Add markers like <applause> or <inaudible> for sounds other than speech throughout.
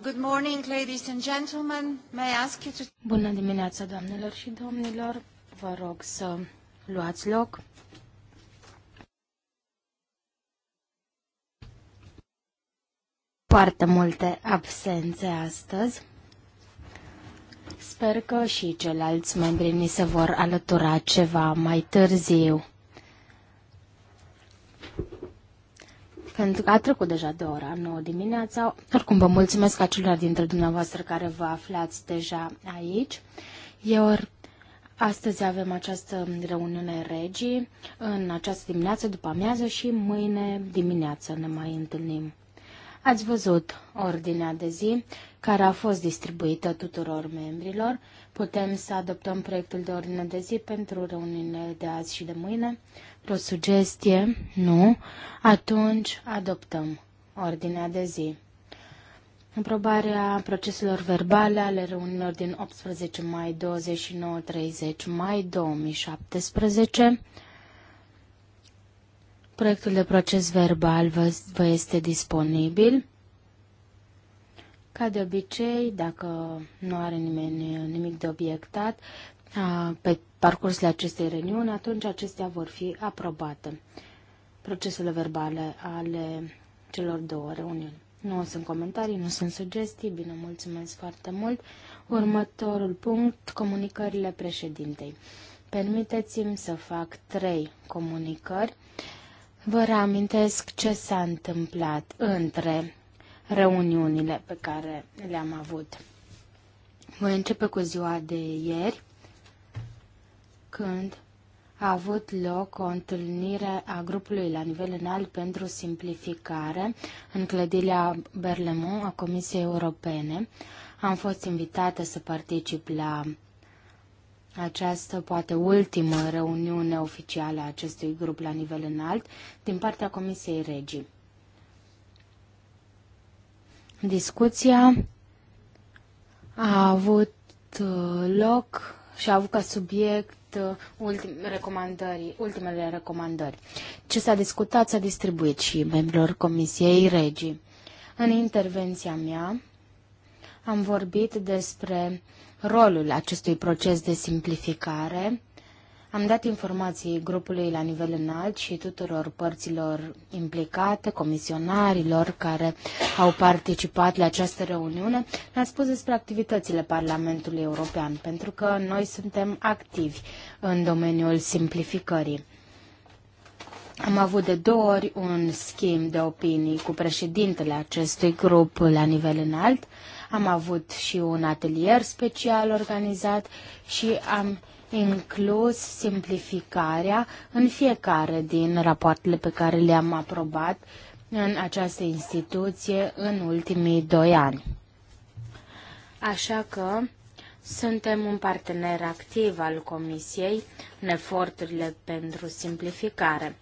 Good morning, ladies and gentlemen. May I ask you to... Bună dimineața, doamnelor și domnilor. Vă rog să luați loc. Foarte multe absențe astăzi. Sper că și ceilalți membri ni se vor alătura ceva mai târziu. pentru că a trecut deja de ora 9 dimineața. Oricum, vă mulțumesc acelor dintre dumneavoastră care vă aflați deja aici. Eu Astăzi avem această reuniune regii, în această dimineață, după amiază și mâine dimineață ne mai întâlnim. Ați văzut ordinea de zi care a fost distribuită tuturor membrilor. Putem să adoptăm proiectul de ordine de zi pentru reuniunile de azi și de mâine o sugestie? Nu? Atunci adoptăm ordinea de zi. Aprobarea proceselor verbale ale reunilor din 18 mai 29-30 mai 2017. Proiectul de proces verbal vă, vă este disponibil. Ca de obicei, dacă nu are nimeni nimic de obiectat, pe parcursul acestei reuniuni, atunci acestea vor fi aprobate. Procesele verbale ale celor două reuniuni. Nu sunt comentarii, nu sunt sugestii, bine, mulțumesc foarte mult. Următorul punct, comunicările președintei. Permiteți-mi să fac trei comunicări. Vă reamintesc ce s-a întâmplat între reuniunile pe care le-am avut. Voi începe cu ziua de ieri când a avut loc o întâlnire a grupului la nivel înalt pentru simplificare în clădirea Berlemont a Comisiei Europene. Am fost invitată să particip la această, poate ultimă reuniune oficială a acestui grup la nivel înalt din partea Comisiei Regii. Discuția a avut uh, loc și a avut ca subiect uh, ultim, recomandări, ultimele recomandări. Ce s-a discutat s-a distribuit și membrilor Comisiei Regii. În intervenția mea am vorbit despre rolul acestui proces de simplificare am dat informații grupului la nivel înalt și tuturor părților implicate, comisionarilor care au participat la această reuniune. Ne-a spus despre activitățile Parlamentului European, pentru că noi suntem activi în domeniul simplificării. Am avut de două ori un schimb de opinii cu președintele acestui grup la nivel înalt. Am avut și un atelier special organizat și am inclus simplificarea în fiecare din rapoartele pe care le-am aprobat în această instituție în ultimii doi ani. Așa că suntem un partener activ al Comisiei în eforturile pentru simplificare.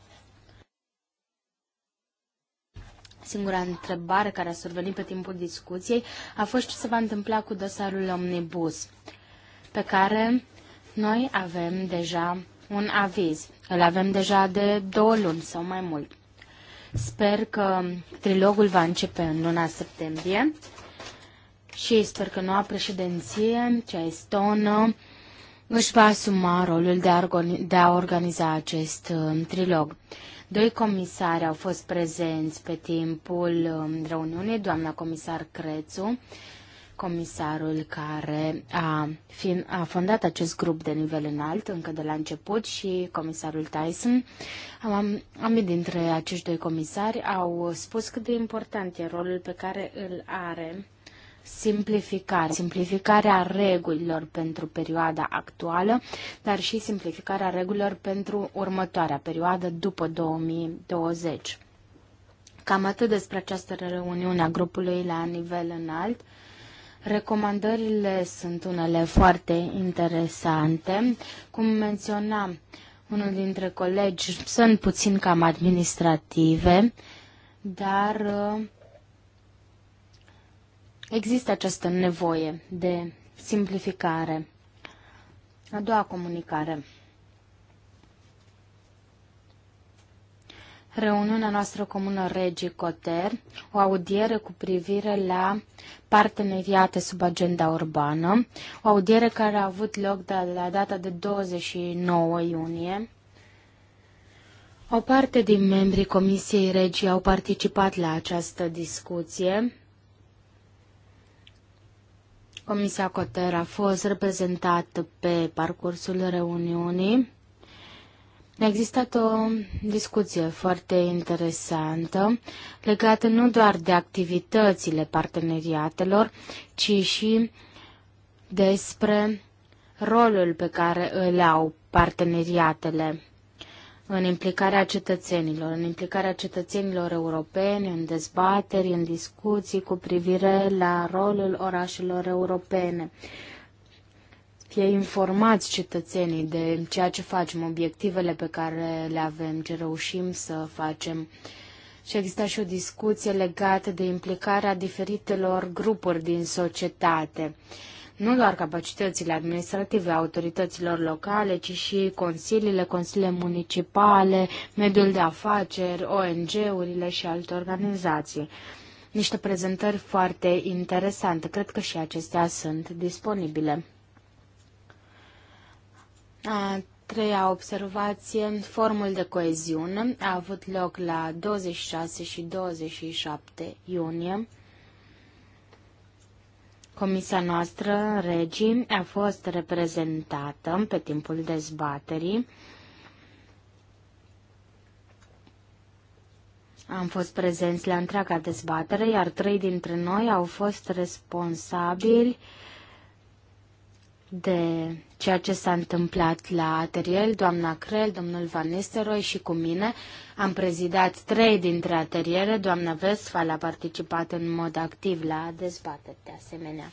Singura întrebare care a survenit pe timpul discuției a fost ce se va întâmpla cu dosarul Omnibus, pe care noi avem deja un aviz. Îl avem deja de două luni sau mai mult. Sper că trilogul va începe în luna septembrie și sper că noua președinție, cea estonă, își va asuma rolul de a, de a organiza acest um, trilog. Doi comisari au fost prezenți pe timpul um, reuniunii, doamna comisar Crețu comisarul care a, fin, a fondat acest grup de nivel înalt încă de la început și comisarul Tyson. Am, dintre acești doi comisari au spus cât de important e rolul pe care îl are simplificare, simplificarea regulilor pentru perioada actuală, dar și simplificarea regulilor pentru următoarea perioadă după 2020. Cam atât despre această reuniune a grupului la nivel înalt. Recomandările sunt unele foarte interesante. Cum menționam, unul dintre colegi sunt puțin cam administrative, dar uh, există această nevoie de simplificare. A doua comunicare. reuniunea noastră comună Regii Coter, o audiere cu privire la parteneriate sub agenda urbană, o audiere care a avut loc de la data de 29 iunie. O parte din membrii Comisiei Regii au participat la această discuție. Comisia Coter a fost reprezentată pe parcursul reuniunii. A existat o discuție foarte interesantă legată nu doar de activitățile parteneriatelor, ci și despre rolul pe care îl au parteneriatele în implicarea cetățenilor, în implicarea cetățenilor europeni, în dezbateri, în discuții cu privire la rolul orașelor europene fie informați cetățenii de ceea ce facem, obiectivele pe care le avem, ce reușim să facem. Și exista și o discuție legată de implicarea diferitelor grupuri din societate nu doar capacitățile administrative a autorităților locale, ci și consiliile, consiliile municipale, mediul de afaceri, ONG-urile și alte organizații. Niște prezentări foarte interesante, cred că și acestea sunt disponibile. A treia observație, formul de coeziune a avut loc la 26 și 27 iunie. Comisia noastră, regii, a fost reprezentată pe timpul dezbaterii. Am fost prezenți la întreaga dezbatere, iar trei dintre noi au fost responsabili uh, de ceea ce s-a întâmplat la atelier. Doamna Crel, domnul Van Nistelrooy și cu mine am prezidat trei dintre ateliere. Doamna Westphal a participat în mod activ la dezbateri de asemenea.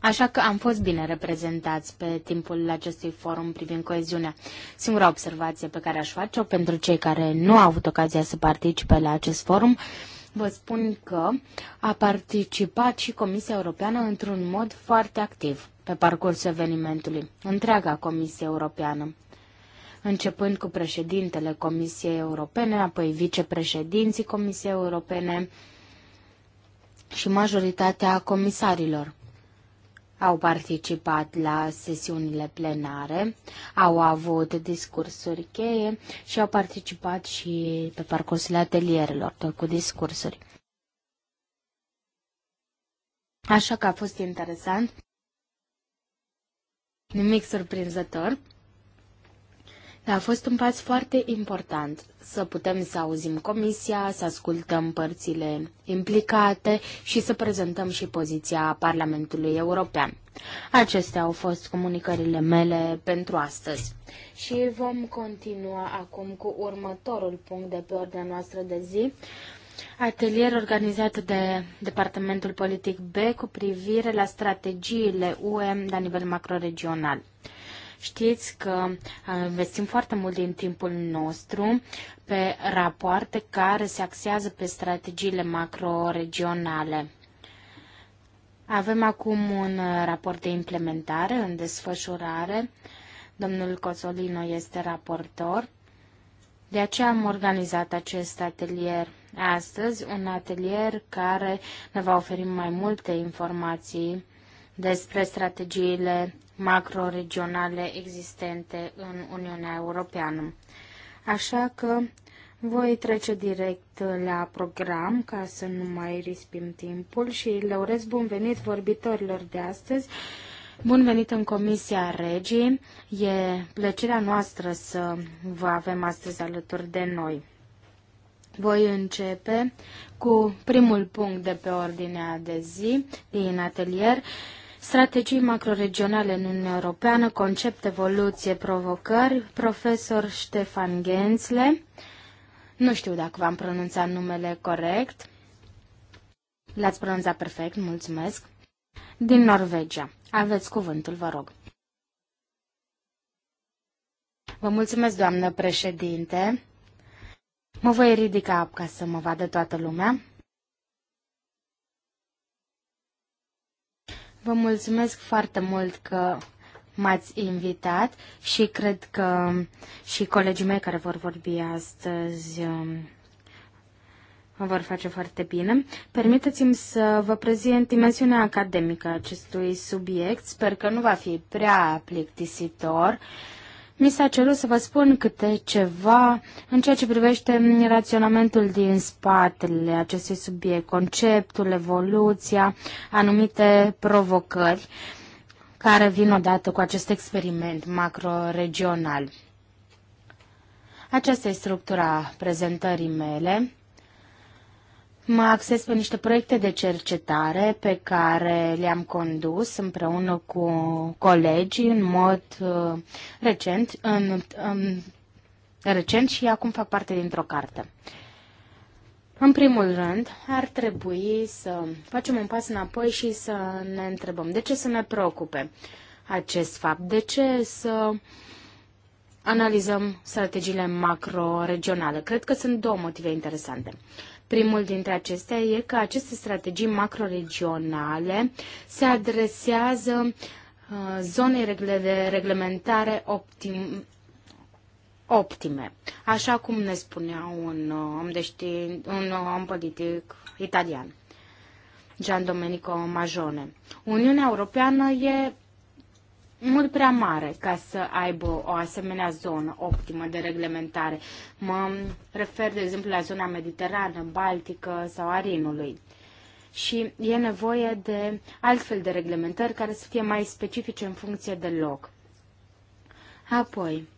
Așa că am fost bine reprezentați pe timpul acestui forum privind coeziunea. Singura observație pe care aș face-o pentru cei care nu au avut ocazia să participe la acest forum vă spun că a participat și Comisia Europeană într-un mod foarte activ pe parcursul evenimentului, întreaga Comisie Europeană începând cu președintele Comisiei Europene, apoi vicepreședinții Comisiei Europene și majoritatea comisarilor au participat la sesiunile plenare, au avut discursuri cheie și au participat și pe parcursul atelierelor, tot cu discursuri. Așa că a fost interesant, nimic surprinzător a fost un pas foarte important să putem să auzim comisia, să ascultăm părțile implicate și să prezentăm și poziția Parlamentului European. Acestea au fost comunicările mele pentru astăzi. Și vom continua acum cu următorul punct de pe ordinea noastră de zi. Atelier organizat de Departamentul Politic B cu privire la strategiile UE la nivel macroregional. Știți că uh, investim foarte mult din timpul nostru pe rapoarte care se axează pe strategiile macro-regionale. Avem acum un uh, raport de implementare în desfășurare. Domnul Cosolino este raportor. De aceea am organizat acest atelier astăzi, un atelier care ne va oferi mai multe informații despre strategiile macroregionale existente în Uniunea Europeană. Așa că voi trece direct la program ca să nu mai rispim timpul și le urez bun venit vorbitorilor de astăzi. Bun venit în Comisia Regii. E plăcerea noastră să vă avem astăzi alături de noi. Voi începe cu primul punct de pe ordinea de zi din atelier, Strategii macroregionale în Uniunea Europeană, concept, evoluție, provocări, profesor Ștefan Gensle. Nu știu dacă v-am pronunțat numele corect. L-ați pronunțat perfect, mulțumesc. Din Norvegia. Aveți cuvântul, vă rog. Vă mulțumesc, doamnă președinte. Mă voi ridica ca să mă vadă toată lumea. Vă mulțumesc foarte mult că m-ați invitat și cred că și colegii mei care vor vorbi astăzi um, vor face foarte bine. Permiteți-mi să vă prezint dimensiunea academică a acestui subiect. Sper că nu va fi prea plictisitor. Uh, mi s-a cerut să vă spun câte ceva în ceea ce privește raționamentul din spatele acestui subiect, conceptul, evoluția, anumite provocări care vin odată cu acest experiment macroregional. Aceasta e structura prezentării mele. Mă acces pe niște proiecte de cercetare pe care le-am condus împreună cu colegii în mod uh, recent, în, um, recent și acum fac parte dintr-o carte. În primul rând, ar trebui să facem un pas înapoi și să ne întrebăm de ce să ne preocupe acest fapt, de ce să analizăm strategiile macro-regionale. Cred că sunt două motive interesante. Primul dintre acestea e că aceste strategii macroregionale se adresează uh, zonei de reglementare optim, optime, așa cum ne spunea un uh, om, de știin, un uh, om politic italian, Gian Domenico Majone. Uniunea Europeană e mult prea mare ca să aibă o asemenea zonă optimă de reglementare. Mă refer, de exemplu, la zona mediterană, baltică sau a Rinului. Și e nevoie de altfel de reglementări care să fie mai specifice în funcție de loc. Apoi,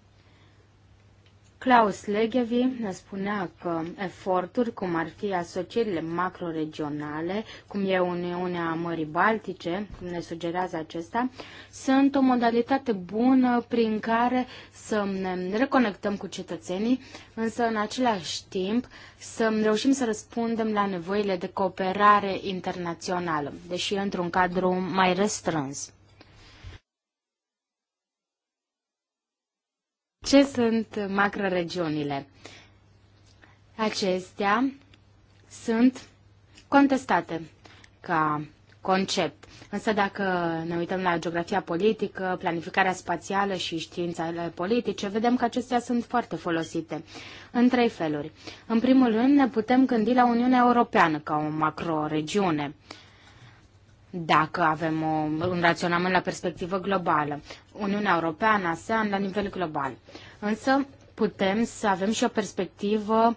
Klaus Legevi ne spunea că eforturi, cum ar fi asocierile macroregionale, cum e Uniunea Mării Baltice, cum ne sugerează acesta, sunt o modalitate bună prin care să ne reconectăm cu cetățenii, însă în același timp să reușim să răspundem la nevoile de cooperare internațională, deși într-un cadru mai restrâns. Ce sunt macroregiunile? Acestea sunt contestate ca concept. Însă dacă ne uităm la geografia politică, planificarea spațială și științele politice, vedem că acestea sunt foarte folosite în trei feluri. În primul rând, ne putem gândi la Uniunea Europeană ca o macroregiune dacă avem o, un raționament la perspectivă globală. Uniunea Europeană, ASEAN, la nivel global. Însă putem să avem și o perspectivă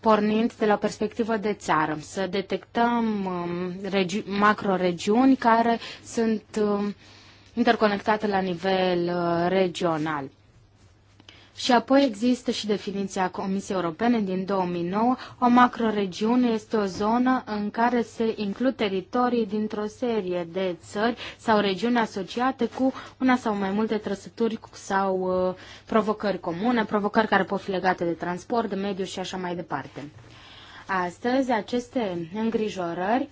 pornind de la o perspectivă de țară, să detectăm um, macroregiuni care sunt um, interconectate la nivel uh, regional. Și apoi există și definiția Comisiei Europene din 2009. O macroregiune este o zonă în care se includ teritorii dintr-o serie de țări sau regiuni asociate cu una sau mai multe trăsături sau uh, provocări comune, provocări care pot fi legate de transport, de mediu și așa mai departe. Astăzi, aceste îngrijorări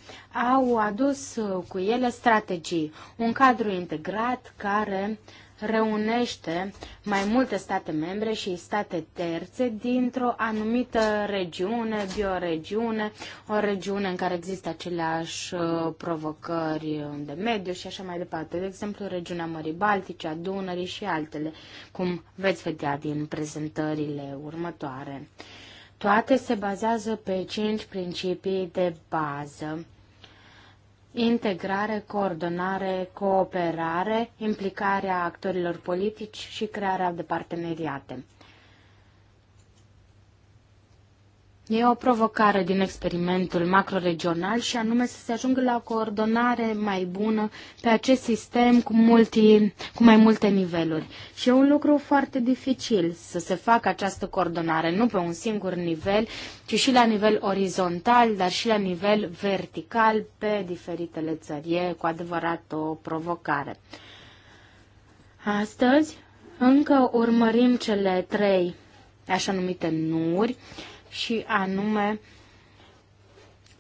au adus uh, cu ele strategii, un cadru integrat care uh, reunește mai multe state membre și state terțe dintr-o anumită regiune, bioregiune, o regiune în care există aceleași uh, provocări de mediu și așa mai departe. De exemplu, regiunea Mării Baltice, a Dunării și altele, cum veți vedea din prezentările următoare. Toate se bazează pe cinci principii de bază integrare, coordonare, cooperare, implicarea actorilor politici și crearea de parteneriate. E o provocare din experimentul macroregional și anume să se ajungă la o coordonare mai bună pe acest sistem cu, multi, cu mai multe niveluri. Și e un lucru foarte dificil să se facă această coordonare, nu pe un singur nivel, ci și la nivel orizontal, dar și la nivel vertical pe diferitele țări. E cu adevărat o provocare. Astăzi încă urmărim cele trei așa numite nuri, și anume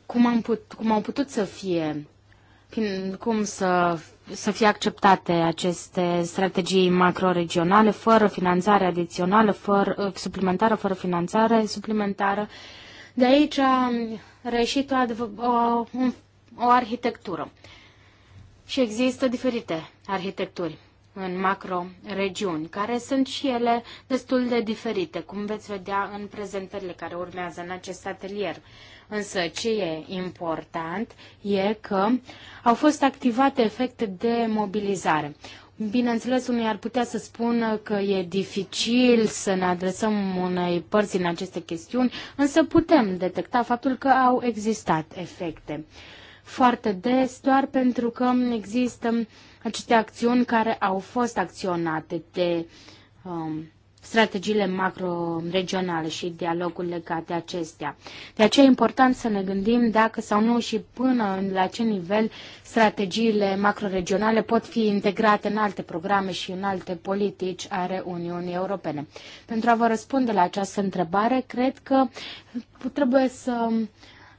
cum, am put, cum au putut să fie cum să, să fie acceptate aceste strategii macroregionale fără finanțare adițională, fără, suplimentară, fără finanțare suplimentară. De aici a reșit o, o, o arhitectură. Și există diferite arhitecturi în macro-regiuni, care sunt și ele destul de diferite, cum veți vedea în prezentările care urmează în acest atelier. Însă ce e important e că au fost activate efecte de mobilizare. Bineînțeles, unii ar putea să spună că e dificil să ne adresăm unei părți în aceste chestiuni, însă putem detecta faptul că au existat efecte. Foarte des, doar pentru că există aceste acțiuni care au fost acționate de um, strategiile macro-regionale și dialogul legat de acestea. De aceea e important să ne gândim dacă sau nu și până la ce nivel strategiile macro-regionale pot fi integrate în alte programe și în alte politici ale Uniunii Europene. Pentru a vă răspunde la această întrebare, cred că trebuie să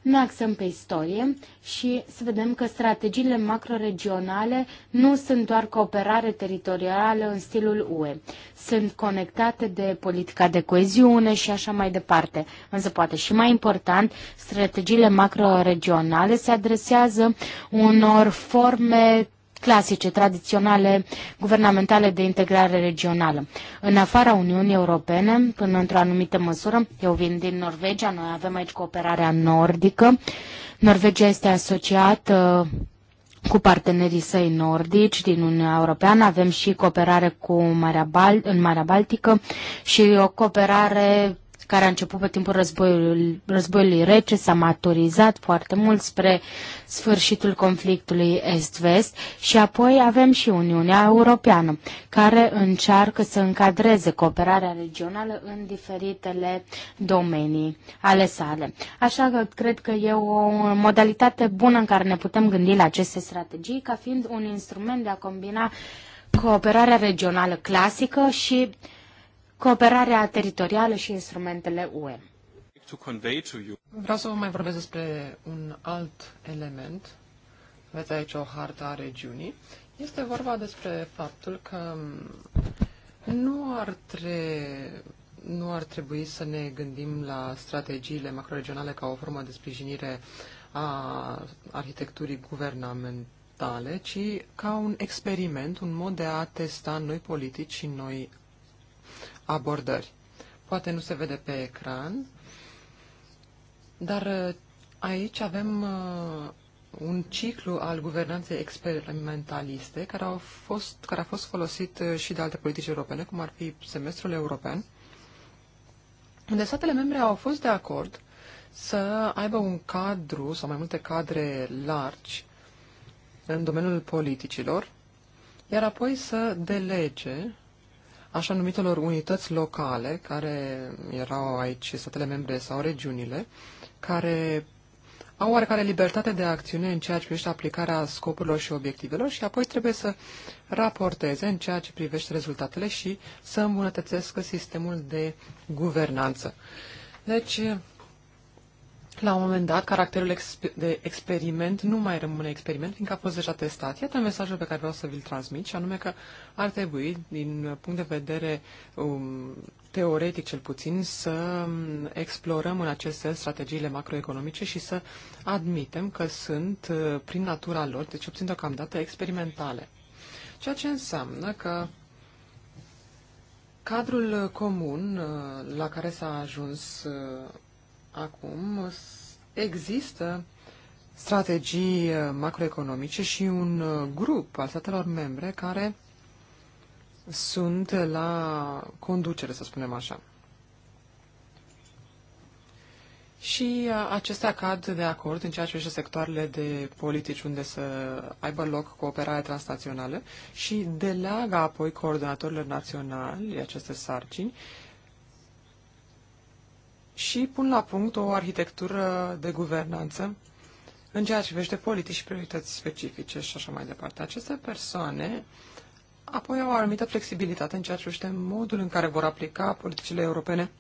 ne axăm pe istorie și să vedem că strategiile macroregionale nu sunt doar cooperare teritorială în stilul UE. Sunt conectate de politica de coeziune și așa mai departe. Însă, poate și mai important, strategiile macroregionale se adresează unor forme clasice, tradiționale, guvernamentale de integrare regională. În afara Uniunii Europene, până într-o anumită măsură, eu vin din Norvegia, noi avem aici cooperarea nordică. Norvegia este asociată cu partenerii săi nordici din Uniunea Europeană. Avem și cooperare cu Marea Bal- în Marea Baltică și o cooperare care a început pe timpul războiului, războiului rece, s-a maturizat foarte mult spre sfârșitul conflictului Est-Vest și apoi avem și Uniunea Europeană, care încearcă să încadreze cooperarea regională în diferitele domenii ale sale. Așa că cred că e o modalitate bună în care ne putem gândi la aceste strategii ca fiind un instrument de a combina cooperarea regională clasică și uh, cooperarea teritorială și instrumentele UE. Vreau să vă mai vorbesc despre un alt element. Veți aici o hartă a regiunii. Este vorba despre faptul că nu ar, tre- nu ar trebui să ne gândim la strategiile macroregionale ca o formă de sprijinire a arhitecturii guvernamentale, ci ca un experiment, un mod de a testa noi politici și noi abordări. Poate nu se vede pe ecran, dar uh, aici avem uh, un ciclu al guvernanței experimentaliste care, au fost, care a fost folosit uh, și de alte politici europene, cum ar fi semestrul european, unde statele membre au fost de acord să aibă un cadru sau mai multe cadre largi în domeniul politicilor, iar apoi să delege așa numitelor unități locale, care erau aici statele membre sau regiunile, care au oarecare libertate de acțiune în ceea ce privește aplicarea scopurilor și obiectivelor și apoi trebuie să raporteze în ceea ce privește rezultatele și să îmbunătățească sistemul de guvernanță. Deci, la un moment dat, caracterul de experiment nu mai rămâne experiment, fiindcă a fost deja testat. Iată mesajul pe care vreau să vi-l transmit, și anume că ar trebui, din punct de vedere um, teoretic cel puțin, să um, explorăm în acest sens strategiile macroeconomice și să admitem că sunt, uh, prin natura lor, deci obțin deocamdată, experimentale. Ceea ce înseamnă că cadrul comun uh, la care s-a ajuns uh, Acum există strategii eh, macroeconomice și un eh, grup al statelor membre care sunt la conducere, să spunem așa. Și eh, acestea cad de acord în ceea ce privește sectoarele de politici unde să aibă loc cooperare transnațională și deleagă apoi coordonatorilor naționali aceste sarcini și pun la punct o arhitectură de guvernanță în ceea ce privește politici și priorități specifice și așa mai departe. Aceste persoane apoi au o anumită flexibilitate în ceea ce privește modul în care vor aplica politicile europene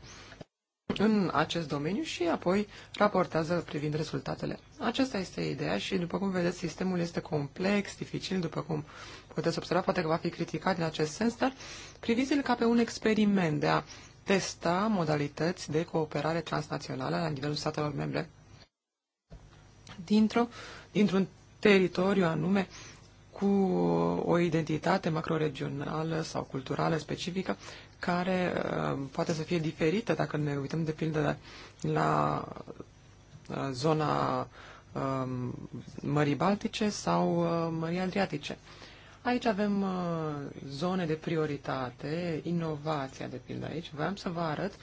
în acest domeniu și apoi raportează privind rezultatele. Aceasta este ideea și, după cum vedeți, sistemul este complex, dificil, după cum puteți observa, poate că va fi criticat în acest sens, dar priviți-l ca pe un experiment de a testa modalități de cooperare transnațională la nivelul statelor membre dintr un dintr-un teritoriu anume cu o identitate macroregională sau culturală specifică care uh, poate să fie diferită dacă ne uităm de pildă la uh, zona um, Mării Baltice sau uh, Mării Adriatice. Aici avem uh, zone de prioritate, inovația de pildă aici. Vreau să vă arăt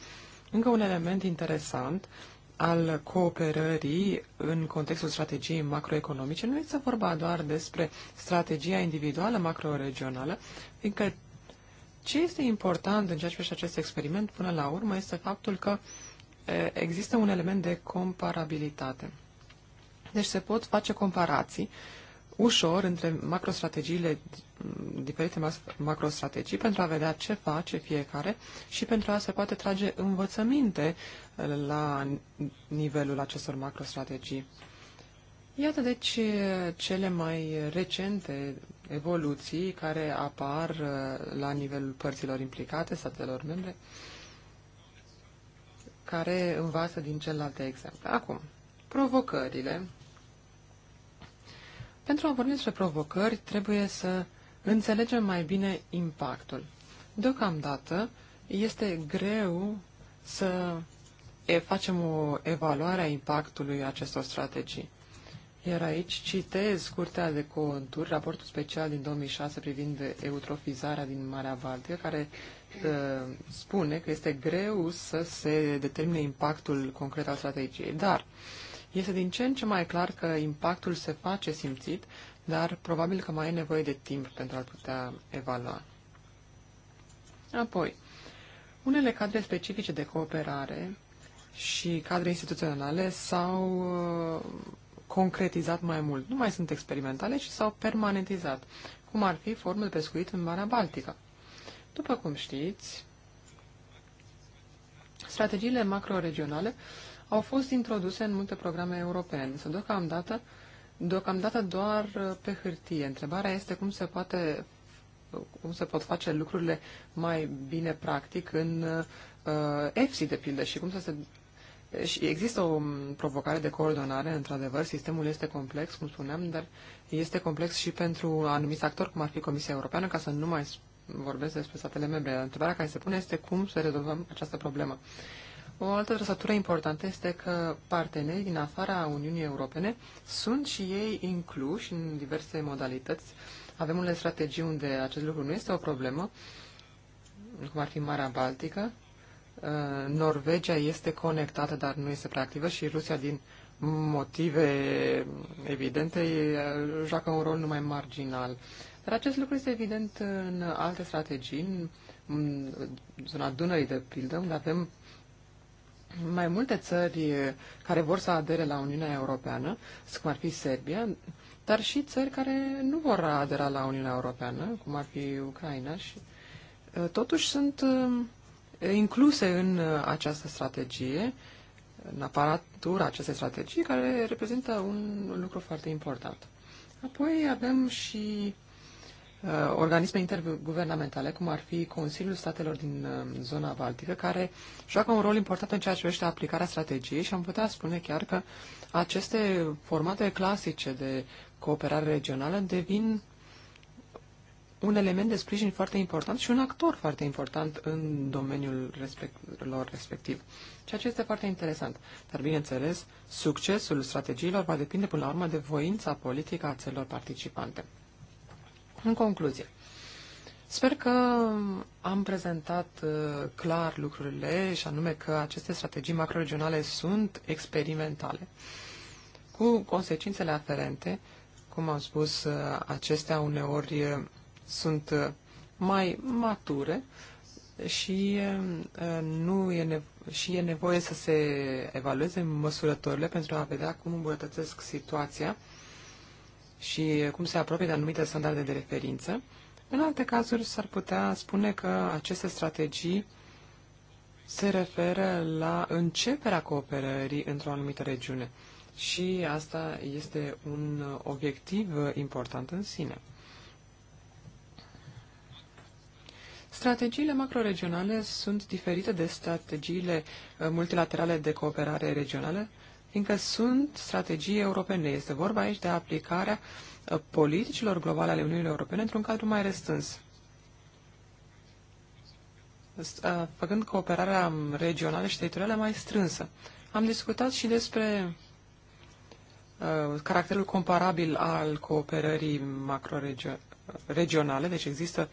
încă un element interesant al cooperării în contextul strategiei macroeconomice. Nu este vorba doar despre strategia individuală macroregională, fiindcă ce este important în ceea ce privește acest experiment până la urmă este faptul că există un element de comparabilitate. Deci se pot face comparații ușor între macrostrategiile, diferite macrostrategii pentru a vedea ce face fiecare și pentru a se poate trage învățăminte uh, la nivelul acestor macrostrategii. Iată deci uh, cele mai recente evoluții care apar uh, la nivelul părților implicate, statelor membre, care învață din celelalte exemple. Acum, provocările pentru a vorbi despre provocări, trebuie să înțelegem mai bine impactul. Deocamdată este greu să facem o evaluare a impactului acestor strategii. Iar aici citez Curtea de Conturi, raportul special din 2006 privind eutrofizarea din Marea Baltică, care uh, spune că este greu să se determine impactul concret al strategiei. Dar uh, este din ce în ce mai clar că impactul se face simțit, dar probabil că mai e nevoie de timp pentru a-l putea evalua. Apoi, unele cadre specifice de cooperare și cadre instituționale s-au uh, concretizat mai mult. Nu mai sunt experimentale, ci s-au permanentizat, cum ar fi formul de pescuit în Marea Baltică. După cum știți, strategiile macroregionale regionale au fost introduse în multe programe europene, însă deocamdată, deocamdată doar uh, pe hârtie. Întrebarea este cum se poate uh, cum se pot face lucrurile mai bine practic în uh, EFSI, de pildă, și cum să se și există o um, provocare de coordonare, într-adevăr, sistemul este complex, cum spuneam, dar este complex și pentru anumiți actori, cum ar fi Comisia Europeană, ca să nu mai vorbesc despre statele membre. Întrebarea care se pune este cum să rezolvăm această problemă. O altă trăsătură importantă este că partenerii din afara Uniunii Europene sunt și ei incluși în diverse modalități. Avem unele strategii unde acest lucru nu este o problemă, cum ar fi Marea Baltică. Uh, Norvegia este conectată, dar nu este prea activă și Rusia, din motive evidente, joacă un rol numai marginal. Dar acest lucru este evident în alte strategii, în zona Dunării, de pildă, unde avem mai multe țări care vor să adere la Uniunea Europeană, cum ar fi Serbia, dar și țări care nu vor adera la Uniunea Europeană, cum ar fi Ucraina, și ă, totuși sunt ă, incluse în această strategie, în aparatura acestei strategii, care reprezintă un lucru foarte important. Apoi avem și Uh, organisme interguvernamentale, cum ar fi Consiliul Statelor din uh, zona Baltică, care joacă un rol important în ceea ce privește aplicarea strategiei și am putea spune chiar că aceste formate clasice de cooperare regională devin un element de sprijin foarte important și un actor foarte important în domeniul respect, lor respectiv. Ceea ce este foarte interesant. Dar, bineînțeles, succesul strategiilor va depinde până la urmă de voința politică a țărilor participante. În concluzie, sper că am prezentat uh, clar lucrurile și anume că aceste strategii macroregionale sunt experimentale, cu consecințele aferente, cum am spus, uh, acestea uneori uh, sunt mai mature și nu e și e nevoie să se evalueze măsurătorile pentru a vedea cum îmbunătățesc situația și cum se apropie de anumite standarde de referință. În alte cazuri s-ar putea spune că aceste strategii se referă la începerea cooperării într-o anumită regiune și asta este un obiectiv important în sine. Strategiile macroregionale sunt diferite de strategiile uh, multilaterale de cooperare regională fiindcă sunt strategii europene. Este vorba aici de aplicarea uh, politicilor globale ale Uniunii Europene într-un cadru mai restâns. Uh, făcând cooperarea um, regională și teritorială mai strânsă. Am discutat și despre uh, caracterul comparabil al cooperării macroregionale, deci există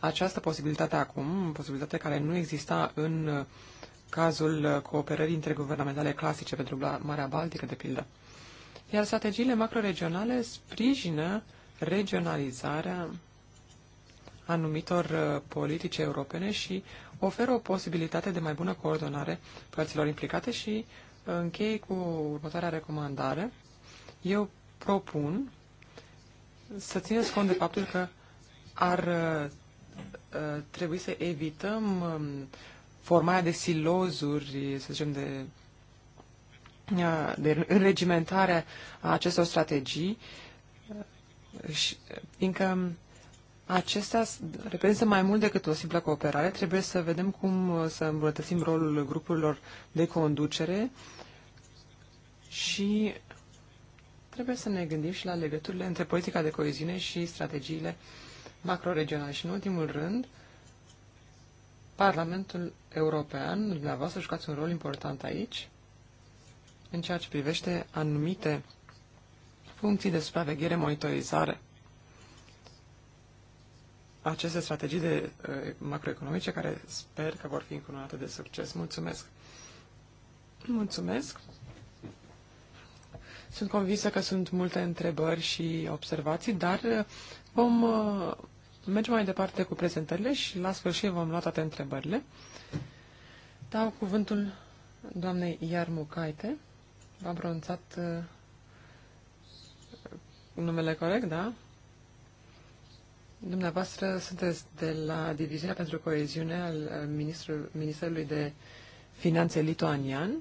această posibilitate acum, posibilitate care nu exista în cazul cooperării interguvernamentale clasice pentru Marea Baltică, de pildă. Iar strategiile macroregionale sprijină regionalizarea anumitor uh, politici europene și oferă o posibilitate de mai bună coordonare părților implicate și uh, închei cu următoarea recomandare. Eu propun să țineți cont de faptul că ar uh, trebui să evităm um, formarea de silozuri, să zicem, de, de înregimentare a acestor strategii, și, fiindcă acestea reprezintă mai mult decât o simplă cooperare, trebuie să vedem cum uh, să îmbunătățim rolul grupurilor de conducere și trebuie să ne gândim și la legăturile între politica de coeziune și strategiile macroregionale. Și în ultimul rând, uh, Parlamentul European, dumneavoastră, jucați un rol important aici în ceea ce privește anumite funcții de supraveghere, monitorizare. Aceste strategii de eh, macroeconomice care sper că vor fi încununate de succes. Mulțumesc! Mulțumesc! Sunt convinsă că sunt multe întrebări și observații, dar eh, vom eh, mergem mai departe cu prezentările și la sfârșit vom lua toate întrebările. Dau cuvântul doamnei Caite. V-am pronunțat uh, numele corect, da? Dumneavoastră sunteți de la divizia pentru Coeziune al uh, Ministerului de Finanțe Lituanian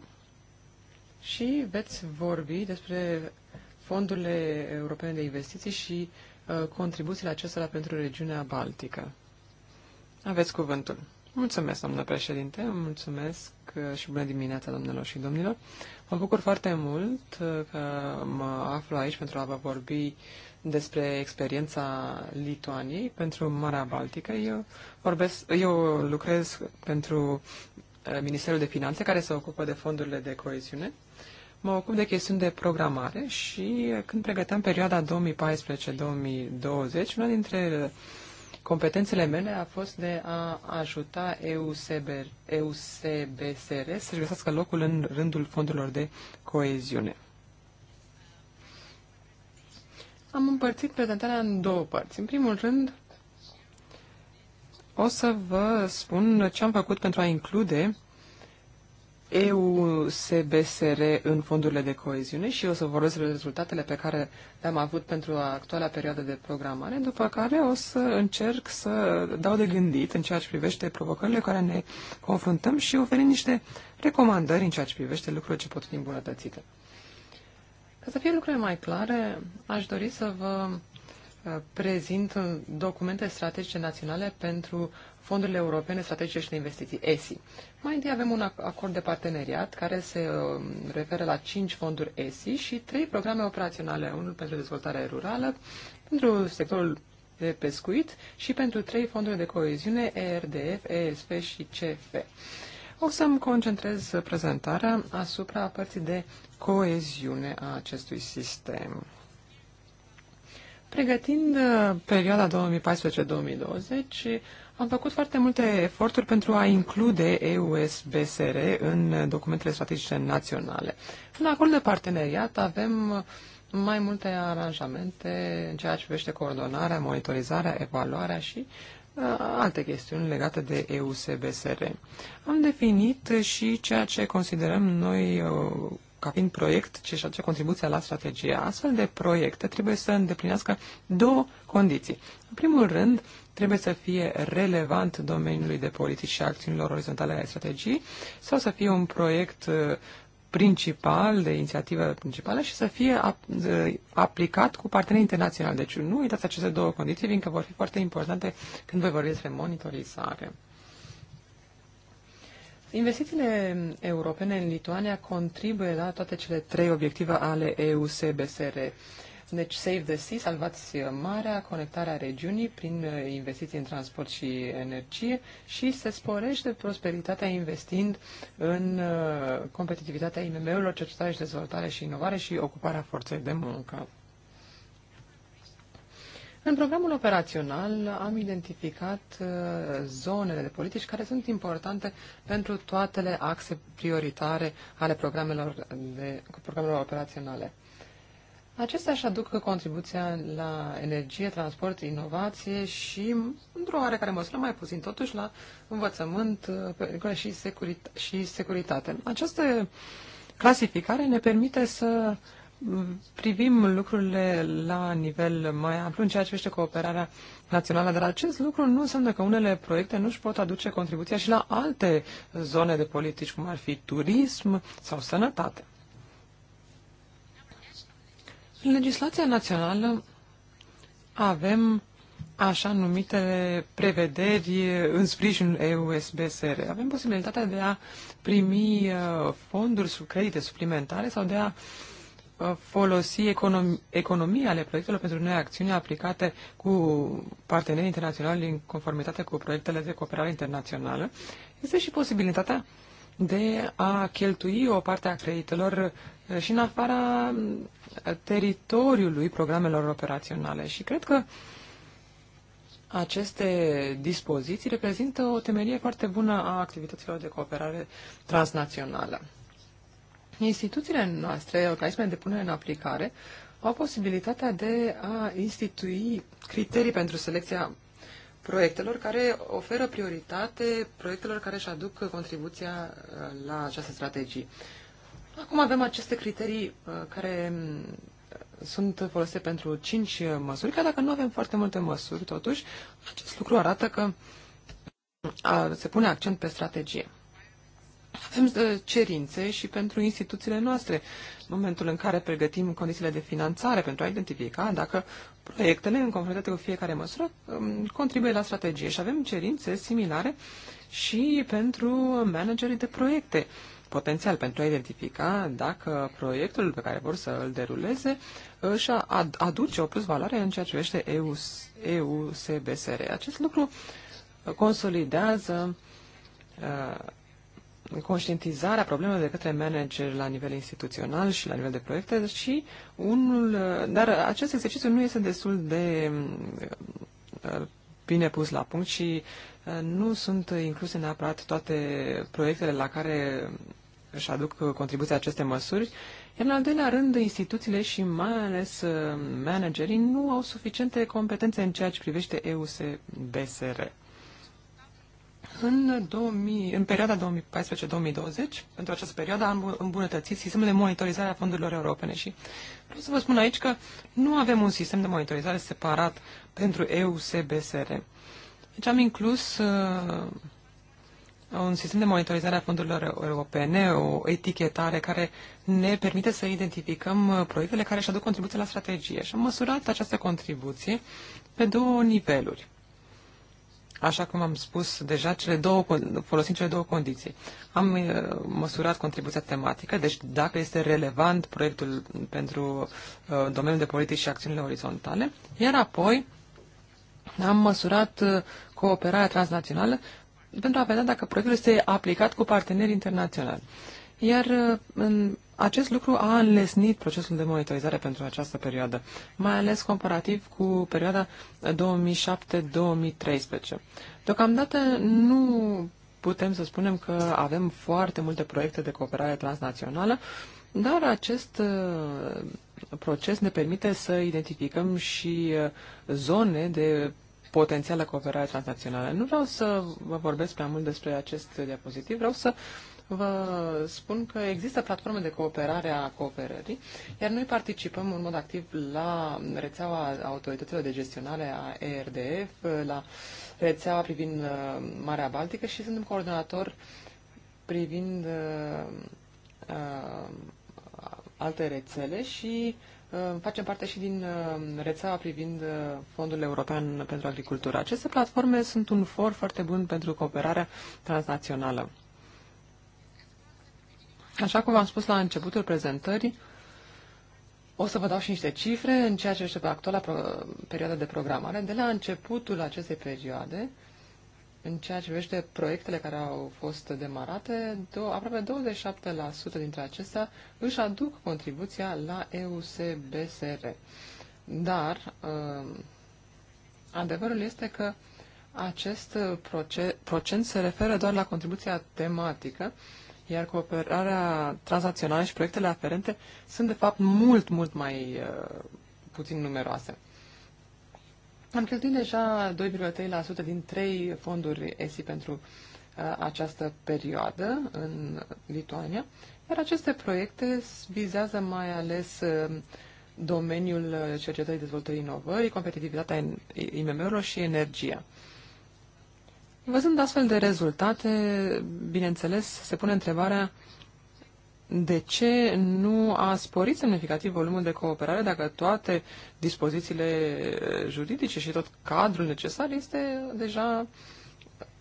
și veți vorbi despre fondurile europene de investiții și uh, Uh, contribuțiile acestora pentru regiunea Baltică. Aveți cuvântul. Mulțumesc, doamnă președinte, mulțumesc uh, și bună dimineața, domnilor și domnilor. Mă bucur foarte mult uh, că mă aflu aici pentru a vă vorbi despre experiența Lituaniei pentru Marea Baltică. Eu, vorbesc, eu lucrez pentru Ministerul de Finanțe, care se ocupă de fondurile de coeziune mă ocup de chestiuni de programare și când pregăteam perioada 2014-2020, una dintre competențele mele a fost de a ajuta EUSB, EUSBSR să-și găsească locul în rândul fondurilor de coeziune. Am împărțit prezentarea în două părți. În primul rând, o să vă spun ce am făcut pentru a include EU SBSR în fondurile de coeziune și o să vorbesc rezultatele pe care le-am avut pentru actuala perioadă de programare, după care o să încerc să dau de gândit în ceea ce privește provocările cu care ne confruntăm și oferim niște recomandări în ceea ce privește lucrurile ce pot fi îmbunătățite. Ca să fie lucrurile mai clare, aș dori să vă uh, prezint documente strategice naționale pentru fondurile europene strategice și de investiții, ESI. Mai întâi avem un acord de parteneriat care se um, referă la cinci fonduri ESI și trei programe operaționale, unul pentru dezvoltare rurală, pentru sectorul de pescuit și pentru trei fonduri de coeziune, ERDF, ESF și CF. O să-mi concentrez prezentarea asupra părții de coeziune a acestui sistem. Pregătind uh, perioada 2014-2020, am făcut foarte multe eforturi pentru a include EUSBSR în documentele strategice naționale. În acord de parteneriat avem mai multe aranjamente în ceea ce privește coordonarea, monitorizarea, evaluarea și uh, alte chestiuni legate de EUSBSR. Am definit și ceea ce considerăm noi uh, ca fiind proiect ce și aduce contribuția la strategie. Astfel de proiecte trebuie să îndeplinească două condiții. În primul rând, trebuie să fie relevant domeniului de politici și acțiunilor orizontale ale strategiei sau să fie un proiect uh, principal, de inițiativă principală și să fie uh, aplicat cu parteneri internaționali. Deci nu uitați aceste două condiții, fiindcă vor fi foarte importante când voi vorbi despre monitorizare. Investițiile europene în Lituania contribuie la toate cele trei obiective ale EUSBSR. Deci Save the Sea, salvați marea, conectarea regiunii prin uh, investiții în transport și energie și se sporește prosperitatea investind în uh, competitivitatea IMM-urilor, cercetare și dezvoltare și inovare și ocuparea forței de muncă. În programul operațional am identificat uh, zonele de politici care sunt importante pentru toatele axe prioritare ale programelor, de, programelor operaționale. Acestea își aduc contribuția la energie, transport, inovație și, într-o oarecare măsură, mai puțin totuși, la învățământ uh, și, securit- și securitate. Această clasificare ne permite să mm, privim lucrurile la nivel mai amplu în ceea ce privește cooperarea națională, dar acest lucru nu înseamnă că unele proiecte nu își pot aduce contribuția și la alte zone de politici, cum ar fi turism sau sănătate. În legislația națională avem așa numitele prevederi în sprijinul EUSBSR. Avem posibilitatea de a primi uh, fonduri, sub credite suplimentare sau de a uh, folosi economi economia ale proiectelor pentru noi acțiuni aplicate cu parteneri internaționali în conformitate cu proiectele de cooperare internațională. Este și posibilitatea de a cheltui o parte a creditelor uh, și în afara um, teritoriului programelor operaționale. Și cred că aceste dispoziții reprezintă o temerie foarte bună a activităților de cooperare transnațională. Instituțiile noastre, organismele de punere în aplicare, au posibilitatea de a institui criterii pentru selecția proiectelor care oferă prioritate proiectelor care își aduc contribuția uh, la această strategie. Acum avem aceste criterii uh, care uh, sunt folosite pentru 5 măsuri, chiar dacă nu avem foarte multe măsuri, totuși, acest lucru arată că se pune accent pe strategie avem uh, cerințe și pentru instituțiile noastre, în momentul în care pregătim condițiile de finanțare pentru a identifica dacă proiectele, în conformitate cu fiecare măsură, um, contribuie la strategie. Și avem cerințe similare și pentru managerii de proiecte, potențial pentru a identifica dacă proiectul pe care vor să îl deruleze își uh, aduce o plus valoare în ceea ce privește EUSBSR. EU Acest lucru uh, consolidează conștientizarea problemelor de către manager la nivel instituțional și la nivel de proiecte și unul, dar acest exercițiu nu este destul de uh, bine pus la punct și uh, nu sunt incluse neapărat toate proiectele la care își aduc contribuția aceste măsuri, iar în al doilea rând, instituțiile și mai ales uh, managerii nu au suficiente competențe în ceea ce privește EUSBSR. În, 2000, în perioada 2014-2020, pentru această perioadă, am îmbunătățit sistemul de monitorizare a fondurilor europene și vreau să vă spun aici că nu avem un sistem de monitorizare separat pentru EUSBSR. Deci am inclus uh, un sistem de monitorizare a fondurilor europene, o etichetare care ne permite să identificăm uh, proiectele care își aduc contribuție la strategie. Și am măsurat această contribuție pe două niveluri. Așa cum am spus deja, cele două, folosind cele două condiții. Am uh, măsurat contribuția tematică, deci dacă este relevant proiectul pentru uh, domeniul de politici și acțiunile orizontale, iar apoi am măsurat uh, cooperarea transnațională pentru a vedea dacă proiectul este aplicat cu parteneri internaționali iar uh, în acest lucru a înlesnit procesul de monitorizare pentru această perioadă, mai ales comparativ cu perioada 2007-2013. Uh, Deocamdată nu putem să spunem că avem foarte multe proiecte de cooperare transnațională, dar acest uh, proces ne permite să identificăm și zone de potențială cooperare transnațională. Nu vreau să vă vorbesc prea mult despre acest diapozitiv, vreau să uh, vă spun că există platforme de cooperare a cooperării, iar noi participăm în mod activ la rețeaua autorităților de gestionare a ERDF, la rețeaua privind uh, Marea Baltică și suntem coordonator privind uh, uh, alte rețele și facem parte și din rețeaua privind Fondul European pentru Agricultură. Aceste platforme sunt un for foarte bun pentru cooperarea transnațională. Așa cum am spus la începutul prezentării, o să vă dau și niște cifre în ceea ce este pe actuala perioadă de programare. De la începutul acestei perioade, în ceea ce privește proiectele care au fost demarate, do- aproape 27% dintre acestea își aduc contribuția la EUSBSR. Dar um, adevărul este că acest procent se referă doar la contribuția tematică, iar cooperarea transnațională și proiectele aferente sunt, de fapt, mult, mult mai uh, puțin numeroase. Am cheltuit deja 2,3% din trei fonduri ESI pentru uh, această perioadă în Lituania, iar aceste proiecte vizează mai ales uh, domeniul cercetării, dezvoltării, inovării, competitivitatea IMM-urilor și energia. Văzând astfel de rezultate, bineînțeles, se pune întrebarea de ce nu a sporit semnificativ volumul de cooperare dacă toate dispozițiile juridice și tot cadrul necesar este deja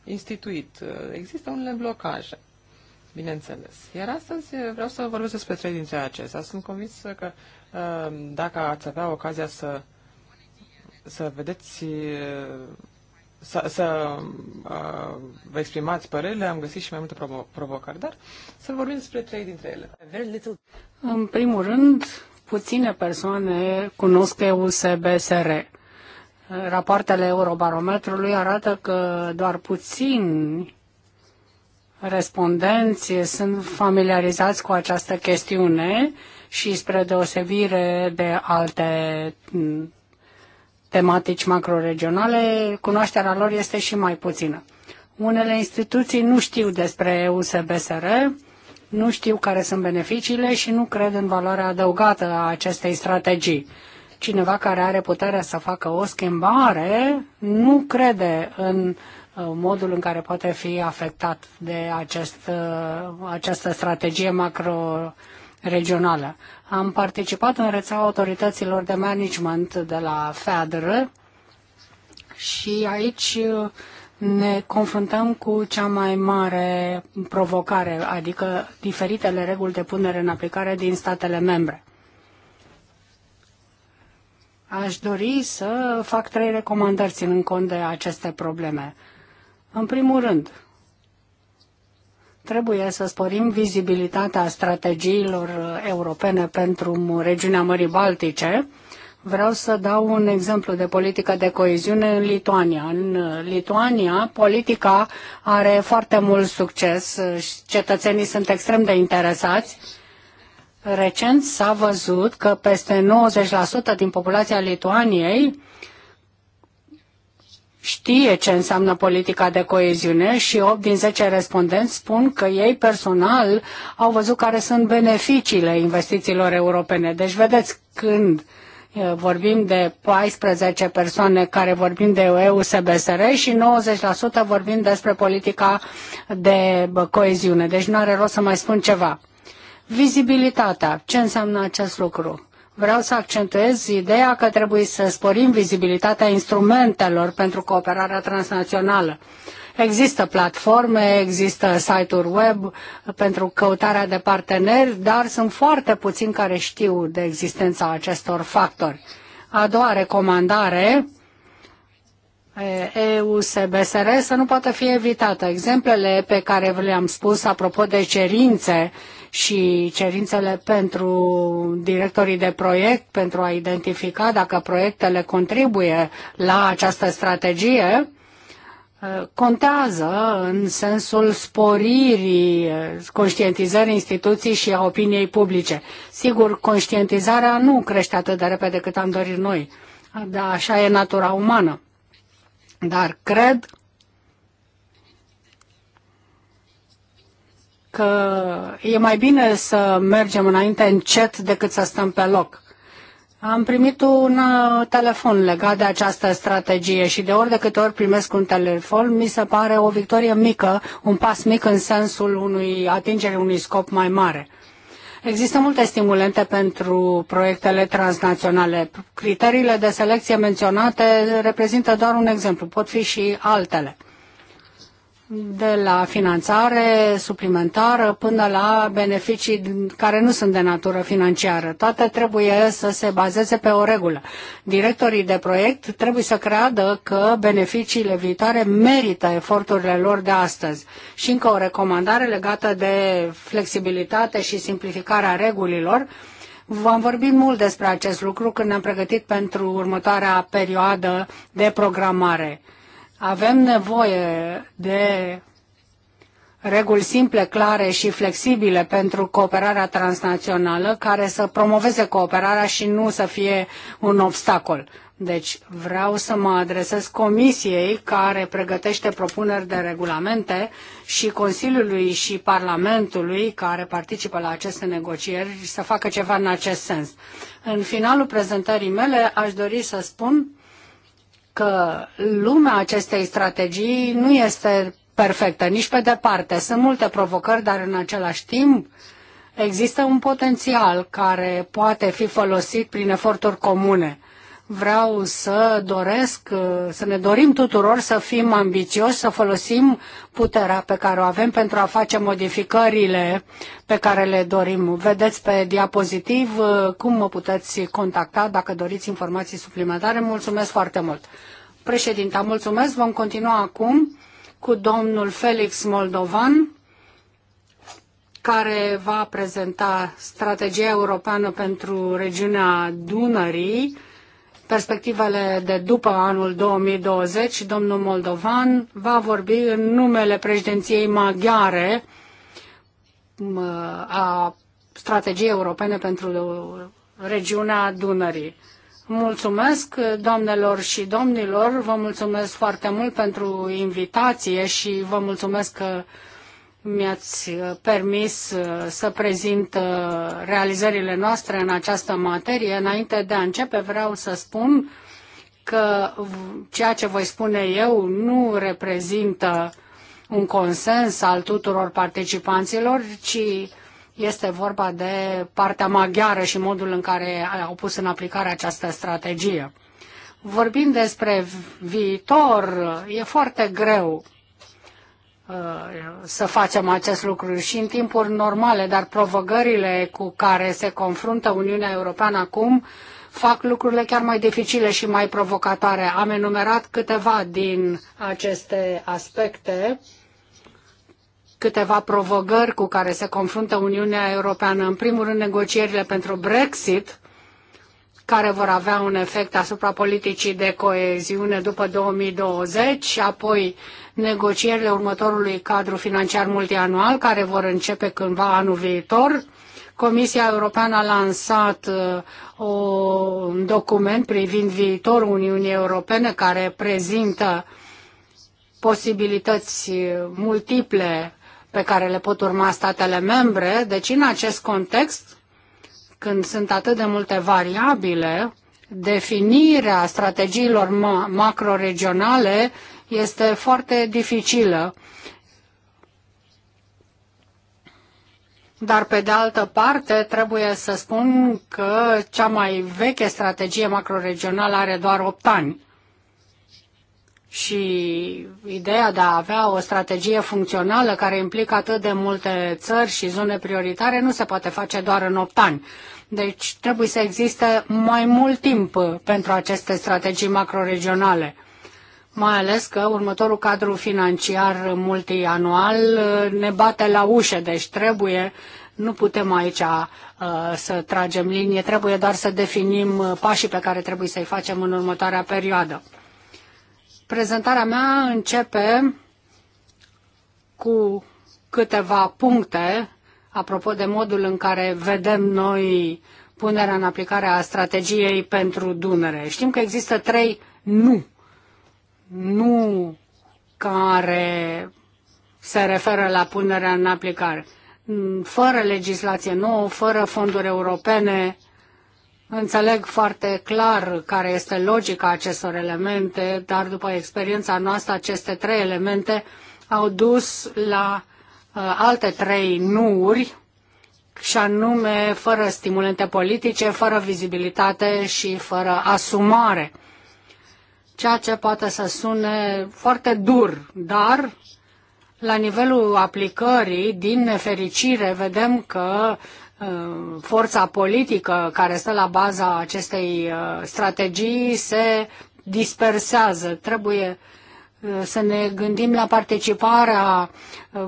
instituit. Există unele blocaje, bineînțeles. Iar astăzi vreau să vorbesc despre trei dintre acestea. Sunt convins că uh, dacă ați avea ocazia să, să vedeți uh, să, să uh, vă exprimați părerile, am găsit și mai multe provo- provocări, dar să vorbim despre trei dintre ele. În primul rând, puține persoane cunosc EUSBSR. Rapoartele Eurobarometrului arată că doar puțini respondenți sunt familiarizați cu această chestiune și spre deosebire de alte tematici macroregionale, cunoașterea lor este și mai puțină. Unele instituții nu știu despre USBSR, nu știu care sunt beneficiile și nu cred în valoarea adăugată a acestei strategii. Cineva care are puterea să facă o schimbare nu crede în uh, modul în care poate fi afectat de acest, uh, această strategie macro-regională. Am participat în rețeaua autorităților de management de la Fedr și aici uh, ne confruntăm cu cea mai mare provocare, adică diferitele reguli de punere în aplicare din statele membre. Aș dori să fac trei recomandări ținând cont de aceste probleme. În primul rând, Trebuie să sporim vizibilitatea strategiilor europene pentru regiunea Mării Baltice. Vreau să dau un exemplu de politică de coeziune în Lituania. În Lituania, politica are foarte mult succes, cetățenii sunt extrem de interesați. Recent s-a văzut că peste 90% din populația Lituaniei știe ce înseamnă politica de coeziune și 8 din 10 respondenți spun că ei personal au văzut care sunt beneficiile investițiilor europene. Deci vedeți când vorbim de 14 persoane care vorbim de EU-SBSR și 90% vorbim despre politica de coeziune. Deci nu are rost să mai spun ceva. Vizibilitatea. Ce înseamnă acest lucru? Vreau să accentuez ideea că trebuie să sporim vizibilitatea instrumentelor pentru cooperarea transnațională. Există platforme, există site-uri web pentru căutarea de parteneri, dar sunt foarte puțini care știu de existența acestor factori. A doua recomandare, EUSBSR, să nu poată fi evitată. Exemplele pe care le-am spus apropo de cerințe și cerințele pentru directorii de proiect pentru a identifica dacă proiectele contribuie la această strategie uh, contează în sensul sporirii uh, conștientizării instituției și a opiniei publice. Sigur, conștientizarea nu crește atât de repede cât am dorit noi, dar așa e natura umană. Dar cred că e mai bine să mergem înainte încet decât să stăm pe loc. Am primit un uh, telefon legat de această strategie și de ori de câte ori primesc un telefon, mi se pare o victorie mică, un pas mic în sensul unui atingere unui scop mai mare. Există multe stimulente pentru proiectele transnaționale. Criteriile de selecție menționate reprezintă doar un exemplu, pot fi și altele de la finanțare suplimentară până la beneficii care nu sunt de natură financiară. Toate trebuie să se bazeze pe o regulă. Directorii de proiect trebuie să creadă că beneficiile viitoare merită eforturile lor de astăzi. Și încă o recomandare legată de flexibilitate și simplificarea regulilor. V-am vorbit mult despre acest lucru când ne-am pregătit pentru următoarea perioadă de programare avem nevoie de reguli simple, clare și flexibile pentru cooperarea transnațională, care să promoveze cooperarea și nu să fie un obstacol. Deci vreau să mă adresez comisiei care pregătește propuneri de regulamente și Consiliului și Parlamentului care participă la aceste negocieri să facă ceva în acest sens. În finalul prezentării mele aș dori să spun că lumea acestei strategii nu este perfectă, nici pe departe. Sunt multe provocări, dar în același timp există un potențial care poate fi folosit prin eforturi comune vreau să doresc, să ne dorim tuturor să fim ambițioși, să folosim puterea pe care o avem pentru a face modificările pe care le dorim. Vedeți pe diapozitiv uh, cum mă puteți contacta dacă doriți informații suplimentare. Mulțumesc foarte mult. Președinta, mulțumesc. Vom continua acum cu domnul Felix Moldovan care va prezenta strategia europeană pentru regiunea Dunării perspectivele de după anul 2020 și domnul Moldovan va vorbi în numele președinției maghiare a strategiei europene pentru regiunea Dunării. Mulțumesc doamnelor și domnilor, vă mulțumesc foarte mult pentru invitație și vă mulțumesc că mi-ați uh, permis uh, să prezint uh, realizările noastre în această materie. Înainte de a începe, vreau să spun că ceea ce voi spune eu nu reprezintă un consens al tuturor participanților, ci este vorba de partea maghiară și modul în care au pus în aplicare această strategie. Vorbind despre viitor, e foarte greu Uh, să facem acest lucru și în timpuri normale, dar provocările cu care se confruntă Uniunea Europeană acum fac lucrurile chiar mai dificile și mai provocatoare. Am enumerat câteva din aceste aspecte, câteva provocări cu care se confruntă Uniunea Europeană. În primul rând, negocierile pentru Brexit, care vor avea un efect asupra politicii de coeziune după 2020 și apoi negocierile următorului cadru financiar multianual care vor începe cândva anul viitor. Comisia Europeană a lansat uh, un document privind viitorul Uniunii Europene care prezintă posibilități multiple pe care le pot urma statele membre. Deci, în acest context, când sunt atât de multe variabile, definirea strategiilor macroregionale este foarte dificilă. Dar pe de altă parte trebuie să spun că cea mai veche strategie macroregională are doar 8 ani și ideea de a avea o strategie funcțională care implică atât de multe țări și zone prioritare nu se poate face doar în 8 ani. Deci trebuie să existe mai mult timp pentru aceste strategii macroregionale. Mai ales că următorul cadru financiar multianual uh, ne bate la ușă, deci trebuie, nu putem aici uh, să tragem linie, trebuie doar să definim uh, pașii pe care trebuie să-i facem în următoarea perioadă. Prezentarea mea începe cu câteva puncte apropo de modul în care vedem noi punerea în aplicare a strategiei pentru Dunăre. Știm că există trei nu. Nu care se referă la punerea în aplicare. Fără legislație nouă, fără fonduri europene, Înțeleg foarte clar care este logica acestor elemente, dar după experiența noastră, aceste trei elemente au dus la uh, alte trei nuuri, și anume fără stimulente politice, fără vizibilitate și fără asumare. Ceea ce poate să sune foarte dur, dar la nivelul aplicării, din nefericire, vedem că uh, Uh, forța politică care stă la baza acestei uh, strategii se dispersează. Trebuie uh, să ne gândim la participarea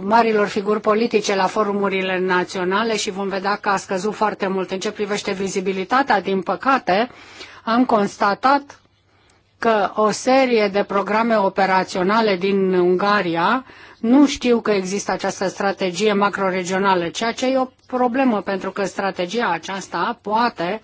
marilor figuri politice la forumurile naționale și vom vedea că a scăzut foarte mult. În ce privește vizibilitatea, din păcate, am constatat că o serie de programe operaționale din Ungaria nu știu că există această strategie macroregională, ceea ce e o problemă, pentru că strategia aceasta poate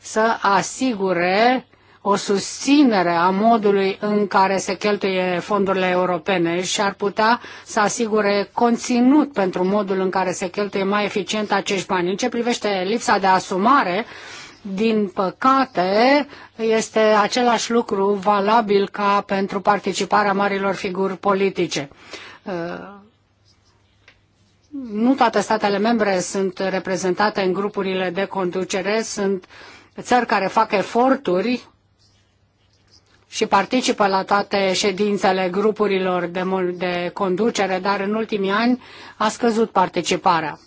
să asigure o susținere a modului în care se cheltuie fondurile europene și ar putea să asigure conținut pentru modul în care se cheltuie mai eficient acești bani. În ce privește lipsa de asumare, din păcate, este același lucru valabil ca pentru participarea marilor figuri politice nu toate statele membre sunt reprezentate în grupurile de conducere, sunt țări care fac eforturi și participă la toate ședințele grupurilor de, de conducere, dar în ultimii ani a scăzut participarea.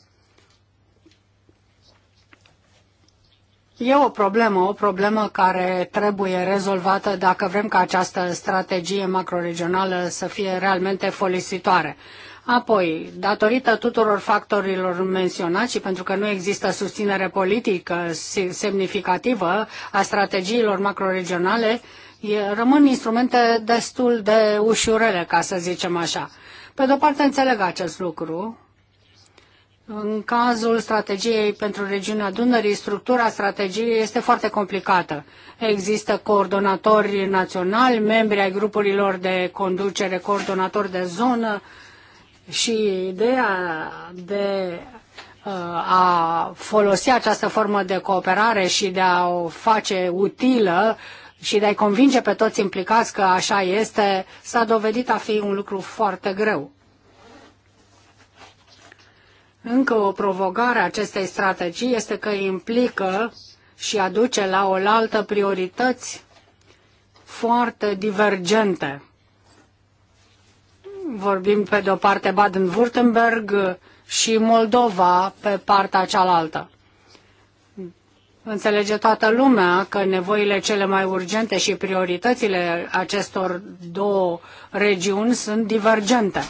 E o problemă, o problemă care trebuie rezolvată dacă vrem ca această strategie macroregională să fie realmente folositoare. Apoi, datorită tuturor factorilor menționați și pentru că nu există susținere politică semnificativă a strategiilor macroregionale, rămân instrumente destul de ușurele, ca să zicem așa. Pe de-o parte, înțeleg acest lucru. În cazul strategiei pentru regiunea Dunării, structura strategiei este foarte complicată. Există coordonatori naționali, membri ai grupurilor de conducere, coordonatori de zonă, și ideea de uh, a folosi această formă de cooperare și de a o face utilă și de a-i convinge pe toți implicați că așa este, s-a dovedit a fi un lucru foarte greu. Încă o provocare a acestei strategii este că implică și aduce la oaltă priorități foarte divergente Vorbim pe de-o parte Baden-Württemberg și Moldova pe partea cealaltă. Înțelege toată lumea că nevoile cele mai urgente și prioritățile acestor două regiuni sunt divergente.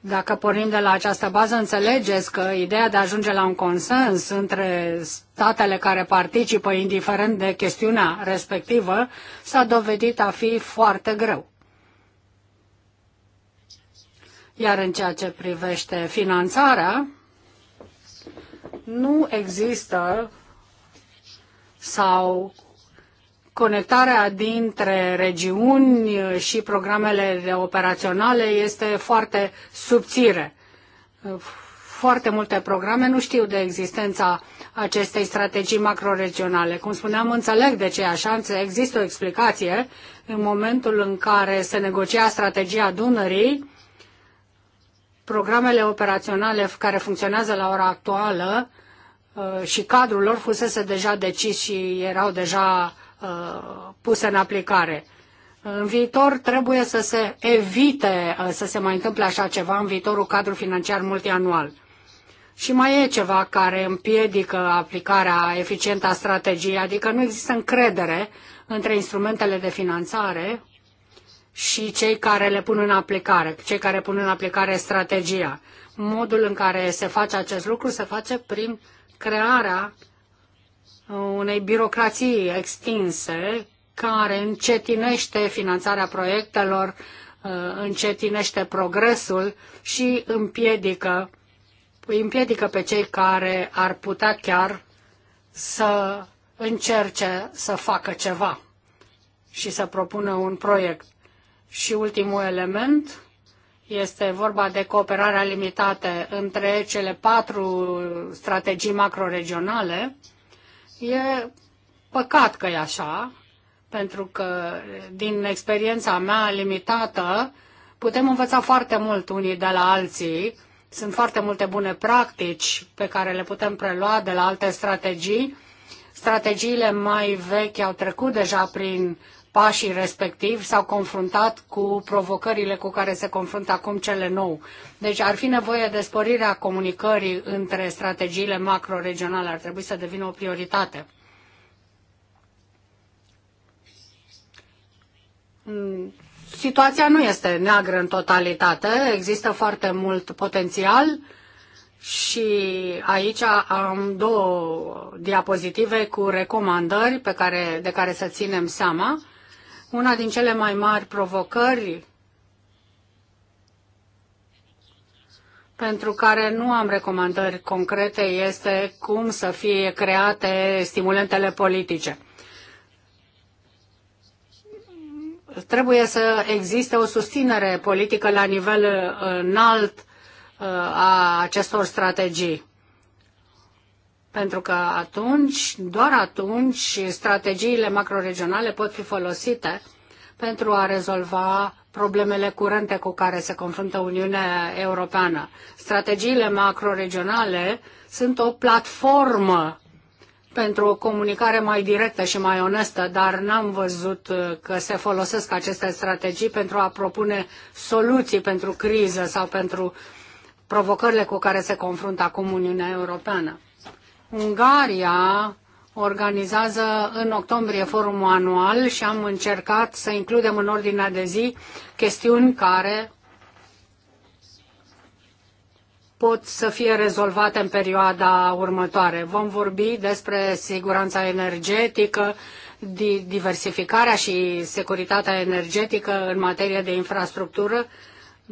Dacă pornim de la această bază, înțelegeți că ideea de a ajunge la un consens între statele care participă, indiferent de chestiunea respectivă, s-a dovedit a fi foarte greu. Iar în ceea ce privește finanțarea, nu există sau conectarea dintre regiuni și programele operaționale este foarte subțire. Foarte multe programe nu știu de existența acestei strategii macroregionale. Cum spuneam, înțeleg de ce așa, există o explicație în momentul în care se negocia strategia Dunării, programele operaționale care funcționează la ora actuală uh, și cadrul lor fusese deja decis și erau deja uh, puse în aplicare. În viitor trebuie să se evite uh, să se mai întâmple așa ceva în viitorul cadru financiar multianual. Și mai e ceva care împiedică aplicarea eficientă a strategiei, adică nu există încredere între instrumentele de finanțare și cei care le pun în aplicare, cei care pun în aplicare strategia. Modul în care se face acest lucru se face prin crearea unei birocrații extinse care încetinește finanțarea proiectelor, uh, încetinește progresul și împiedică, împiedică pe cei care ar putea chiar să încerce să facă ceva și să propună un proiect. Și ultimul element este vorba de cooperarea limitată între cele patru strategii macroregionale. E păcat că e așa, pentru că din experiența mea limitată putem învăța foarte mult unii de la alții. Sunt foarte multe bune practici pe care le putem prelua de la alte strategii. Strategiile mai vechi au trecut deja prin pașii respectivi s-au confruntat cu provocările cu care se confruntă acum cele nou. Deci ar fi nevoie de sporirea comunicării între strategiile macro-regionale, ar trebui să devină o prioritate. Situația nu este neagră în totalitate, există foarte mult potențial și aici am două diapozitive cu recomandări pe care, de care să ținem seama una din cele mai mari provocări pentru care nu am recomandări concrete este cum să fie create stimulentele politice. Trebuie să existe o susținere politică la nivel uh, înalt uh, a acestor strategii pentru că atunci, doar atunci, strategiile macroregionale pot fi folosite pentru a rezolva problemele curente cu care se confruntă Uniunea Europeană. Strategiile macroregionale sunt o platformă pentru o comunicare mai directă și mai onestă, dar n-am văzut că se folosesc aceste strategii pentru a propune soluții pentru criză sau pentru provocările cu care se confruntă acum Uniunea Europeană. Ungaria organizează în octombrie forumul anual și am încercat să includem în ordinea de zi chestiuni care pot să fie rezolvate în perioada următoare. Vom vorbi despre siguranța energetică, diversificarea și securitatea energetică în materie de infrastructură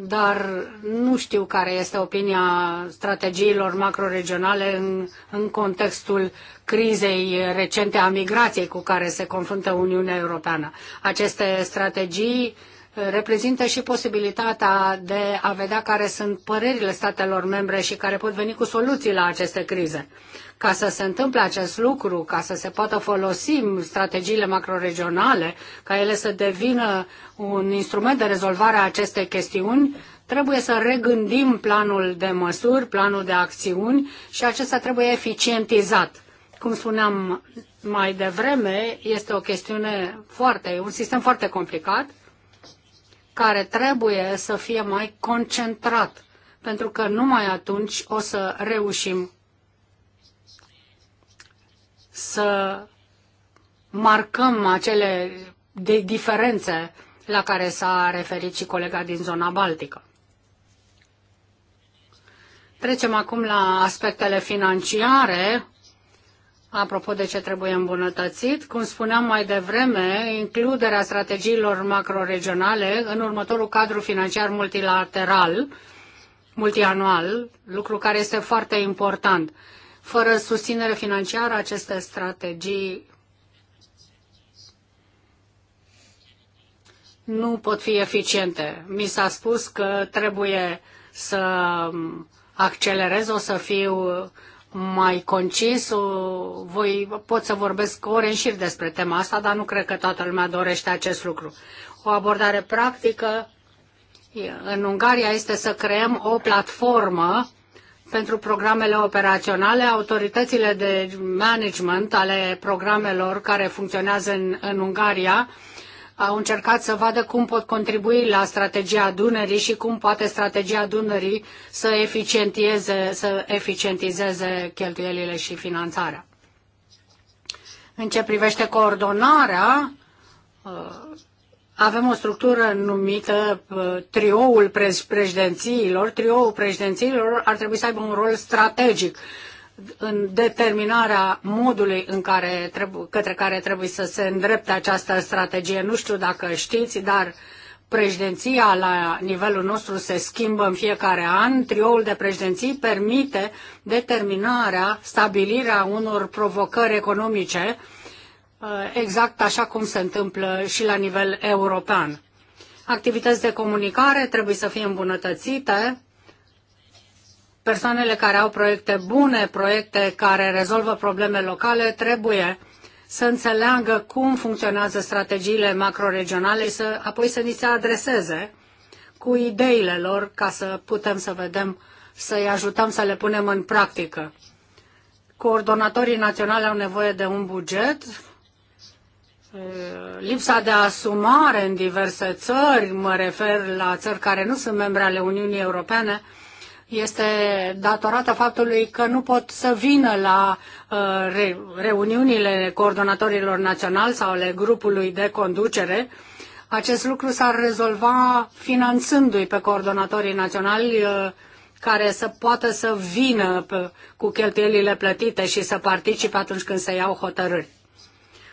dar nu știu care este opinia strategiilor macroregionale în, în contextul crizei recente a migrației cu care se confruntă Uniunea Europeană. Aceste strategii uh, reprezintă și posibilitatea de a vedea care sunt părerile statelor membre și care pot veni cu soluții la aceste crize. Ca să se întâmple acest lucru, ca să se poată folosi strategiile macroregionale, ca ele să devină un instrument de rezolvare a acestei chestiuni, trebuie să regândim planul de măsuri, planul de acțiuni și acesta trebuie eficientizat. Cum spuneam mai devreme, este o chestiune foarte, un sistem foarte complicat care trebuie să fie mai concentrat, pentru că numai atunci o să reușim să marcăm acele de diferențe la care s-a referit și colega din zona Baltică. Trecem acum la aspectele financiare apropo de ce trebuie îmbunătățit, cum spuneam mai devreme, includerea strategiilor macroregionale în următorul cadru financiar multilateral, multianual, lucru care este foarte important. Fără susținere financiară, aceste strategii nu pot fi eficiente. Mi s-a spus că trebuie să accelerez, o să fiu mai concis, o, voi pot să vorbesc ore în șir despre tema asta, dar nu cred că toată lumea dorește acest lucru. O abordare practică în Ungaria este să creăm o platformă pentru programele operaționale, autoritățile de management ale programelor care funcționează în, în Ungaria au încercat să vadă cum pot contribui la strategia Dunării și cum poate strategia Dunării să eficientizeze, să eficientizeze cheltuielile și finanțarea. În ce privește coordonarea, uh, avem o structură numită uh, trioul președințiilor. Trioul președințiilor ar trebui să aibă un rol strategic în determinarea modului în care trebu- către care trebuie să se îndrepte această strategie. Nu știu dacă știți, dar președinția la nivelul nostru se schimbă în fiecare an. Trioul de președinții permite determinarea, stabilirea unor provocări economice, uh, exact așa cum se întâmplă și la nivel european. Activități de comunicare trebuie să fie îmbunătățite, persoanele care au proiecte bune, proiecte care rezolvă probleme locale, trebuie să înțeleagă cum funcționează strategiile macroregionale și apoi să ni se adreseze cu ideile lor ca să putem să vedem, să-i ajutăm să le punem în practică. Coordonatorii naționali au nevoie de un buget, eh, lipsa de asumare în diverse țări, mă refer la țări care nu sunt membre ale Uniunii Europene, este datorată faptului că nu pot să vină la uh, reuniunile coordonatorilor naționali sau ale grupului de conducere. Acest lucru s-ar rezolva finanțându-i pe coordonatorii naționali uh, care să poată să vină cu cheltuielile plătite și să participe atunci când se iau hotărâri.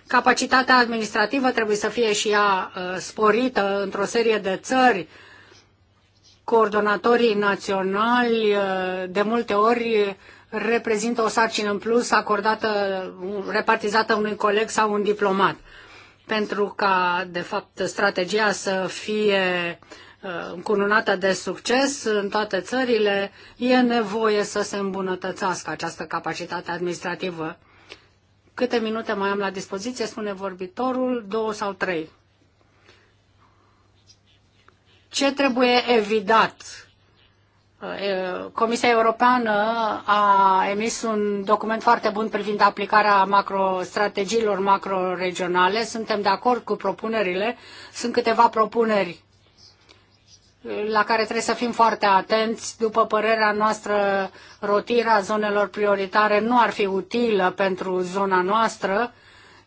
Capacitatea administrativă trebuie să fie și ea uh, sporită într-o serie de țări coordonatorii naționali uh, de multe ori reprezintă o sarcină în plus acordată, repartizată unui coleg sau un diplomat. Pentru ca, de fapt, strategia să fie uh, încununată de succes în toate țările, e nevoie să se îmbunătățească această capacitate administrativă. Câte minute mai am la dispoziție, spune vorbitorul, două sau trei. Ce trebuie evidat? Comisia Europeană a emis un document foarte bun privind aplicarea macro, strategiilor macroregionale. Suntem de acord cu propunerile. Sunt câteva propuneri la care trebuie să fim foarte atenți. După părerea noastră, rotirea zonelor prioritare nu ar fi utilă pentru zona noastră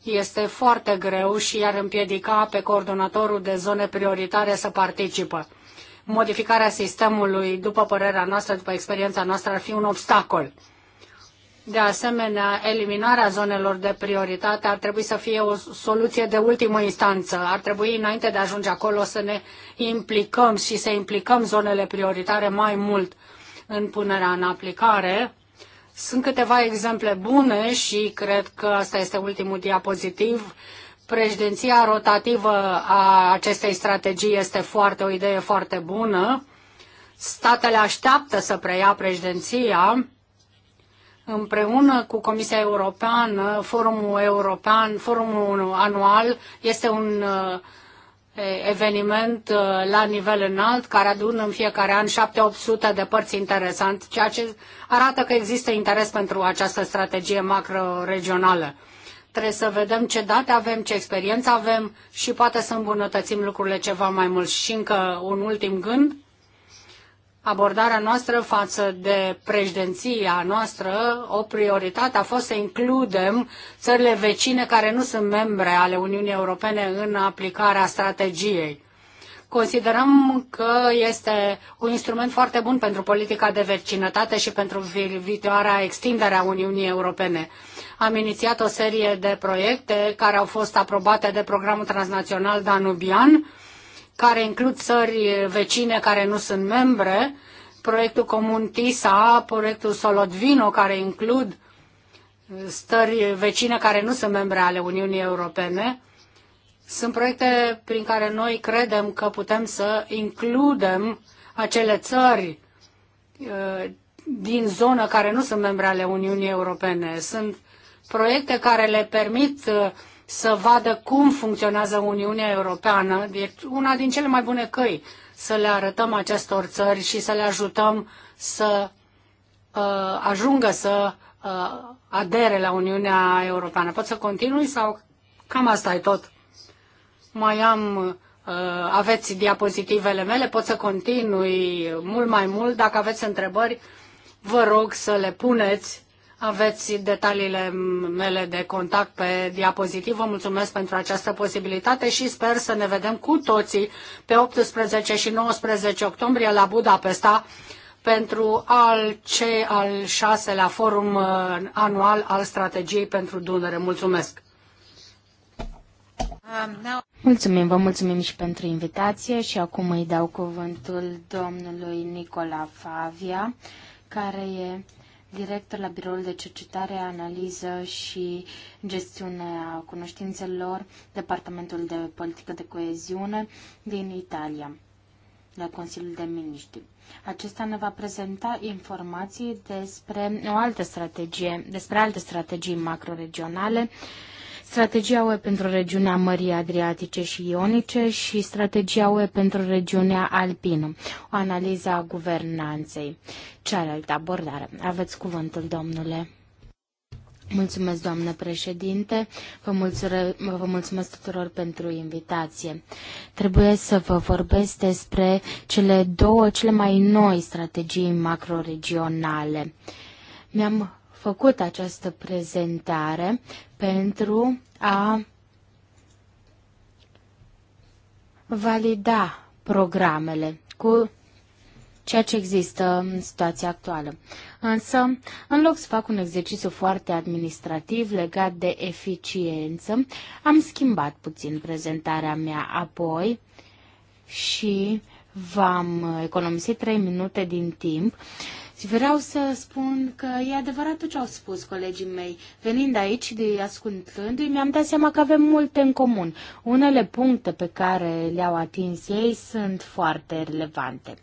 este foarte greu și i-ar împiedica pe coordonatorul de zone prioritare să participă. Modificarea sistemului, după părerea noastră, după experiența noastră, ar fi un obstacol. De asemenea, eliminarea zonelor de prioritate ar trebui să fie o soluție de ultimă instanță. Ar trebui, înainte de a ajunge acolo, să ne implicăm și să implicăm zonele prioritare mai mult în punerea în aplicare sunt câteva exemple bune și cred că asta este ultimul diapozitiv. Președinția rotativă a acestei strategii este foarte o idee foarte bună. Statele așteaptă să preia președinția împreună cu Comisia Europeană, Forumul European, Forumul Anual este un uh, eveniment uh, la nivel înalt, care adună în fiecare an 7-800 de părți interesante, ceea ce arată că există interes pentru această strategie macro-regională. Trebuie să vedem ce date avem, ce experiență avem și poate să îmbunătățim lucrurile ceva mai mult. Și încă un ultim gând, abordarea noastră față de președinția noastră, o prioritate a fost să includem țările vecine care nu sunt membre ale Uniunii Europene în aplicarea strategiei. Considerăm că este un instrument foarte bun pentru politica de vecinătate și pentru viitoarea extindere a Uniunii Europene. Am inițiat o serie de proiecte care au fost aprobate de programul transnațional danubian, care includ țări vecine care nu sunt membre, proiectul comun TISA, proiectul Solodvino, care includ uh, stări vecine care nu sunt membre ale Uniunii Europene. Sunt proiecte prin care noi credem că putem să includem acele țări uh, din zonă care nu sunt membre ale Uniunii Europene. Sunt proiecte care le permit uh, să vadă cum funcționează Uniunea Europeană, e una din cele mai bune căi să le arătăm acestor țări și să le ajutăm să uh, ajungă să uh, adere la Uniunea Europeană. Pot să continui sau cam asta e tot? Mai am, uh, aveți diapozitivele mele, pot să continui mult mai mult. Dacă aveți întrebări, vă rog să le puneți aveți detaliile mele de contact pe diapozitivă. Mulțumesc pentru această posibilitate și sper să ne vedem cu toții pe 18 și 19 octombrie la Budapesta pentru al, ce, al șaselea forum uh, anual al strategiei pentru Dunăre. Mulțumesc! Um, mulțumim, vă mulțumim și pentru invitație și acum îi dau cuvântul domnului Nicola Favia, care e director la Biroul de Cercetare, Analiză și a Cunoștințelor, Departamentul de Politică de Coeziune din Italia, la Consiliul de Miniștri. Acesta ne va prezenta informații despre o altă strategie, despre alte strategii macroregionale regionale strategia UE pentru regiunea Mării Adriatice și Ionice și strategia UE pentru regiunea Alpină, o analiză a guvernanței. Cealaltă abordare. Aveți cuvântul, domnule. Mulțumesc, doamnă președinte. Vă mulțumesc, vă mulțumesc tuturor pentru invitație. Trebuie să vă vorbesc despre cele două, cele mai noi strategii macroregionale. Mi-am făcut această prezentare pentru a valida programele cu ceea ce există în situația actuală. Însă, în loc să fac un exercițiu foarte administrativ legat de eficiență, am schimbat puțin prezentarea mea apoi și v-am economisit 3 minute din timp. Și vreau să spun că e adevărat tot ce au spus colegii mei. Venind aici, de ascultându-i, mi-am dat seama că avem multe în comun. Unele puncte pe care le-au atins ei sunt foarte relevante.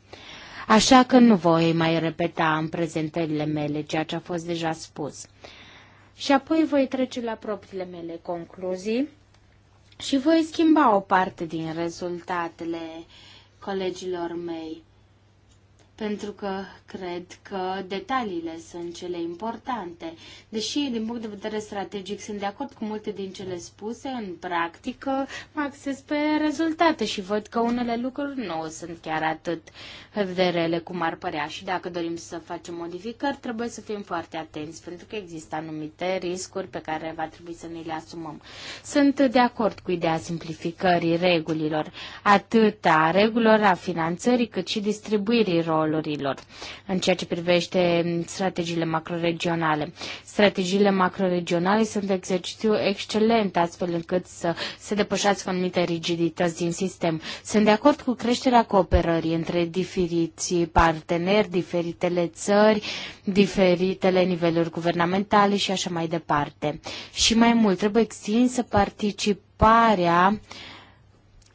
Așa că nu voi mai repeta în prezentările mele ceea ce a fost deja spus. Și apoi voi trece la propriile mele concluzii și voi schimba o parte din rezultatele colegilor mei pentru că cred că detaliile sunt cele importante. Deși, din punct de vedere strategic, sunt de acord cu multe din cele spuse, în practică mă acces pe rezultate și văd că unele lucruri nu sunt chiar atât de rele cum ar părea. Și dacă dorim să facem modificări, trebuie să fim foarte atenți, pentru că există anumite riscuri pe care va trebui să ne le asumăm. Sunt de acord cu ideea simplificării regulilor, atât a regulilor, a finanțării, cât și distribuirii rolului rolurilor în ceea ce privește strategiile macroregionale. Strategiile macroregionale sunt exercițiu excelent, astfel încât să se depășească anumite rigidități din sistem. Sunt de acord cu creșterea cooperării între diferiții parteneri, diferitele țări, diferitele niveluri guvernamentale și așa mai departe. Și mai mult, trebuie extinsă participarea uh,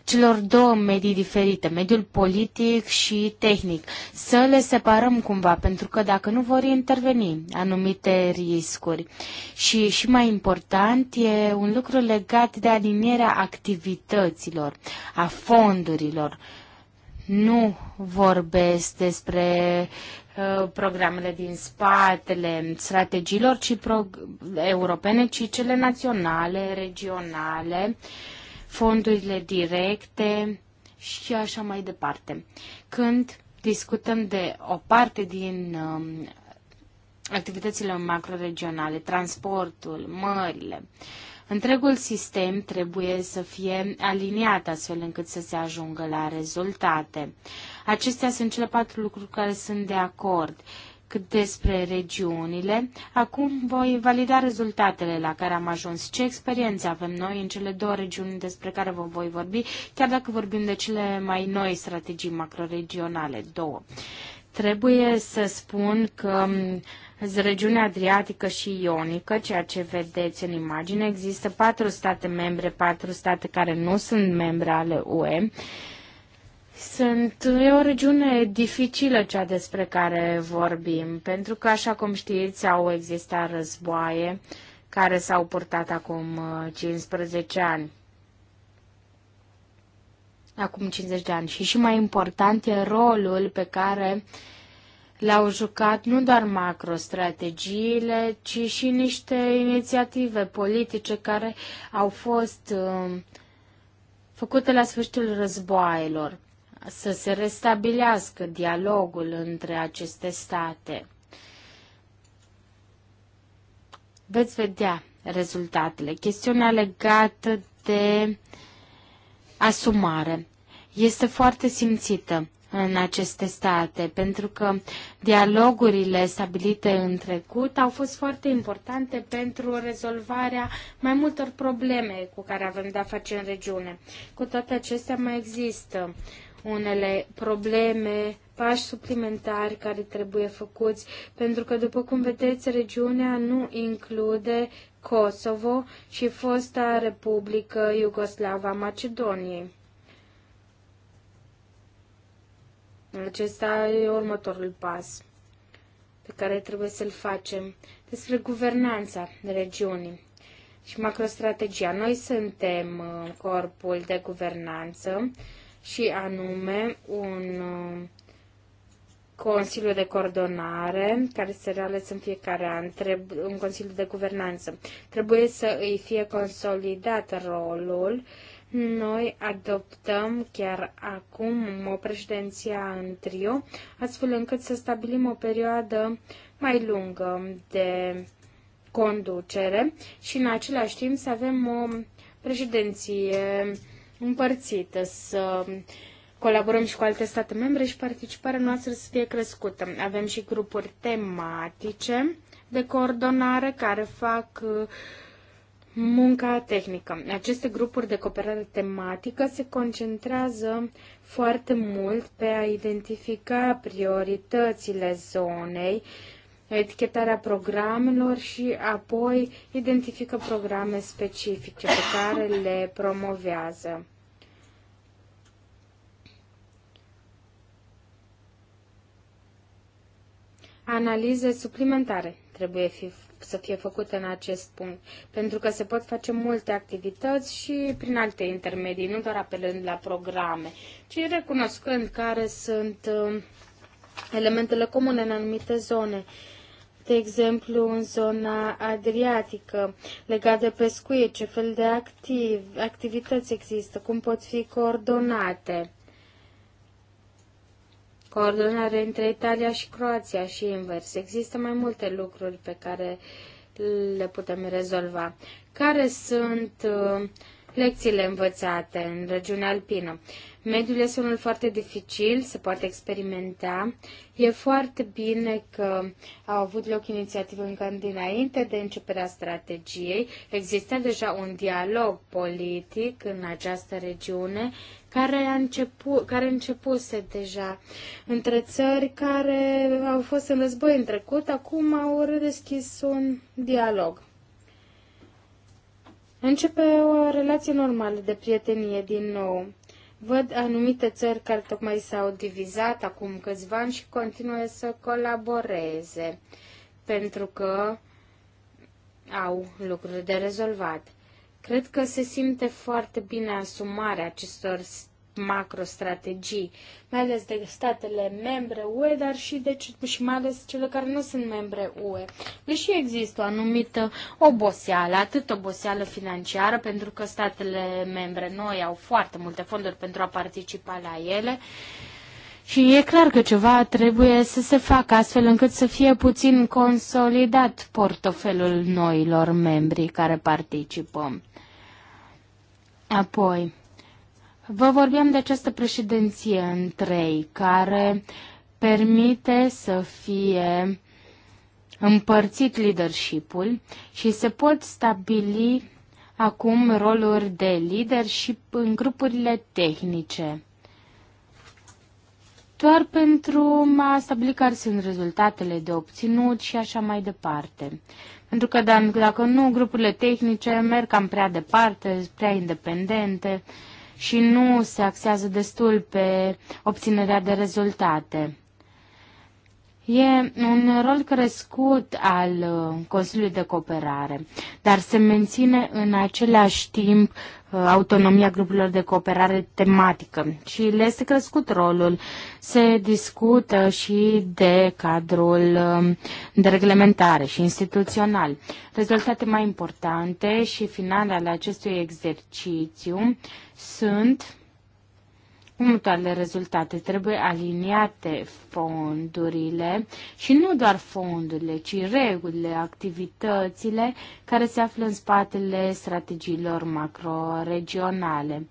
celor două medii diferite, mediul politic și tehnic, să le separăm cumva, pentru că dacă nu vor interveni anumite riscuri. Și, și mai important e un lucru legat de alinierea activităților, a fondurilor. Nu vorbesc despre uh, programele din spatele strategiilor ci pro- europene, ci cele naționale, regionale. Uh, fondurile directe și așa mai departe. Când discutăm de o parte din um, activitățile macroregionale, transportul, mările, întregul sistem trebuie să fie aliniat astfel încât să se ajungă la rezultate. Acestea sunt cele patru lucruri care sunt de acord cât despre regiunile. Acum voi valida rezultatele la care am ajuns, ce experiență avem noi în cele două regiuni despre care vă voi vorbi, chiar dacă vorbim de cele mai noi strategii macroregionale, două. Trebuie să spun că mm, regiunea Adriatică și Ionică, ceea ce vedeți în imagine, există patru state membre, patru state care nu sunt membre ale UE. Sunt, e o regiune dificilă cea despre care vorbim, pentru că, așa cum știți, au existat războaie care s-au purtat acum 15 uh, ani. Acum 50 de ani. Și și mai important e rolul pe care l-au jucat nu doar macrostrategiile, ci și niște inițiative politice care au fost uh, făcute la sfârșitul războaielor să se restabilească dialogul între aceste state. Veți vedea rezultatele. Chestiunea legată de asumare este foarte simțită în aceste state, pentru că dialogurile stabilite în trecut au fost foarte importante pentru rezolvarea mai multor probleme cu care avem de-a face în regiune. Cu toate acestea mai există unele probleme, pași suplimentari care trebuie făcuți, pentru că, după cum vedeți, regiunea nu include Kosovo și fosta Republică Iugoslava Macedoniei. Acesta e următorul pas pe care trebuie să-l facem despre guvernanța regiunii și macrostrategia. Noi suntem uh, corpul de guvernanță și anume un uh, Consiliu de Coordonare, care se realizează în fiecare an, trebuie, un Consiliu de Guvernanță. Trebuie să îi fie consolidat rolul. Noi adoptăm chiar acum o președinție în trio, astfel încât să stabilim o perioadă mai lungă de conducere și în același timp să avem o președinție împărțită, să colaborăm și cu alte state membre și participarea noastră să fie crescută. Avem și grupuri tematice de coordonare care fac uh, munca tehnică. Aceste grupuri de cooperare tematică se concentrează foarte mult pe a identifica prioritățile zonei, etichetarea programelor și apoi identifică programe specifice pe care le promovează. Analize suplimentare trebuie fi, să fie făcute în acest punct, pentru că se pot face multe activități și prin alte intermedii, nu doar apelând la programe, ci recunoscând care sunt um, elementele comune în anumite zone de exemplu, în zona adriatică, legat de pescuit, ce fel de activ, activități există, cum pot fi coordonate coordonare între Italia și Croația și invers. Există mai multe lucruri pe care le putem rezolva. Care sunt uh, lecțiile învățate în regiunea alpină? Mediul este unul foarte dificil, se poate experimenta. E foarte bine că au avut loc inițiative încă dinainte de începerea strategiei. Există deja un dialog politic în această regiune care, a început, care începuse deja între țări care au fost în război în trecut, acum au redeschis un dialog. Începe o relație normală de prietenie din nou. Văd anumite țări care tocmai s-au divizat acum câțiva ani și continuă să colaboreze pentru că au lucruri de rezolvat. Cred că se simte foarte bine asumarea acestor macrostrategii, mai ales de statele membre UE, dar și, de, și mai ales cele care nu sunt membre UE. Deși există o anumită oboseală, atât oboseală financiară, pentru că statele membre noi au foarte multe fonduri pentru a participa la ele, și e clar că ceva trebuie să se facă astfel încât să fie puțin consolidat portofelul noilor membri care participăm. Apoi, Vă vorbeam de această președinție în trei, care permite să fie împărțit leadership-ul și se pot stabili acum roluri de leadership în grupurile tehnice. Doar pentru a stabili care sunt rezultatele de obținut și așa mai departe. Pentru că dacă nu, grupurile tehnice merg cam prea departe, prea independente, uh, și nu se axează destul pe obținerea de rezultate. E un rol crescut al uh, Consiliului de Cooperare, dar se menține în același timp uh, autonomia grupurilor de cooperare tematică și le este crescut rolul. Se discută și de cadrul um, de reglementare și instituțional. Rezultate mai importante și finale ale acestui exercițiu sunt punctuale rezultate. Trebuie aliniate fondurile și nu doar fondurile, ci regulile, activitățile care se află în spatele strategiilor macroregionale.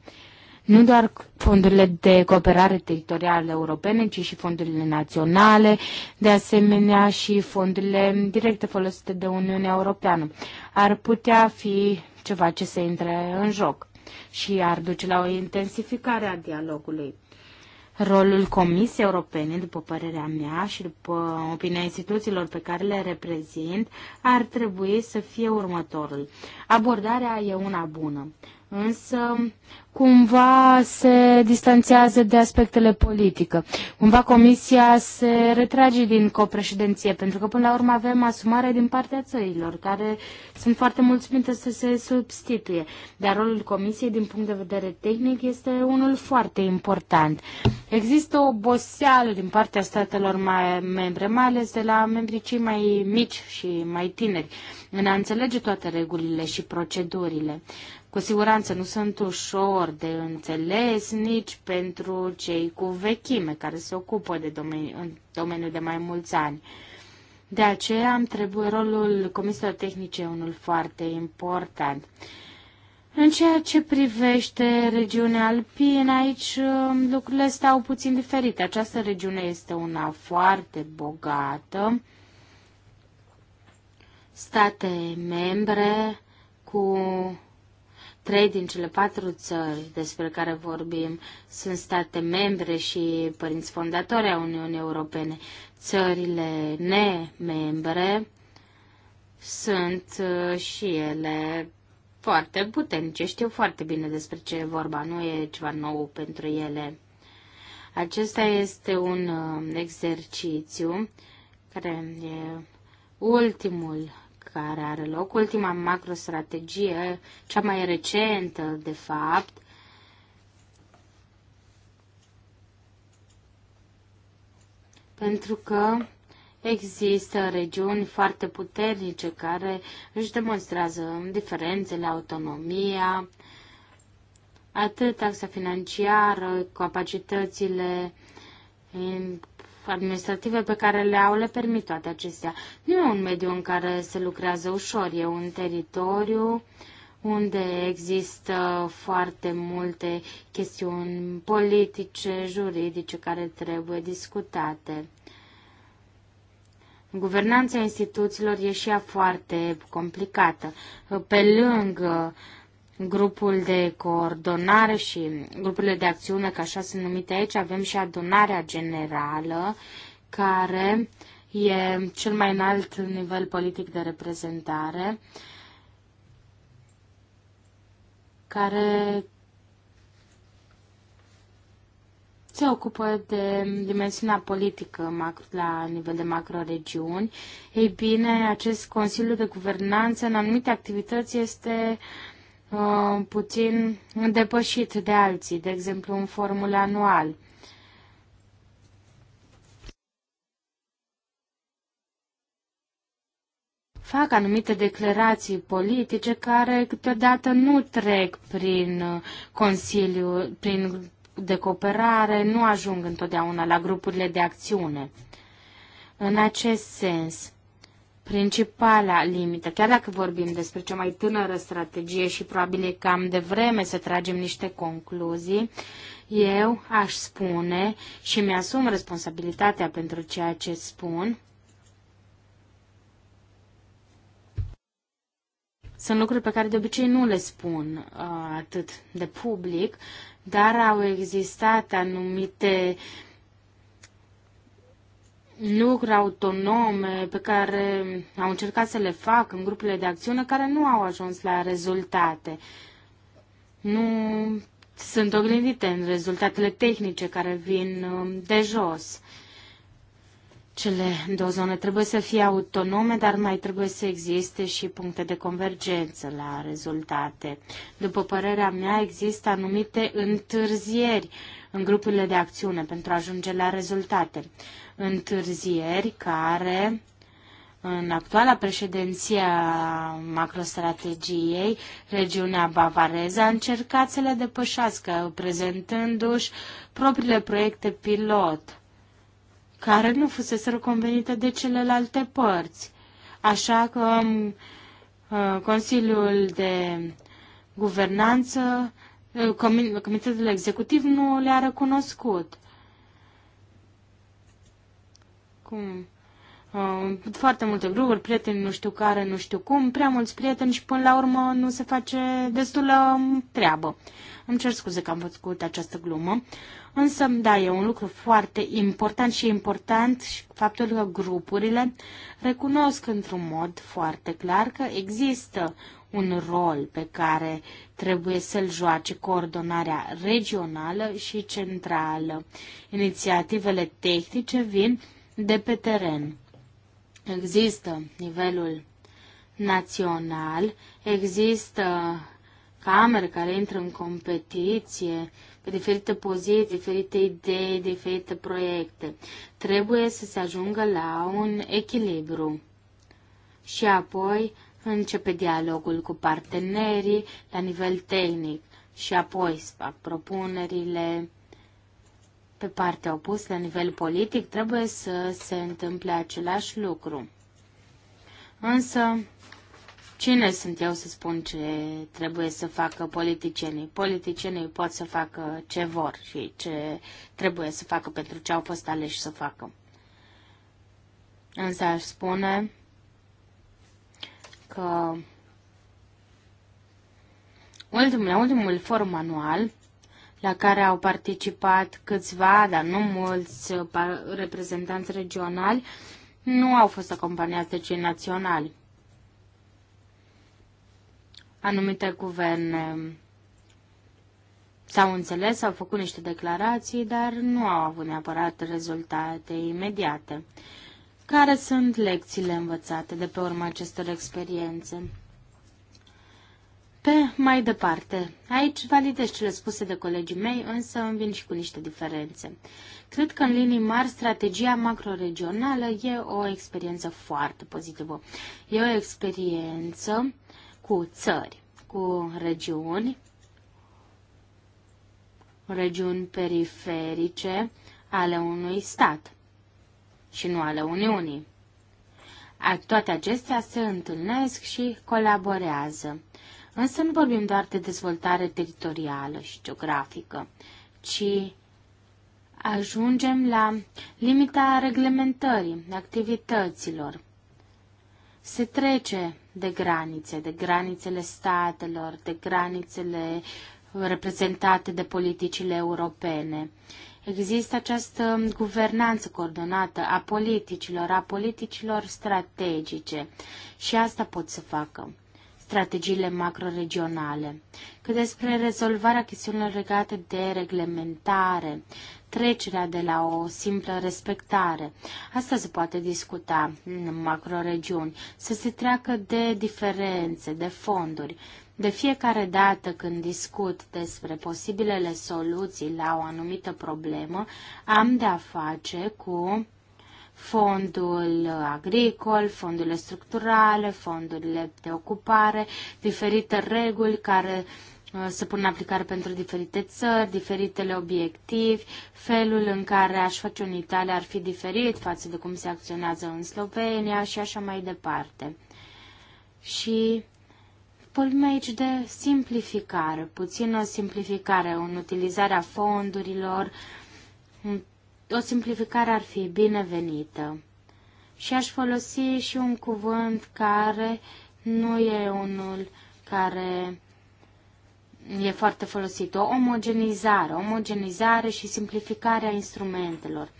Nu doar fondurile de cooperare teritoriale europene, ci și fondurile naționale, de asemenea și fondurile directe folosite de Uniunea Europeană. Ar putea fi ceva ce se intre în joc și ar duce la o intensificare a dialogului. Rolul Comisiei Europene, după părerea mea și după opinia instituțiilor pe care le reprezint, ar trebui să fie următorul. Abordarea e una bună însă cumva se distanțează de aspectele politică. Cumva Comisia se retrage din copreședinție, pentru că până la urmă avem asumare din partea țărilor, care sunt foarte mulțumite să se substituie. Dar rolul Comisiei, din punct de vedere tehnic, este unul foarte important. Există o oboseală din partea statelor mai membre, mai ales de la membrii cei mai mici și mai tineri, în a înțelege toate regulile și procedurile. Cu siguranță nu sunt ușor de înțeles nici pentru cei cu vechime care se ocupă de domeni, în domeniul de mai mulți ani. De aceea am trebuit rolul comisiilor tehnice unul foarte important. În ceea ce privește regiunea alpină, aici um, lucrurile stau puțin diferite. Această regiune este una foarte bogată. State membre cu Trei din cele patru țări despre care vorbim sunt state membre și părinți fondatori a Uniunii Europene. Țările nemembre sunt uh, și ele foarte puternice, știu foarte bine despre ce e vorba, nu e ceva nou pentru ele. Acesta este un uh, exercițiu care e ultimul care are loc, ultima macrostrategie, cea mai recentă, de fapt, pentru că există regiuni foarte puternice care își demonstrează diferențele, autonomia, atât taxa financiară, capacitățile administrative pe care le au le permit toate acestea. Nu e un mediu în care se lucrează ușor, e un teritoriu unde există foarte multe chestiuni politice, juridice care trebuie discutate. Guvernanța instituțiilor e și ea foarte complicată. Pe lângă uh, grupul de coordonare și grupurile de acțiune, ca așa sunt numite aici, avem și adunarea generală, care e cel mai înalt nivel politic de reprezentare, care se ocupă de dimensiunea politică la nivel de macroregiuni. Ei bine, acest Consiliu de Guvernanță în anumite activități este uh, Uh, puțin depășit de alții, de exemplu în formul anual. fac anumite declarații politice care câteodată nu trec prin uh, Consiliu, prin de cooperare, nu ajung întotdeauna la grupurile de acțiune. În acest sens, principala limită, chiar dacă vorbim despre cea mai tânără strategie și probabil e cam de vreme să tragem niște concluzii, eu aș spune și mi-asum responsabilitatea pentru ceea ce spun. Sunt lucruri pe care de obicei nu le spun uh, atât de public, dar au existat anumite uh, lucruri autonome pe care au încercat să le fac în grupurile de acțiune care nu au ajuns la rezultate. Nu sunt oglindite în rezultatele tehnice care vin um, de jos. Cele două zone trebuie să fie autonome, dar mai trebuie să existe și puncte de convergență la rezultate. După părerea mea, există anumite întârzieri în grupurile de acțiune pentru a ajunge la rezultate întârzieri care în actuala președinție a macrostrategiei, regiunea bavareză a încercat să le depășească, prezentându-și propriile proiecte pilot, care nu fusese convenite de celelalte părți. Așa că um, uh, Consiliul de Guvernanță, uh, Comitetul Executiv nu le-a recunoscut cum uh, foarte multe grupuri, prieteni nu știu care, nu știu cum, prea mulți prieteni și până la urmă nu se face destulă treabă. Îmi cer scuze că am făcut această glumă, însă, da, e un lucru foarte important și important și faptul că grupurile recunosc într-un mod foarte clar că există un rol pe care trebuie să-l joace coordonarea regională și centrală. Inițiativele tehnice vin de pe teren. Există nivelul național, există camere care intră în competiție pe diferite poziții, diferite idei, diferite proiecte. Trebuie să se ajungă la un echilibru. Și apoi începe dialogul cu partenerii la nivel tehnic și apoi fac propunerile pe partea opusă la nivel politic, trebuie să se întâmple același lucru. Însă, cine sunt eu să spun ce trebuie să facă politicienii? Politicienii pot să facă ce vor și ce trebuie să facă pentru ce au fost aleși să facă. Însă aș spune că ultimul, la ultimul forum anual la care au participat câțiva, dar nu mulți uh, reprezentanți regionali, nu au fost acompaniați de cei naționali. Anumite guverne um, s-au înțeles, au făcut niște declarații, dar nu au avut neapărat rezultate imediate. Care sunt lecțiile învățate de pe urma acestor experiențe? Pe mai departe, aici validez cele spuse de colegii mei, însă îmi vin și cu niște diferențe. Cred că în linii mari strategia macroregională e o experiență foarte pozitivă. E o experiență cu țări, cu regiuni, regiuni periferice ale unui stat și nu ale Uniunii. Toate acestea se întâlnesc și colaborează. Însă nu vorbim doar de dezvoltare teritorială și geografică, ci ajungem la limita reglementării activităților. Se trece de granițe, de granițele statelor, de granițele reprezentate de politicile europene. Există această guvernanță coordonată a politicilor, a politicilor strategice și asta pot să facă strategiile macroregionale. Că despre rezolvarea chestiunilor legate de reglementare, trecerea de la o simplă respectare. Asta se poate discuta în macroregiuni, să se treacă de diferențe, de fonduri. De fiecare dată când discut despre posibilele soluții la o anumită problemă, am de-a face cu fondul agricol, fondurile structurale, fondurile de ocupare, diferite reguli care uh, se pun în aplicare pentru diferite țări, diferitele obiectivi, felul în care aș face în Italia ar fi diferit față de cum se acționează în Slovenia și așa mai departe. Și vorbim aici de simplificare, puțin o simplificare în utilizarea fondurilor, o simplificare ar fi binevenită. Și aș folosi și un cuvânt care nu e unul care e foarte folosit. O omogenizare, omogenizare și simplificarea instrumentelor.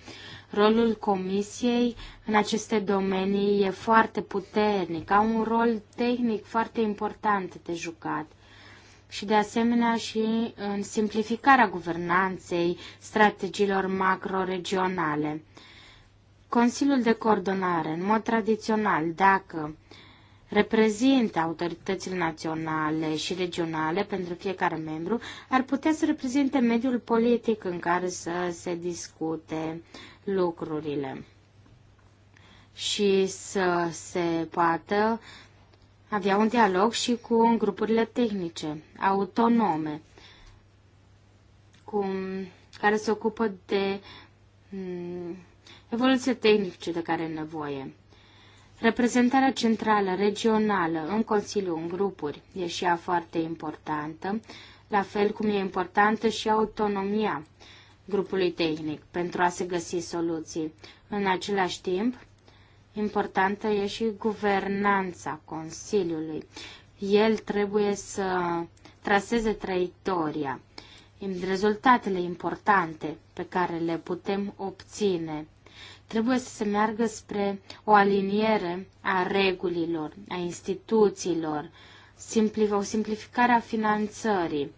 Rolul comisiei în aceste domenii e foarte puternic, au un rol tehnic foarte important de jucat și de asemenea și în simplificarea guvernanței strategiilor macroregionale. Consiliul de coordonare, în mod tradițional, dacă reprezintă autoritățile naționale și regionale pentru fiecare membru, ar putea să reprezinte mediul politic în care să se discute lucrurile și să se poată avea un dialog și cu grupurile tehnice, autonome, cu, care se ocupă de mm, evoluție tehnice de care e nevoie. Reprezentarea centrală, regională, în Consiliu, în grupuri, e și ea foarte importantă, la fel cum e importantă și autonomia grupului tehnic pentru a se găsi soluții. În același timp, importantă e și guvernanța Consiliului. El trebuie să traseze traiectoria, rezultatele importante pe care le putem obține. Trebuie să se meargă spre o aliniere a regulilor, a instituțiilor, o simplificare a finanțării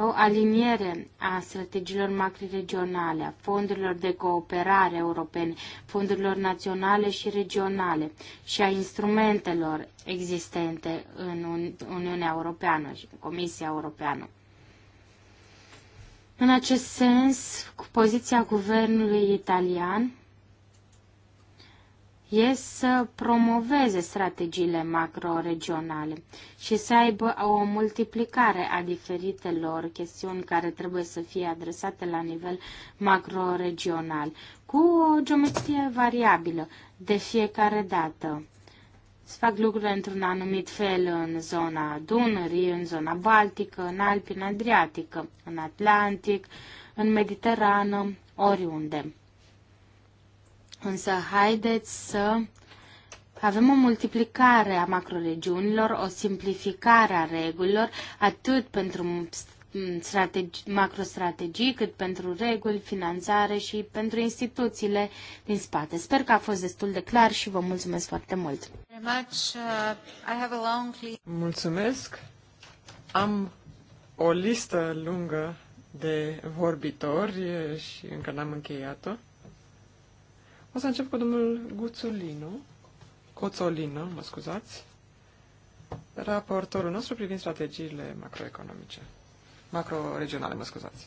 o aliniere a strategiilor macriregionale, a fondurilor de cooperare europene, fondurilor naționale și regionale și a instrumentelor existente în Uniunea Europeană și Comisia Europeană. În acest sens, poziția guvernului italian e să promoveze strategiile macroregionale și să aibă o multiplicare a diferitelor chestiuni care trebuie să fie adresate la nivel macroregional, cu o geometrie variabilă de fiecare dată. Se fac lucrurile într-un anumit fel în zona Dunării, în zona Baltică, în în Adriatică, în Atlantic, în Mediterană, oriunde. Însă haideți să avem o multiplicare a macroregiunilor, o simplificare a regulilor, atât pentru strategi, macrostrategii, cât pentru reguli, finanțare și pentru instituțiile din spate. Sper că a fost destul de clar și vă mulțumesc foarte mult. Uh, mulțumesc. Am o listă lungă de vorbitori și încă n-am încheiat-o. O să încep cu domnul Guțulinu, Coțolină, mă scuzați, raportorul nostru privind strategiile macroeconomice, macroregionale, mă scuzați.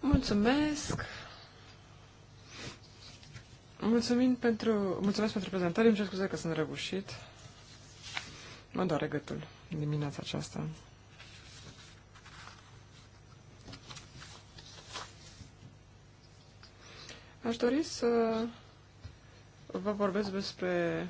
Mulțumesc! Mulțumim pentru, mulțumesc pentru prezentare, îmi cer scuze că sunt răgușit. Mă doare gâtul dimineața aceasta. Aș dori să vă vorbesc despre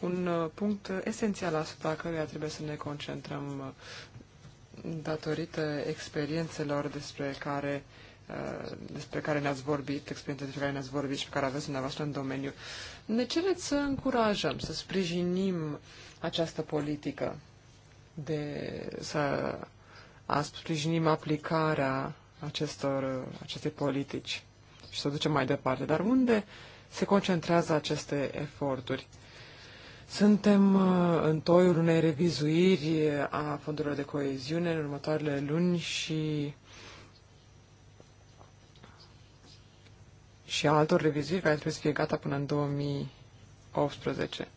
un uh, punct esențial asupra căruia trebuie să ne concentrăm uh, datorită experiențelor despre care uh, despre care ne-ați vorbit, experiențe despre care ne-ați vorbit și pe care aveți dumneavoastră în domeniu. Ne cereți să încurajăm, să sprijinim această politică de să a sprijinim aplicarea acestor, acestei politici și să o ducem mai departe. Dar unde uh, se concentrează aceste eforturi. Suntem uh, în toiul unei revizuiri a fondurilor de coeziune în următoarele luni și și a altor revizuiri care trebuie să fie gata până în 2018.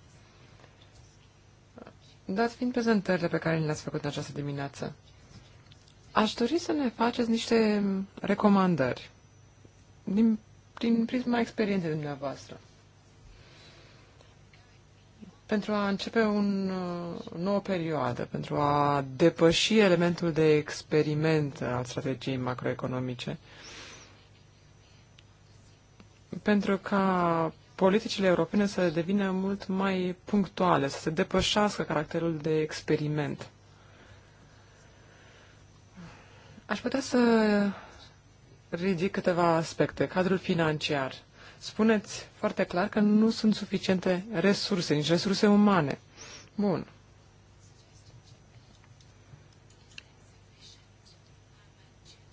Dat fiind prezentările pe care le-ați făcut în această dimineață, aș dori să ne faceți niște recomandări din prin prisma experienței dumneavoastră. Pentru a începe o o uh, nouă perioadă, pentru a depăși elementul de experiment al strategiei macroeconomice, pentru ca politicile europene să devină mult mai punctuale, să se depășească caracterul de experiment. Aș putea să ridic câteva aspecte. Cadrul financiar. Spuneți foarte clar că nu sunt suficiente resurse, nici resurse umane. Bun.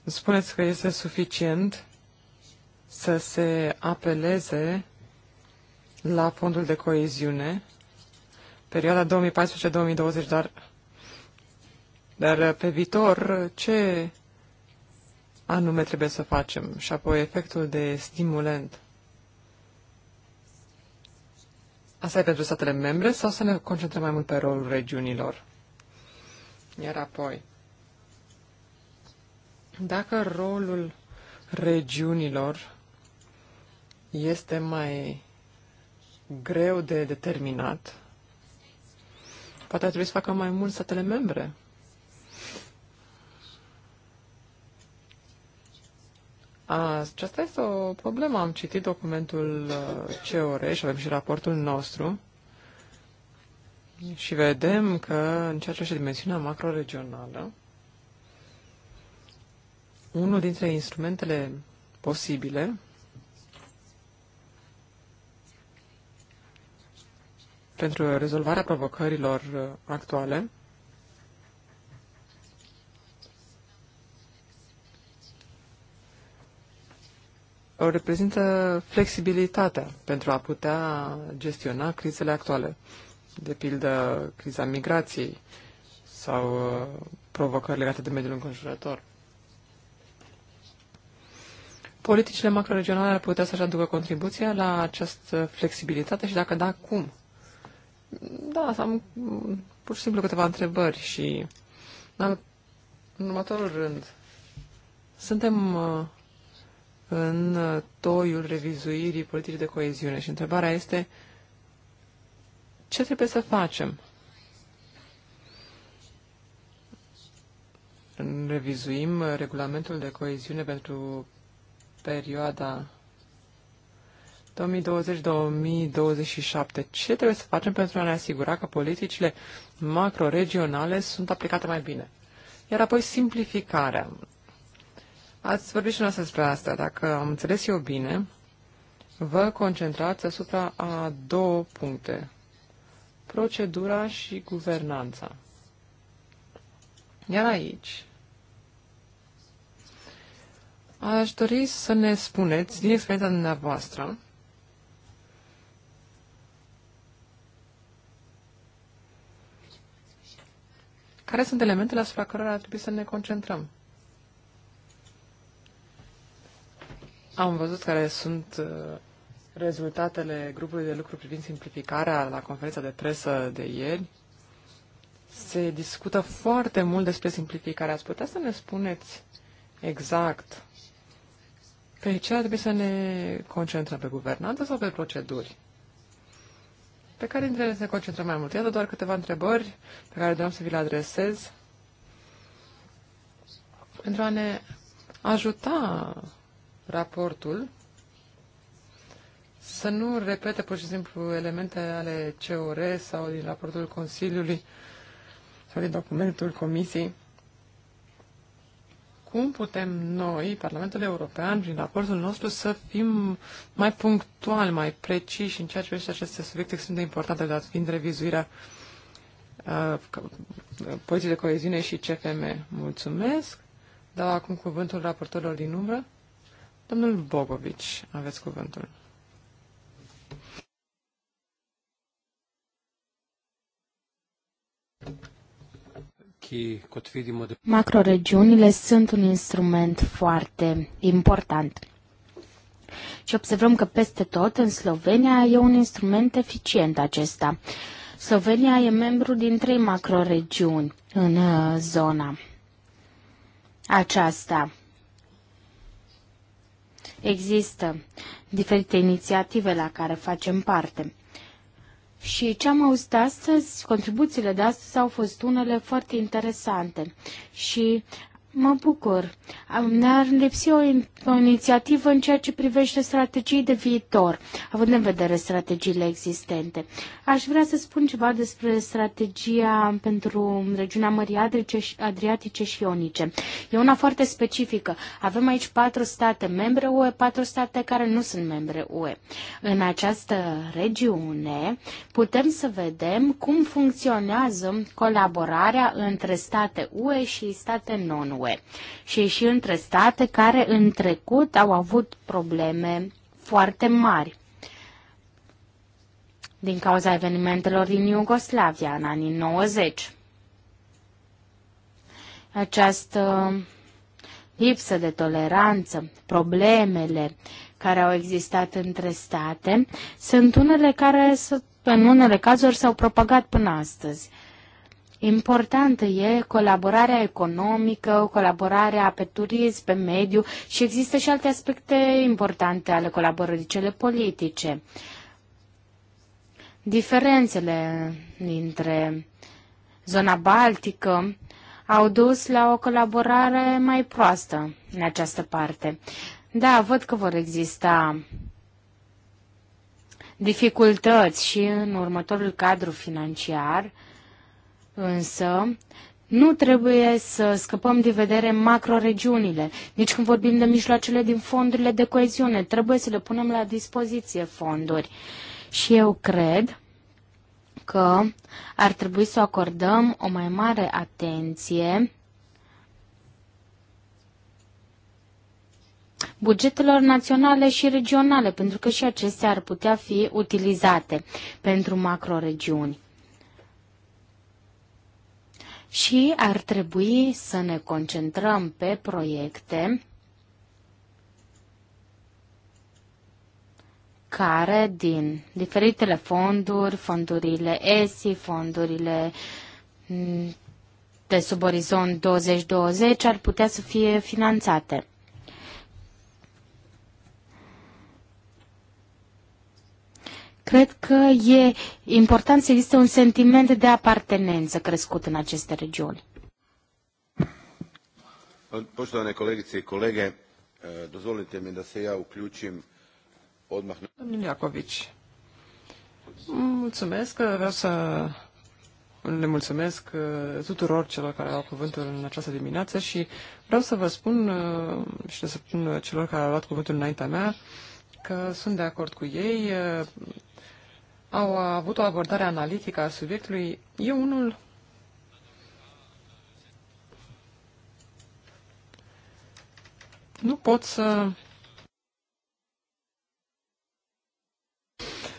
Spuneți că este suficient să se apeleze la fondul de coeziune, perioada 2014-2020, dar, dar pe viitor ce anume trebuie să facem și apoi efectul de stimulent. Asta e pentru statele membre sau să ne concentrăm mai mult pe rolul regiunilor? Iar apoi, dacă rolul regiunilor este mai greu de determinat, poate ar trebui să facă mai mult statele membre Aceasta este o problemă. Am citit documentul uh, COR și avem și raportul nostru și vedem că în ceea ce și dimensiunea macroregională, unul dintre instrumentele posibile pentru rezolvarea provocărilor uh, actuale reprezintă flexibilitatea pentru a putea gestiona crizele actuale, de pildă criza migrației sau uh, provocări legate de mediul înconjurător. Politicile macroregionale ar putea să-și aducă contribuția la această flexibilitate și dacă da, cum? Da, am mm, pur și simplu câteva întrebări și în, în următorul rând, suntem uh, în toiul revizuirii politicii de coeziune. Și întrebarea este ce trebuie să facem? Revizuim regulamentul de coeziune pentru perioada 2020-2027. Ce trebuie să facem pentru a ne asigura că politicile macroregionale sunt aplicate mai bine? Iar apoi simplificarea. Ați vorbit și noastră despre asta. Dacă am înțeles eu bine, vă concentrați asupra a două puncte. Procedura și guvernanța. Iar aici, aș dori să ne spuneți, din experiența dumneavoastră, care sunt elementele asupra cărora ar trebui să ne concentrăm. Am văzut care sunt uh, rezultatele grupului de lucru privind simplificarea la conferința de presă de ieri. Se discută foarte mult despre simplificare. Ați putea să ne spuneți exact pe ce ar trebui să ne concentrăm? Pe guvernanță sau pe proceduri? Pe care dintre ele se concentră mai mult? Iată doar câteva întrebări pe care doream să vi le adresez pentru a ne ajuta raportul să nu repete pur și simplu elemente ale COR sau din raportul Consiliului sau din documentul Comisiei. Cum putem noi, Parlamentul European, prin raportul nostru, să fim mai punctuali, mai preciși în ceea ce privește aceste subiecte extrem de importante, dat fiind revizuirea uh, poziției de coeziune și CFM? Mulțumesc! Dau acum cuvântul raportorilor din umbră. Domnul Bogovici, aveți cuvântul. Da- Macroregiunile sunt un instrument foarte important. Și observăm că peste tot în Slovenia e un instrument eficient acesta. Slovenia e membru din trei macroregiuni în uh, zona aceasta. Există diferite inițiative la care facem parte. Și ce am auzit astăzi, contribuțiile de astăzi au fost unele foarte interesante și Mă bucur. Ne-ar lipsi o, o inițiativă în ceea ce privește strategii de viitor, având în vedere strategiile existente. Aș vrea să spun ceva despre strategia pentru regiunea Mării Adriatice și Ionice. E una foarte specifică. Avem aici patru state membre UE, patru state care nu sunt membre UE. În această regiune putem să vedem cum funcționează colaborarea între state UE și state non-UE. UE și și între state care în trecut au avut probleme foarte mari din cauza evenimentelor din Iugoslavia în anii 90. Această lipsă de toleranță, problemele care au existat între state, sunt unele care, în unele cazuri, s-au propagat până astăzi. Importantă e colaborarea economică, colaborarea pe turism, pe mediu și există și alte aspecte importante ale colaborării, cele politice. Diferențele dintre zona baltică au dus la o colaborare mai proastă în această parte. Da, văd că vor exista dificultăți și în următorul cadru financiar, Însă, nu trebuie să scăpăm de vedere macroregiunile, nici când vorbim de mijloacele din fondurile de coeziune. Trebuie să le punem la dispoziție fonduri. Și eu cred că ar trebui să acordăm o mai mare atenție bugetelor naționale și regionale, pentru că și acestea ar putea fi utilizate pentru macroregiuni și ar trebui să ne concentrăm pe proiecte care din diferitele fonduri, fondurile ESI, fondurile mm, de sub orizont 2020 ar putea să fie finanțate. Cred că e important să existe un sentiment de apartenență crescut în aceste regiuni. Poštovane kolegice i dozvolite mi da se ia, uključim odmah. Domnul Iacovici, mulțumesc, vreau să le mulțumesc tuturor celor care au cuvântul în această dimineață și vreau să vă spun și să spun celor care au luat cuvântul înaintea mea că sunt de acord cu ei au avut o abordare analitică a subiectului. Eu unul nu pot să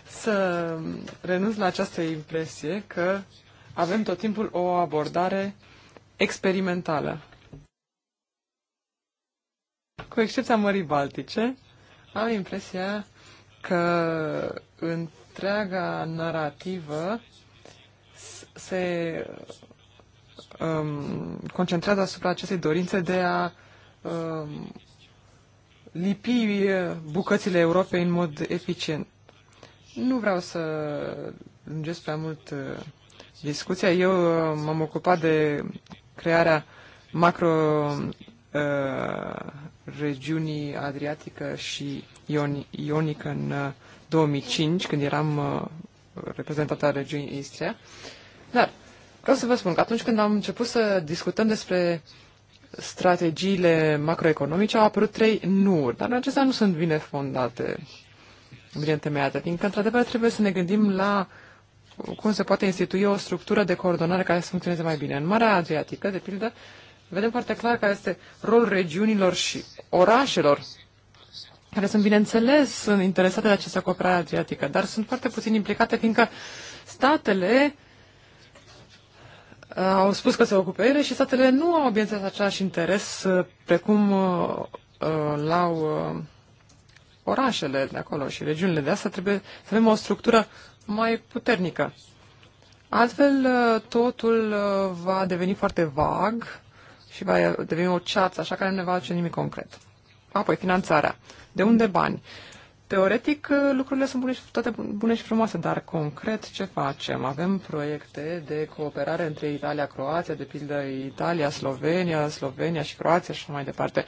să renunț la această impresie că avem tot timpul o abordare experimentală. Cu excepția Mării Baltice, am impresia că în întreaga narrativă se um, concentrează asupra acestei dorințe de a um, lipi uh, bucățile Europei în mod eficient. Nu vreau să lungesc prea mult uh, discuția. Eu uh, m-am ocupat de crearea macro uh, regiunii Adriatică și Ionică în 2005, când eram uh, a regiunii Istria. Dar vreau să vă spun că atunci când am început să discutăm despre strategiile macroeconomice, au apărut trei nu dar acestea nu sunt bine fondate, bine întemeiate, fiindcă, într-adevăr, trebuie să ne gândim la cum se poate institui o structură de coordonare care să funcționeze mai bine. În Marea Adriatică, de pildă, vedem foarte clar care este rolul regiunilor și orașelor care sunt, bineînțeles, interesate de această cooperare adriatică, dar sunt foarte puțin implicate, fiindcă statele uh, au spus că se ocupe ele și statele nu au, bineînțeles, același interes uh, precum uh, uh, l-au uh, orașele de acolo și regiunile. De asta trebuie să avem o structură mai puternică. Altfel, totul va deveni foarte vag și va deveni o ceață, așa că nu ne va face nimic concret. Apoi, finanțarea. De unde bani? Teoretic, lucrurile sunt bune și, toate bune și frumoase, dar concret ce facem? Avem proiecte de cooperare între Italia, Croația, de pildă Italia, Slovenia, Slovenia și Croația și așa mai departe.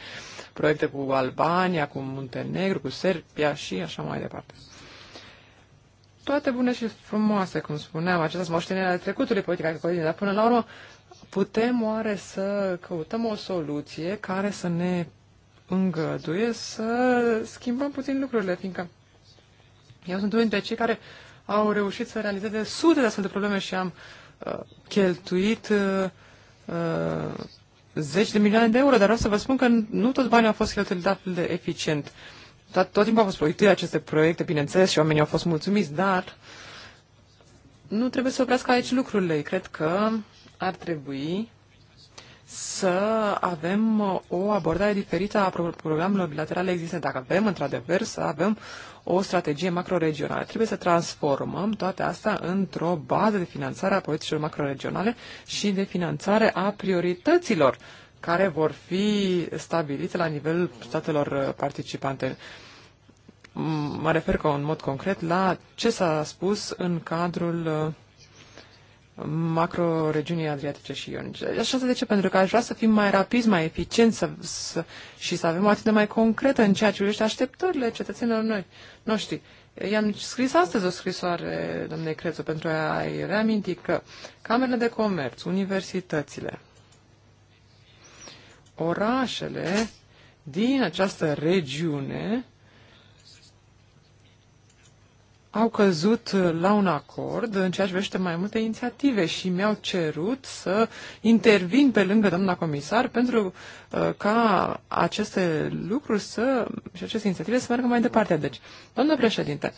Proiecte cu Albania, cu Muntenegru, cu Serbia și așa mai departe. Toate bune și frumoase, cum spuneam, acestea sunt moștenirea trecutului politica dar până la urmă putem oare să căutăm o soluție care să ne îngăduie să schimbăm puțin lucrurile, fiindcă eu sunt unul dintre cei care au reușit să realizeze sute de astfel de probleme și am uh, cheltuit uh, uh, zeci de milioane de euro, dar vreau să vă spun că nu toți banii au fost cheltuiți de de eficient. Tot, tot timpul au fost proiectile aceste proiecte, bineînțeles, și oamenii au fost mulțumiți, dar nu trebuie să oprească aici lucrurile. Cred că ar trebui să avem uh, o abordare diferită a programelor bilaterale existente. Dacă avem într-adevăr, să avem o strategie macroregională. Trebuie să transformăm toate astea într-o bază de finanțare a politicilor macroregionale și de finanțare a priorităților care vor fi stabilite la nivelul statelor uh, participante. Mă refer în mod concret la ce s-a spus în cadrul uh, macro-regiunii adriatice și ionice. Așa de ce? Pentru că aș vrea să fim mai rapizi, mai eficienți să, să, și să avem o atitudine mai concretă în ceea ce privește așteptările cetățenilor noi, noștri. I-am scris astăzi o scrisoare, domnule Crețu, pentru a-i reaminti că camerele de comerț, universitățile, orașele din această regiune au căzut la un acord în ceea ce privește mai multe inițiative și mi-au cerut să intervin pe lângă doamna comisar pentru uh, ca aceste lucruri să, și aceste inițiative să meargă mai departe. Deci, doamnă președinte,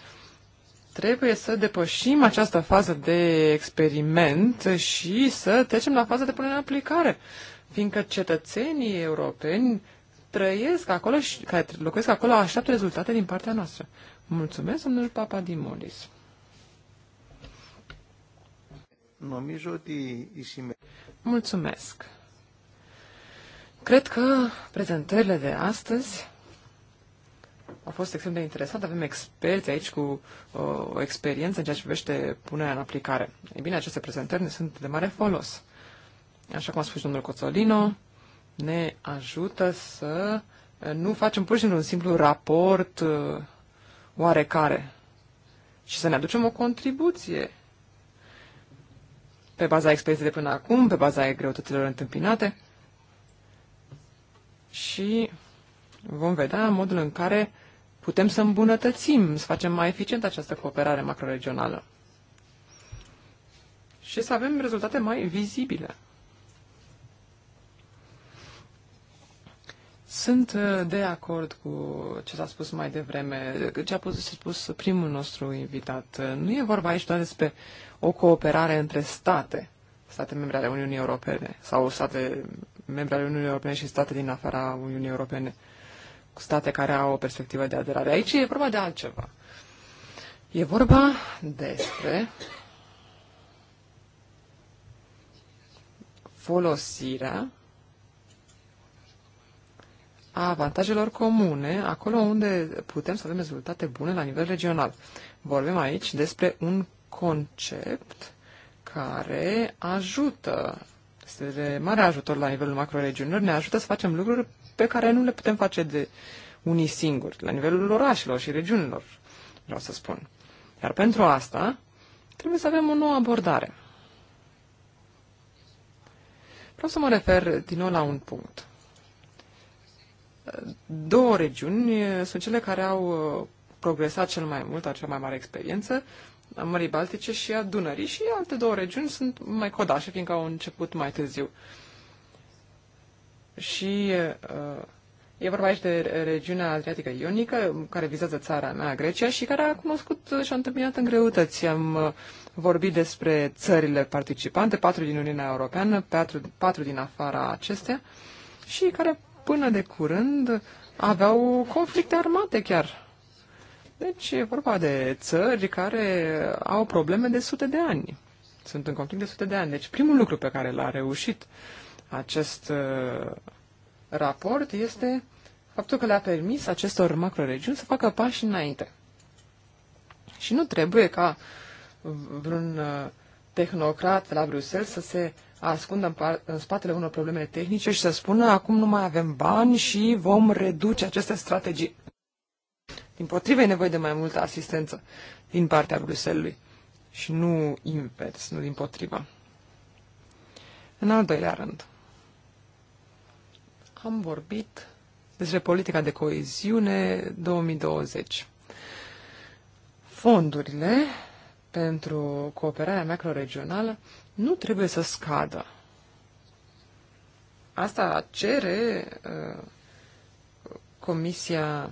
trebuie să depășim această fază de experiment și să trecem la faza de punere în aplicare, fiindcă cetățenii europeni trăiesc acolo și care locuiesc acolo așteaptă rezultate din partea noastră. Mulțumesc, domnul Papa Dimolis. Mulțumesc. Cred că prezentările de astăzi au fost extrem de interesante. Avem experți aici cu o, o experiență în ceea ce privește punerea în aplicare. Ei bine, aceste prezentări ne sunt de mare folos. Așa cum a spus domnul Coțolino, ne ajută să nu facem pur și simplu un simplu raport oarecare și să ne aducem o contribuție pe baza experienței de până acum, pe baza greutăților întâmpinate și vom vedea modul în care putem să îmbunătățim, să facem mai eficient această cooperare macroregională și să avem rezultate mai vizibile. Sunt uh, de acord cu ce s-a spus mai devreme, ce a pus, spus primul nostru invitat. Nu e vorba aici doar despre o cooperare între state, state membre ale Uniunii Europene sau state membre ale Uniunii Europene și state din afara Uniunii Europene, state care au o perspectivă de aderare. Aici e vorba de altceva. E vorba despre folosirea a avantajelor comune, acolo unde putem să avem rezultate bune la nivel regional. Vorbim aici despre un concept care ajută, este de mare ajutor la nivelul macroregiunilor, ne ajută să facem lucruri pe care nu le putem face de unii singuri, la nivelul orașelor și regiunilor, vreau să spun. Iar pentru asta trebuie să avem o nouă abordare. Vreau să mă refer din nou la un punct două regiuni sunt cele care au progresat cel mai mult, au cea mai mare experiență, a Mării Baltice și a Dunării și alte două regiuni sunt mai codașe, fiindcă au început mai târziu. Și uh, e vorba aici de regiunea Adriatică Ionică, care vizează țara mea, Grecia, și care a cunoscut și a întâmpinat în greutăți. Am uh, vorbit despre țările participante, patru din Uniunea Europeană, patru, patru din afara acestea, și care până de curând aveau conflicte armate chiar. Deci e vorba de țări care au probleme de sute de ani. Sunt în conflict de sute de ani. Deci primul lucru pe care l-a reușit acest uh, raport este faptul că le-a permis acestor macroregiuni să facă pași înainte. Și nu trebuie ca vreun uh, tehnocrat la Bruxelles să se ascundă în, în spatele unor probleme tehnice și să spună acum nu mai avem bani și vom reduce aceste strategii. Din potrivă, e nevoie de mai multă asistență din partea Bruselului și nu invers, nu din potrivă. În al doilea rând, am vorbit despre politica de coeziune 2020. Fondurile pentru cooperarea macroregională nu trebuie să scadă. Asta cere uh, Comisia,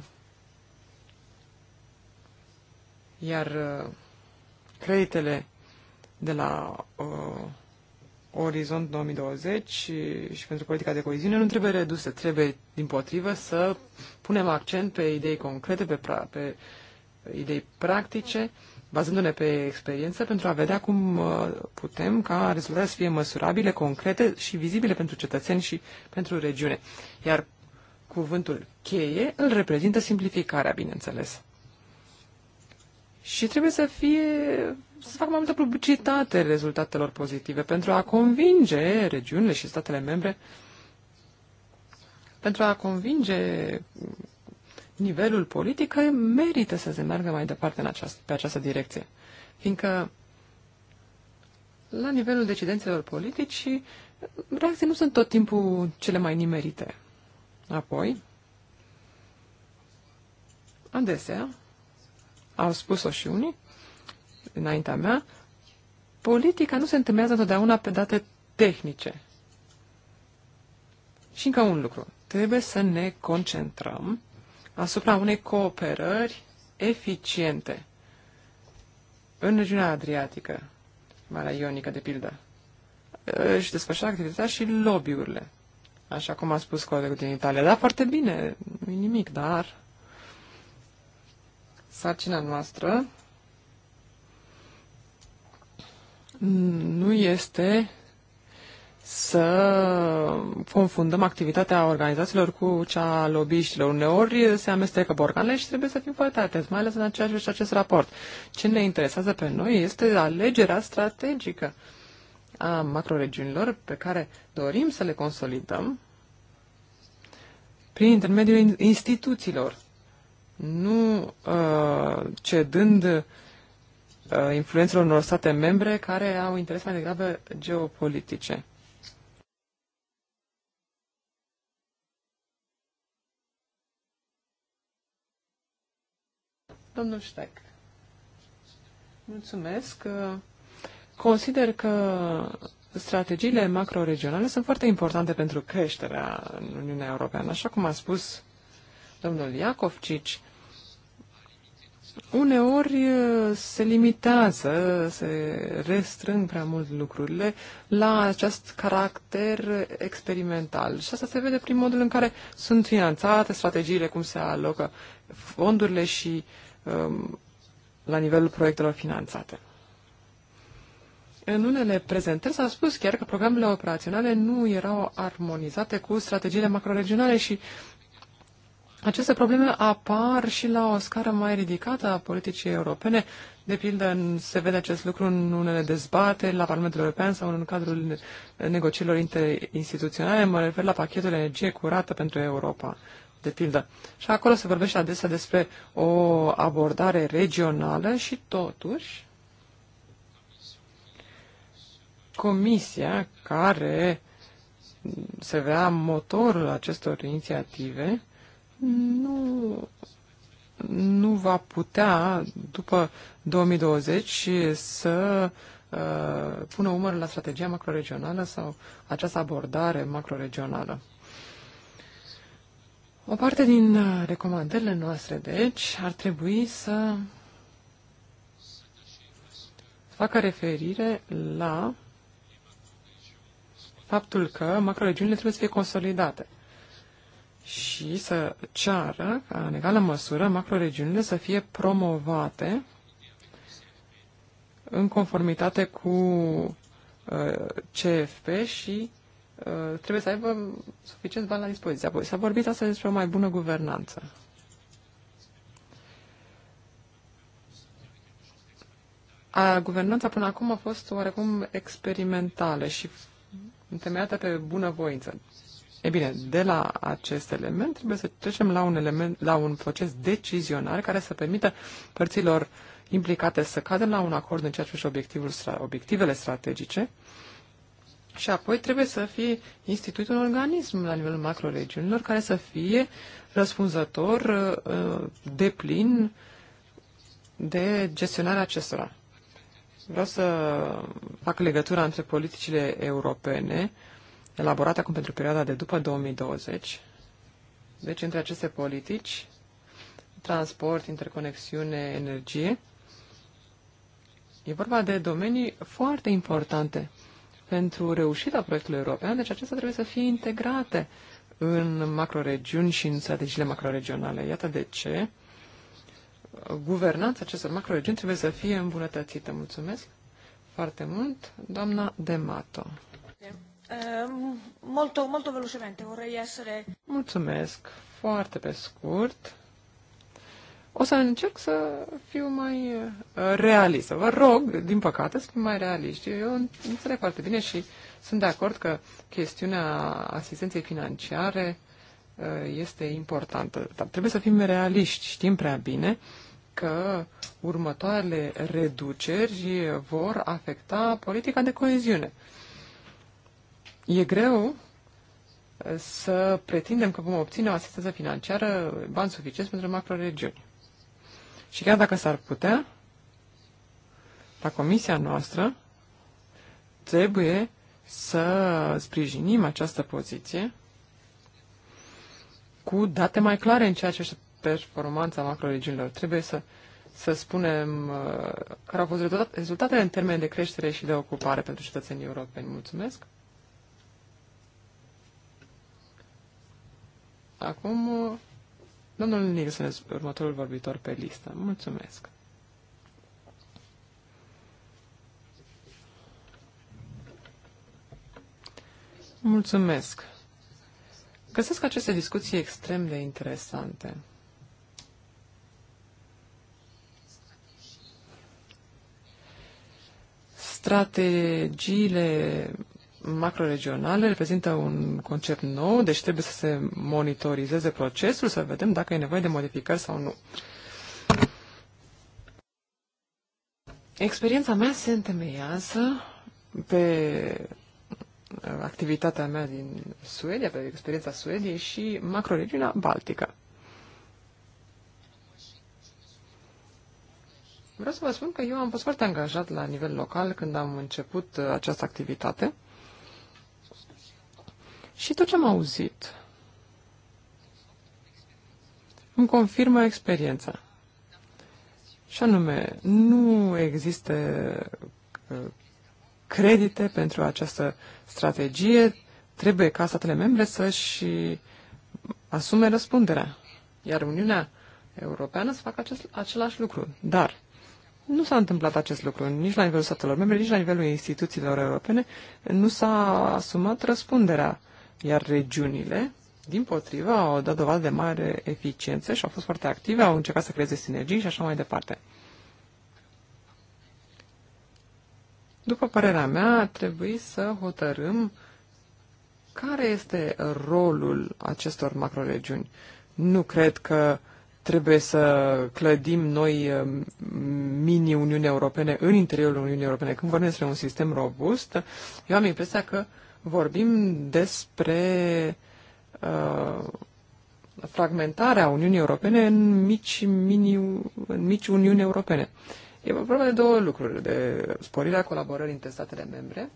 iar uh, creditele de la uh, Orizont 2020 și, și pentru politica de coeziune nu trebuie reduse, trebuie, din potrivă, să punem accent pe idei concrete, pe, pra- pe idei practice bazându-ne pe experiență, pentru a vedea cum uh, putem ca rezultatele să fie măsurabile, concrete și vizibile pentru cetățeni și pentru regiune. Iar cuvântul cheie îl reprezintă simplificarea, bineînțeles. Și trebuie să fie să fac mai multă publicitate rezultatelor pozitive pentru a convinge regiunile și statele membre pentru a convinge nivelul politic care merită să se meargă mai departe în această, pe această direcție. Fiindcă la nivelul decidențelor politici reacții nu sunt tot timpul cele mai nimerite. Apoi, adesea, au spus-o și unii, înaintea mea, politica nu se întemeiază întotdeauna pe date tehnice. Și încă un lucru. Trebuie să ne concentrăm asupra unei cooperări eficiente în regiunea Adriatică, Marea Ionică, de pildă. Își desfășoară activitatea și lobby-urile, așa cum a spus colegul din Italia. Da, foarte bine, nu nimic, dar sarcina noastră nu este să confundăm activitatea organizațiilor cu cea a lobbyiștilor. Uneori se amestecă borcanele și trebuie să fim foarte atenți, mai ales în aceea și acest raport. Ce ne interesează pe noi este alegerea strategică a macroregiunilor pe care dorim să le consolidăm prin intermediul instituțiilor, nu uh, cedând uh, influențelor unor state membre care au interese mai degrabă geopolitice. Domnul Ștec. Mulțumesc. Consider că strategiile macroregionale sunt foarte importante pentru creșterea în Uniunea Europeană. Așa cum a spus domnul Iacovcici, uneori se limitează, se restrâng prea mult lucrurile la acest caracter experimental. Și asta se vede prin modul în care sunt finanțate strategiile, cum se alocă fondurile și uh, Um, la nivelul proiectelor finanțate. În unele prezentări s-a spus chiar că programele operaționale nu erau armonizate cu strategiile macroregionale și aceste probleme apar și la o scară mai ridicată a politicii europene. De pildă, se vede acest lucru în unele dezbateri la Parlamentul European sau în cadrul negocierilor interinstituționale. Mă refer la pachetul energie curată pentru Europa de pildă. Și acolo se vorbește adesea despre o abordare regională și totuși comisia care se vea motorul acestor inițiative nu, nu va putea după 2020 să uh, pună umăr la strategia macroregională sau această abordare macroregională. O parte din uh, recomandările noastre, deci, ar trebui să facă referire la faptul că macroregiunile trebuie să fie consolidate și să ceară, ca în egală măsură, macroregiunile să fie promovate în conformitate cu uh, CFP și Uh, trebuie să aibă suficient bani la dispoziție. Apoi s-a vorbit astăzi despre o mai bună guvernanță. A, guvernanța până acum a fost oarecum experimentală și întemeiată pe bună voință. E bine, de la acest element trebuie să trecem la un, element, la un proces decizionar care să permită părților implicate să cadă la un acord în ceea ce privește obiectivul, obiectivele strategice și apoi trebuie să fie instituit un organism la nivelul macroregiunilor care să fie răspunzător uh, de plin de gestionarea acestora. Vreau să fac legătura între politicile europene elaborate acum pentru perioada de după 2020. Deci între aceste politici, transport, interconexiune, energie, e vorba de domenii foarte importante pentru reușita proiectului european, deci acestea trebuie să fie integrate în macroregiuni și în strategiile macroregionale. Iată de ce guvernanța acestor macroregiuni trebuie să fie îmbunătățită. Mulțumesc foarte mult, doamna Demato. Eh, Mulțumesc, foarte pe scurt. O să încerc să fiu mai uh, realistă. Vă rog, din păcate, să fiu mai realiști. Eu înțeleg foarte bine și sunt de acord că chestiunea asistenței financiare uh, este importantă. Dar trebuie să fim realiști. Știm prea bine că următoarele reduceri vor afecta politica de coeziune. E greu uh, să pretindem că vom obține o asistență financiară, bani suficient pentru macroregiuni. Și chiar dacă s-ar putea, la comisia noastră trebuie să sprijinim această poziție cu date mai clare în ceea ce este performanța macroregiunilor. Trebuie să, să spunem uh, care au fost rezultatele în termeni de creștere și de ocupare pentru cetățenii europeni. Mulțumesc! Acum uh, Domnul Nielsen este următorul vorbitor pe listă. Mulțumesc. Mulțumesc. Găsesc aceste discuții extrem de interesante. Strategiile macroregionale reprezintă un concept nou, deci trebuie să se monitorizeze procesul, să vedem dacă e nevoie de modificări sau nu. Experiența mea se întemeiază pe uh, activitatea mea din Suedia, pe experiența Suediei și macroregiunea Baltică. Vreau să vă spun că eu am fost foarte angajat la nivel local când am început uh, această activitate. Și tot ce am auzit îmi confirmă experiența. Și anume, nu există uh, credite pentru această strategie, trebuie ca statele membre să-și asume răspunderea. Iar Uniunea Europeană să facă acest, același lucru. Dar nu s-a întâmplat acest lucru nici la nivelul statelor membre, nici la nivelul instituțiilor europene. Nu s-a asumat răspunderea iar regiunile, din potrivă, au dat dovadă de mare eficiență și au fost foarte active, au încercat să creeze sinergii și așa mai departe. După părerea mea, trebuie să hotărâm care este rolul acestor macroregiuni. Nu cred că trebuie să clădim noi um, mini Uniune Europene în interiorul Uniunii Europene. Când vorbim despre un sistem robust, eu am impresia că uh, vorbim despre uh, fragmentarea Uniunii Europene în mici, mini, în mici Uniuni Europene. E vorba de două lucruri, de sporirea colaborării între statele membre,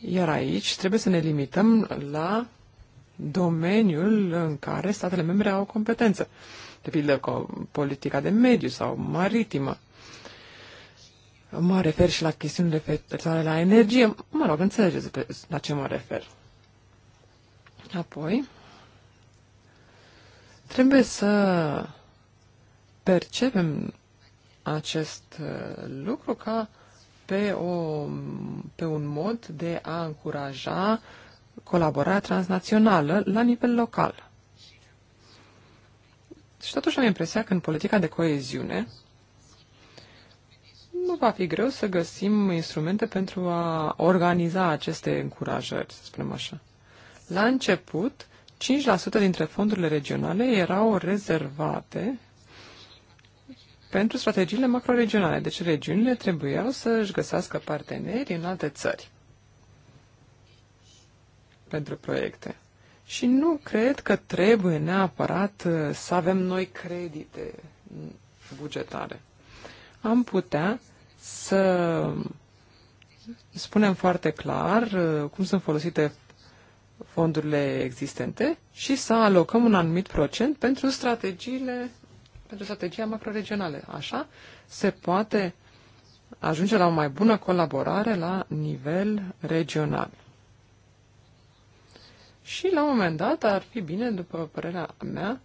iar aici trebuie să ne limităm la domeniul în care statele membre au competență, de pildă politica de mediu sau maritimă. Mă refer și la chestiuni referitoare la energie. Mă rog, înțelegeți la ce mă refer. Apoi, trebuie să percepem acest uh, lucru ca pe, o, pe un mod de a încuraja colaborarea transnațională la nivel local. Și totuși am impresia că în politica de coeziune nu va fi greu să găsim instrumente pentru a organiza aceste încurajări, să spunem așa. La început, 5% dintre fondurile regionale erau rezervate pentru strategiile macroregionale, deci regiunile trebuiau să își găsească parteneri în alte țări pentru proiecte. Și nu cred că trebuie neapărat uh, să avem noi credite bugetare. Am putea să spunem foarte clar uh, cum sunt folosite fondurile existente și să alocăm un anumit procent pentru strategiile, pentru strategia macroregională. Așa se poate ajunge la o mai bună colaborare la nivel regional. Și la un moment dat ar fi bine, după părerea mea,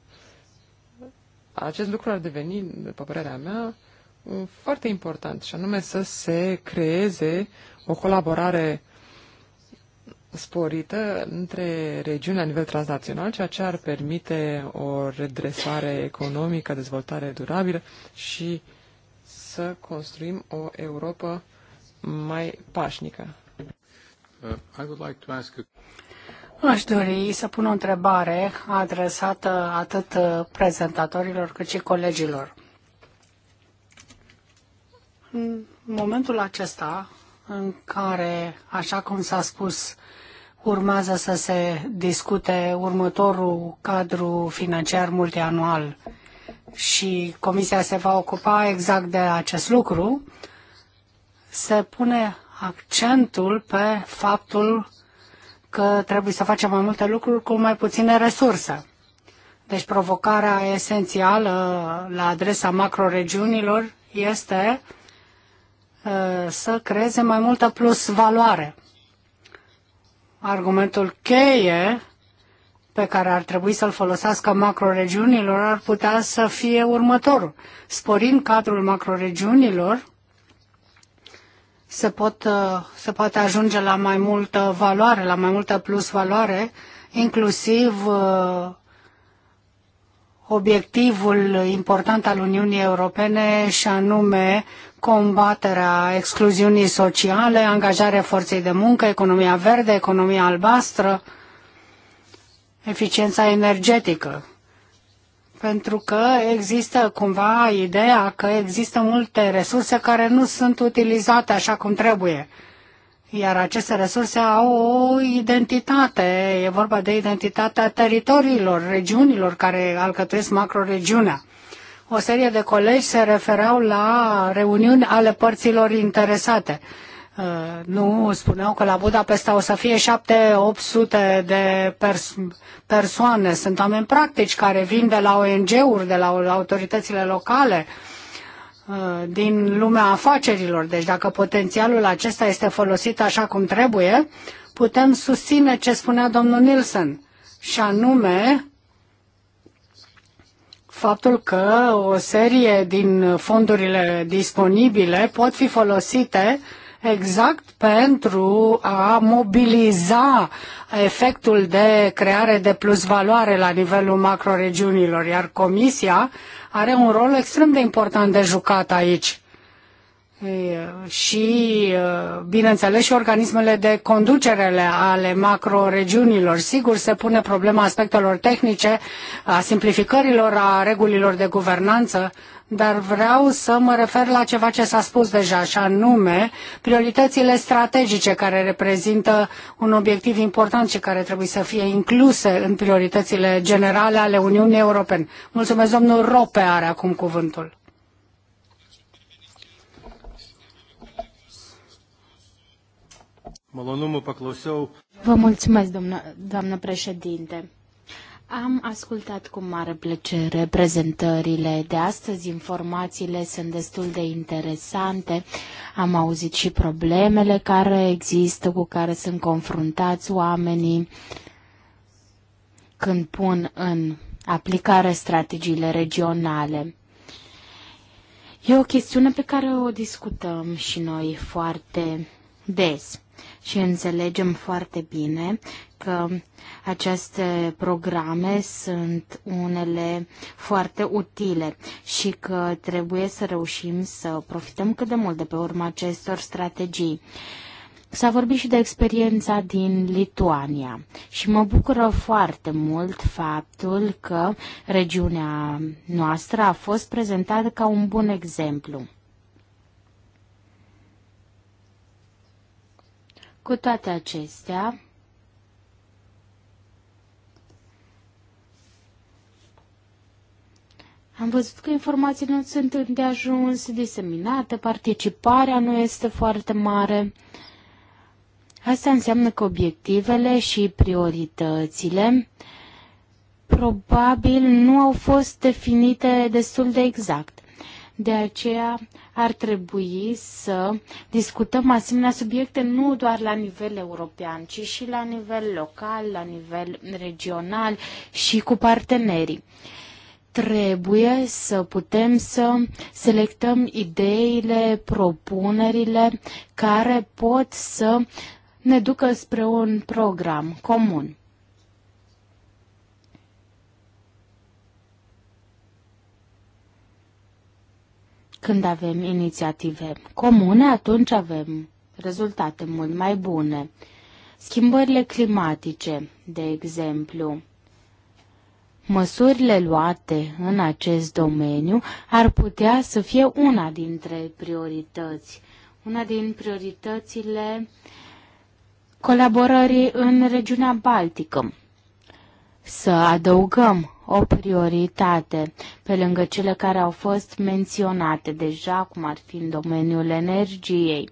acest lucru ar deveni, după părerea mea, foarte important, și anume să se creeze o colaborare sporită între regiuni la nivel transnațional, ceea ce ar permite o redresare economică, dezvoltare durabilă și să construim o Europa mai pașnică. Uh, I would like to ask a... Aș dori să pun o întrebare adresată atât uh, prezentatorilor cât și colegilor. În momentul acesta, în care, așa cum s-a spus, urmează să se discute următorul cadru financiar multianual și Comisia se va ocupa exact de acest lucru, se pune accentul pe faptul că trebuie să facem mai multe lucruri cu mai puține resurse. Deci provocarea esențială la adresa macroregiunilor este uh, Uh, să creeze mai multă plus valoare. Argumentul cheie pe care ar trebui să-l folosească macroregiunilor ar putea să fie următorul. Sporind cadrul macroregiunilor, se, pot, uh, se poate ajunge la mai multă valoare, la mai multă plus valoare, inclusiv uh, obiectivul important al Uniunii Europene și anume combaterea excluziunii sociale, angajarea forței de muncă, economia verde, economia albastră, eficiența energetică. Pentru că există cumva ideea că există multe resurse care nu sunt utilizate așa cum trebuie. Iar aceste resurse au o identitate, e vorba de identitatea teritoriilor, regiunilor care alcătuiesc macroregiunea. regiunea o serie de colegi se referau la reuniuni ale părților interesate. Uh, nu spuneau că la Budapesta o să fie 7-800 de pers- persoane. Sunt oameni practici care vin de la ONG-uri, de la autoritățile locale, uh, din lumea afacerilor. Deci dacă potențialul acesta este folosit așa cum trebuie, putem susține ce spunea domnul Nilsson, și anume faptul că o serie din fondurile disponibile pot fi folosite exact pentru a mobiliza efectul de creare de plusvaloare la nivelul macroregiunilor, iar Comisia are un rol extrem de important de jucat aici și, uh, bineînțeles, și organismele de conducerele ale macroregiunilor. Sigur, se pune problema aspectelor tehnice, a simplificărilor, a regulilor de guvernanță, dar vreau să mă refer la ceva ce s-a spus deja, și anume prioritățile strategice care reprezintă un obiectiv important și care trebuie să fie incluse în prioritățile generale ale Uniunii Europene. Mulțumesc, domnul Rope are acum cuvântul. Vă mulțumesc, doamnă, doamnă președinte. Am ascultat cu mare plăcere prezentările de astăzi. Informațiile sunt destul de interesante. Am auzit și problemele care există, cu care sunt confruntați oamenii când pun în aplicare strategiile regionale. E o chestiune pe care o discutăm și noi foarte des și înțelegem foarte bine că aceste programe sunt unele foarte utile și că trebuie să reușim să profităm cât de mult de pe urma acestor strategii. S-a vorbit și de experiența din Lituania și mă bucură foarte mult faptul că regiunea noastră a fost prezentată ca un bun exemplu. Cu toate acestea, Am văzut că informațiile nu sunt îndeajuns diseminate, participarea nu este foarte mare. Asta înseamnă că obiectivele și prioritățile probabil nu au fost definite destul de exact. De aceea ar trebui să discutăm asemenea subiecte nu doar la nivel european, ci și la nivel local, la nivel regional și cu partenerii trebuie să putem să selectăm ideile, propunerile care pot să ne ducă spre un program comun. Când avem inițiative comune, atunci avem rezultate mult mai bune. Schimbările climatice, de exemplu. Măsurile luate în acest domeniu ar putea să fie una dintre priorități, una din prioritățile colaborării în regiunea Baltică. Să adăugăm o prioritate, pe lângă cele care au fost menționate deja, cum ar fi în domeniul energiei.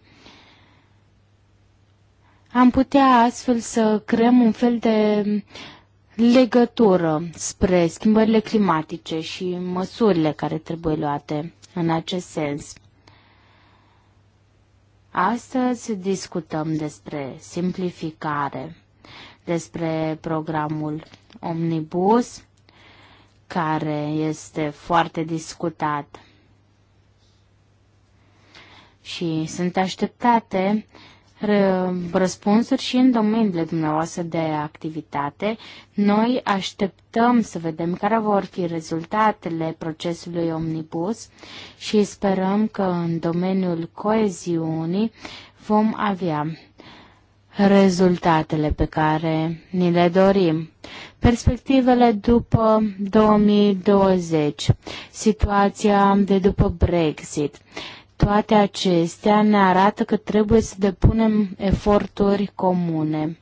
Am putea astfel să creăm un fel de legătură spre schimbările climatice și măsurile care trebuie luate în acest sens. Astăzi discutăm despre simplificare, despre programul Omnibus care este foarte discutat. Și sunt așteptate răspunsuri și în domeniile dumneavoastră de activitate. Noi așteptăm să vedem care vor fi rezultatele procesului Omnibus și sperăm că în domeniul coeziunii vom avea rezultatele pe care ni le dorim. Perspectivele după 2020, situația de după Brexit, toate acestea ne arată că trebuie să depunem eforturi comune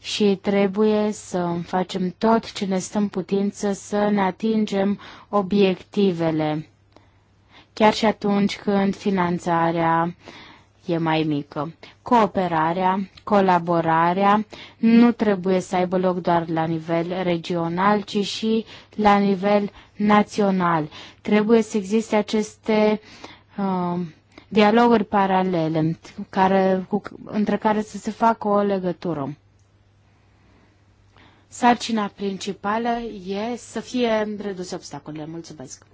și trebuie să facem tot ce ne stăm putință să ne atingem obiectivele, chiar și atunci când finanțarea uh, e mai mică. Cooperarea, colaborarea nu trebuie să aibă loc doar la nivel regional, ci și la nivel național. Trebuie să existe aceste uh, dialoguri paralele care, cu, între care să se facă o legătură. Sarcina principală e să fie reduse obstacolele. Mulțumesc!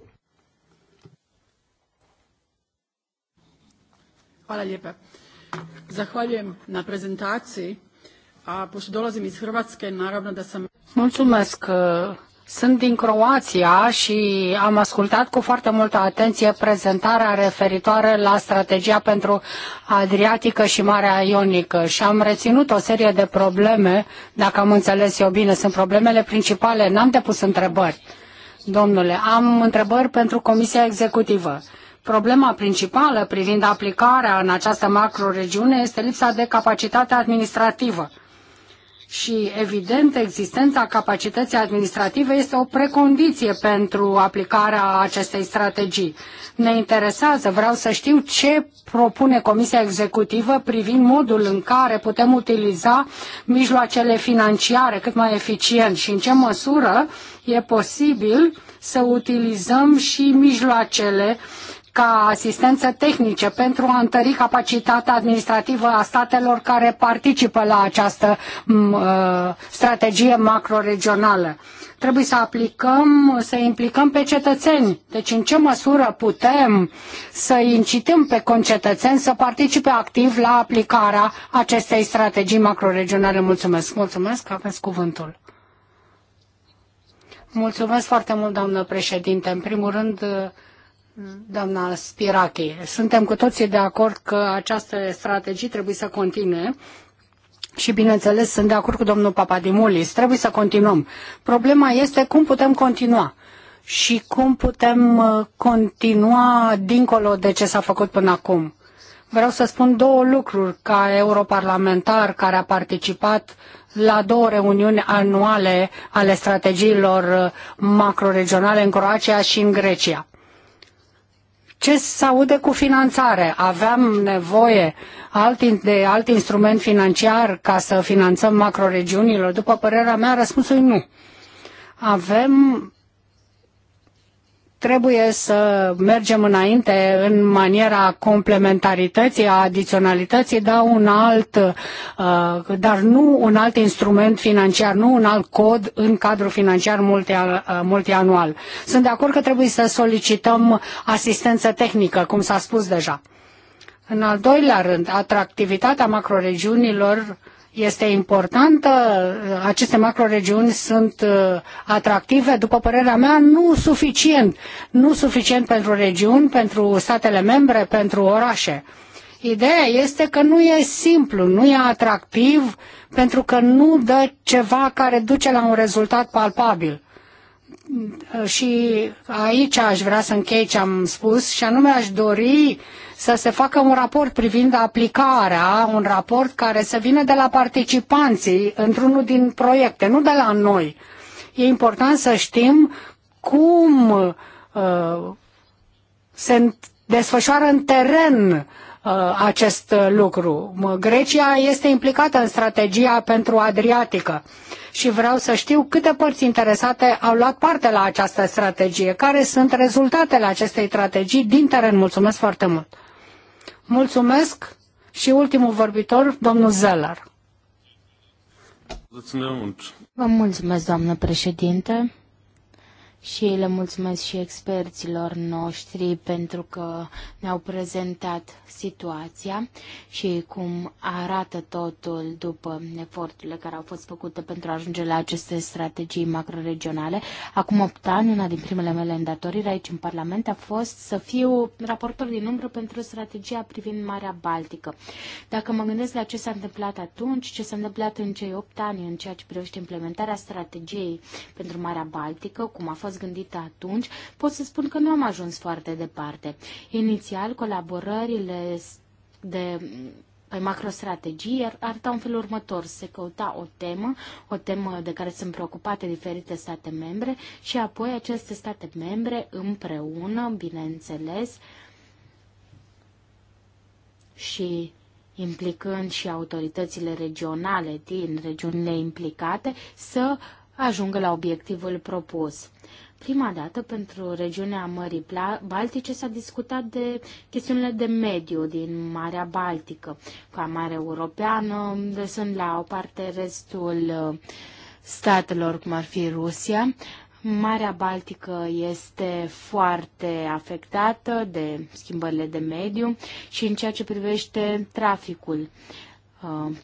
Hvala lijepa. Zahvaljujem na prezentaciji, a pošto dolazim iz Hrvatske, naravno da sam... Mulțumesc! Sunt din Croația și am ascultat cu foarte multă atenție prezentarea referitoare la strategia pentru Adriatică și Marea Ionică și am reținut o serie de probleme, dacă am înțeles eu bine, sunt problemele principale, n-am depus întrebări. Domnule, am întrebări pentru Comisia Executivă. Problema principală privind aplicarea în această macroregiune este lipsa de capacitate administrativă. Și, evident, existența capacității administrative este o precondiție pentru aplicarea acestei strategii. Ne interesează, vreau să știu ce propune Comisia Executivă privind modul în care putem utiliza mijloacele financiare cât mai eficient și în ce măsură e posibil să utilizăm și mijloacele ca asistență tehnice pentru a întări capacitatea administrativă a statelor care participă la această uh, strategie macroregională. Trebuie să aplicăm, să implicăm pe cetățeni. Deci în ce măsură putem să incităm pe concetățeni să participe activ la aplicarea acestei strategii macroregionale? Mulțumesc! Mulțumesc! Aveți cuvântul! Mulțumesc foarte mult, doamnă președinte. În primul rând, doamna Spirache, Suntem cu toții de acord că această strategie trebuie să continue și, bineînțeles, sunt de acord cu domnul Papadimulis. Trebuie să continuăm. Problema este cum putem continua și cum putem uh, continua dincolo de ce s-a făcut până acum. Vreau să spun două lucruri ca europarlamentar care a participat la două reuniuni anuale ale strategiilor uh, macroregionale în Croația și în Grecia ce se aude cu finanțare? Aveam nevoie alt, de alt instrument financiar ca să finanțăm macroregiunile. După părerea mea, răspunsul e nu. Avem trebuie să mergem înainte în maniera complementarității, a adiționalității, da un alt, uh, dar nu un alt instrument financiar, nu un alt cod în cadrul financiar uh, multianual. Sunt de acord că trebuie să solicităm asistență tehnică, cum s-a spus deja. În al doilea rând, atractivitatea macroregiunilor este importantă, aceste macroregiuni sunt uh, atractive, după părerea mea, nu suficient. Nu suficient pentru regiuni, pentru statele membre, pentru orașe. Ideea este că nu e simplu, nu e atractiv, pentru că nu dă ceva care duce la un rezultat palpabil. Și aici aș vrea să închei ce am spus, și anume aș dori uh, să se facă un raport privind aplicarea, un raport care să vină de la participanții într-unul din proiecte, nu de la noi. E important să știm cum uh, se desfășoară în teren uh, acest lucru. Grecia este implicată în strategia pentru Adriatică și vreau să știu câte părți interesate au luat parte la această strategie, care sunt rezultatele acestei strategii din teren. Mulțumesc foarte mult! Mulțumesc și ultimul vorbitor, domnul Zeller. Vă mulțumesc, doamnă președinte și le mulțumesc și experților noștri pentru că ne-au prezentat situația și cum arată totul după eforturile care au fost făcute pentru a ajunge la aceste strategii macroregionale. Acum 8 ani, una din primele mele îndatoriri aici în Parlament a fost să fiu raportor din umbră pentru strategia privind Marea Baltică. Dacă mă gândesc la ce s-a întâmplat atunci, ce s-a întâmplat în cei 8 ani în ceea ce privește implementarea strategiei pentru Marea Baltică, cum a fost fost gândită atunci, pot să spun că nu am ajuns foarte departe. Inițial, colaborările de pe macrostrategie arăta un fel următor. Se căuta o temă, o temă de care sunt preocupate diferite state membre și apoi aceste state membre împreună, bineînțeles, și implicând și autoritățile regionale din regiunile implicate, să ajungă la obiectivul propus. Prima dată pentru regiunea Mării Baltice s-a discutat de chestiunile de mediu din Marea Baltică. Ca mare europeană, lăsând la o parte restul uh, statelor, cum ar fi Rusia, Marea Baltică este foarte afectată de schimbările de mediu și în ceea ce privește traficul uh,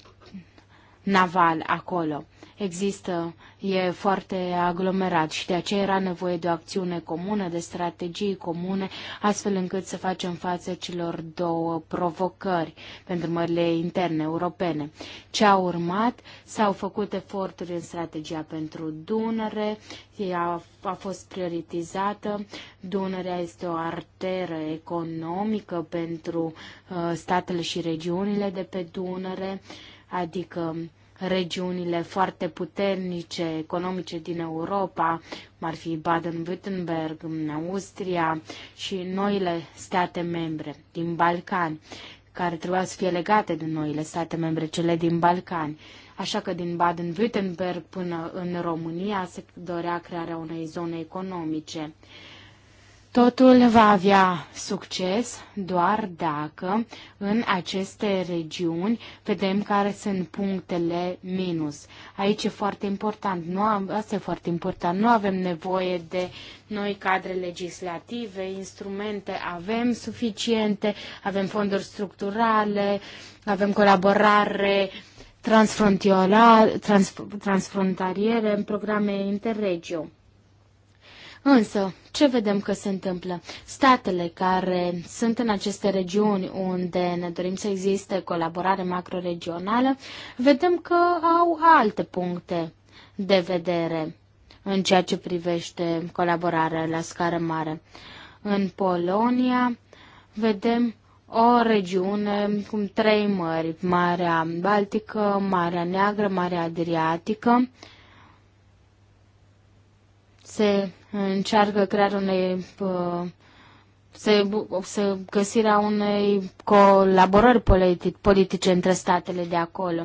naval acolo. Există e foarte aglomerat și de aceea era nevoie de o acțiune comună, de strategii comune, astfel încât să facem față celor două provocări pentru mările interne europene. Ce a urmat? S-au făcut eforturi în strategia pentru Dunăre, ea a fost prioritizată. Dunărea este o arteră economică pentru uh, statele și regiunile de pe Dunăre, adică regiunile foarte puternice economice din Europa, cum ar fi Baden-Württemberg, Austria și noile state membre din Balcani, care trebuia să fie legate de noile state membre, cele din Balcani. Așa că din Baden-Württemberg până în România se dorea crearea unei zone economice. Totul va avea succes doar dacă în aceste regiuni vedem care sunt punctele minus. Aici e foarte important, nu am, asta e foarte important, nu avem nevoie de noi cadre legislative, instrumente avem suficiente, avem fonduri structurale, avem colaborare transfrontaliere în programe interregio. Însă, ce vedem că se întâmplă? Statele care sunt în aceste regiuni unde ne dorim să existe colaborare macroregională, vedem că au alte puncte de vedere în ceea ce privește colaborarea la scară mare. În Polonia vedem o regiune cu trei mări, Marea Baltică, Marea Neagră, Marea Adriatică. Se încearcă crearea unei să, să găsirea unei colaborări politic, politice între statele de acolo.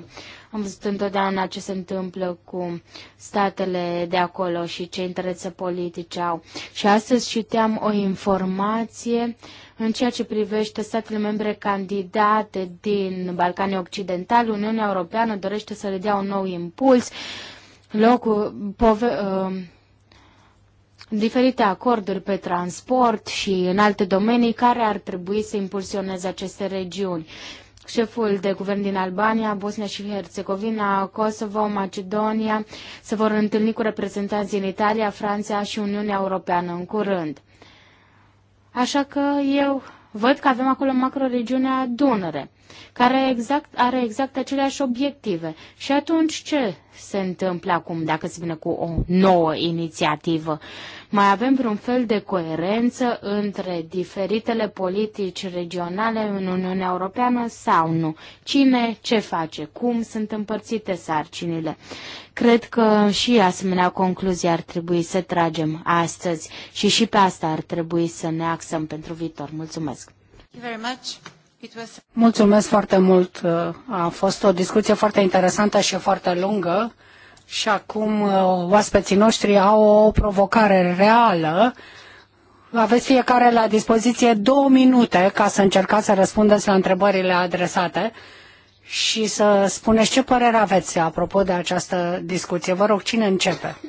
Am văzut întotdeauna ce se întâmplă cu statele de acolo și ce interese politice au. Și astăzi citeam o informație în ceea ce privește statele membre candidate din Balcanii Occidentali. Uniunea Europeană dorește să le dea un nou impuls. Locul, pove, uh, diferite acorduri pe transport și în alte domenii care ar trebui să impulsioneze aceste regiuni. Șeful de guvern din Albania, Bosnia și Herțegovina, Kosovo, Macedonia se vor întâlni cu reprezentanții în Italia, Franța și Uniunea Europeană în curând. Așa că eu văd că avem acolo macroregiunea Dunăre, care exact, are exact aceleași obiective. Și atunci ce se întâmplă acum dacă se vine cu o nouă inițiativă? Uh, mai avem vreun fel de coerență între diferitele politici regionale în Uniunea Europeană sau nu? Cine ce face? Cum sunt împărțite sarcinile? Cred că și asemenea concluzie ar trebui să tragem astăzi și și pe asta ar trebui să ne axăm pentru viitor. Mulțumesc! Mulțumesc foarte mult. A fost o discuție foarte interesantă și foarte lungă. Și acum uh, oaspeții noștri au o provocare reală. Aveți fiecare la dispoziție două minute ca să încercați să răspundeți la întrebările adresate și să spuneți ce părere aveți apropo de această discuție. Vă rog, cine începe?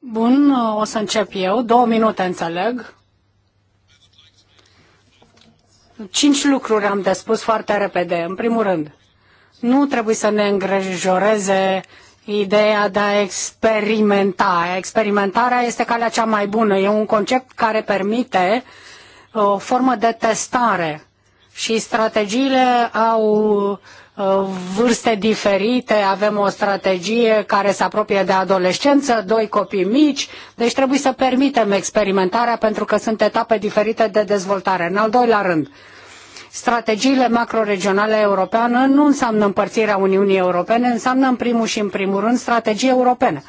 Bun, o să încep eu. Două minute, înțeleg. Cinci lucruri am de spus foarte repede. În primul rând, nu trebuie să ne îngrijoreze ideea de a experimenta. Experimentarea este calea cea mai bună. E un concept care permite uh, o formă de testare și strategiile au vârste diferite, avem o strategie care se apropie de adolescență, doi copii mici, deci trebuie să permitem experimentarea pentru că sunt etape diferite de dezvoltare. În al doilea rând, strategiile macroregionale europeană nu înseamnă împărțirea Uniunii Europene, înseamnă în primul și în primul rând strategii europene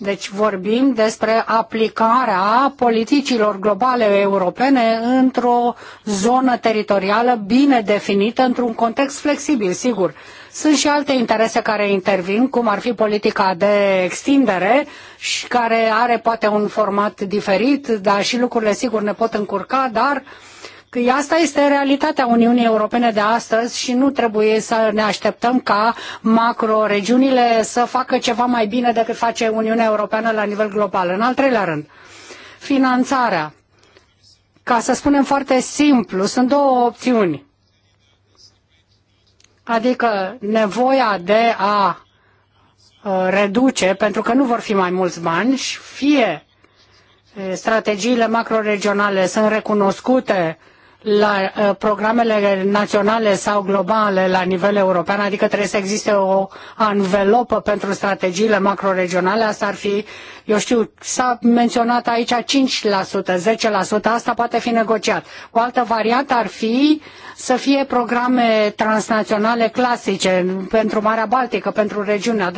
deci vorbim despre aplicarea politicilor globale europene într-o zonă teritorială bine definită, într-un context flexibil, sigur. Sunt și alte interese care intervin, cum ar fi politica de extindere, și care are poate un format diferit, dar și lucrurile sigur ne pot încurca, dar uh, că asta este realitatea Uniunii Europene de astăzi și nu trebuie să ne așteptăm ca macroregiunile să facă ceva mai bine decât face Uniunea Europeană la nivel global. În al treilea rând, finanțarea. Ca să spunem foarte simplu, sunt două opțiuni. Adică nevoia de a uh, reduce, pentru că nu vor fi mai mulți bani, și fie uh, strategiile macroregionale sunt recunoscute la uh, programele naționale sau globale la nivel european, adică trebuie să existe o anvelopă pentru strategiile macroregionale, asta ar fi eu știu, s-a menționat aici 5%, 10%, asta poate fi negociat. O altă variantă ar fi să fie programe transnaționale clasice pentru Marea Baltică, pentru regiunea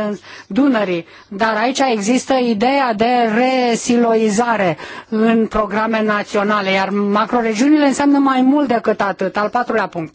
Dunării, dar aici există ideea de resiloizare în programe naționale, iar macroregiunile înseamnă mai mult decât atât. Al patrulea punct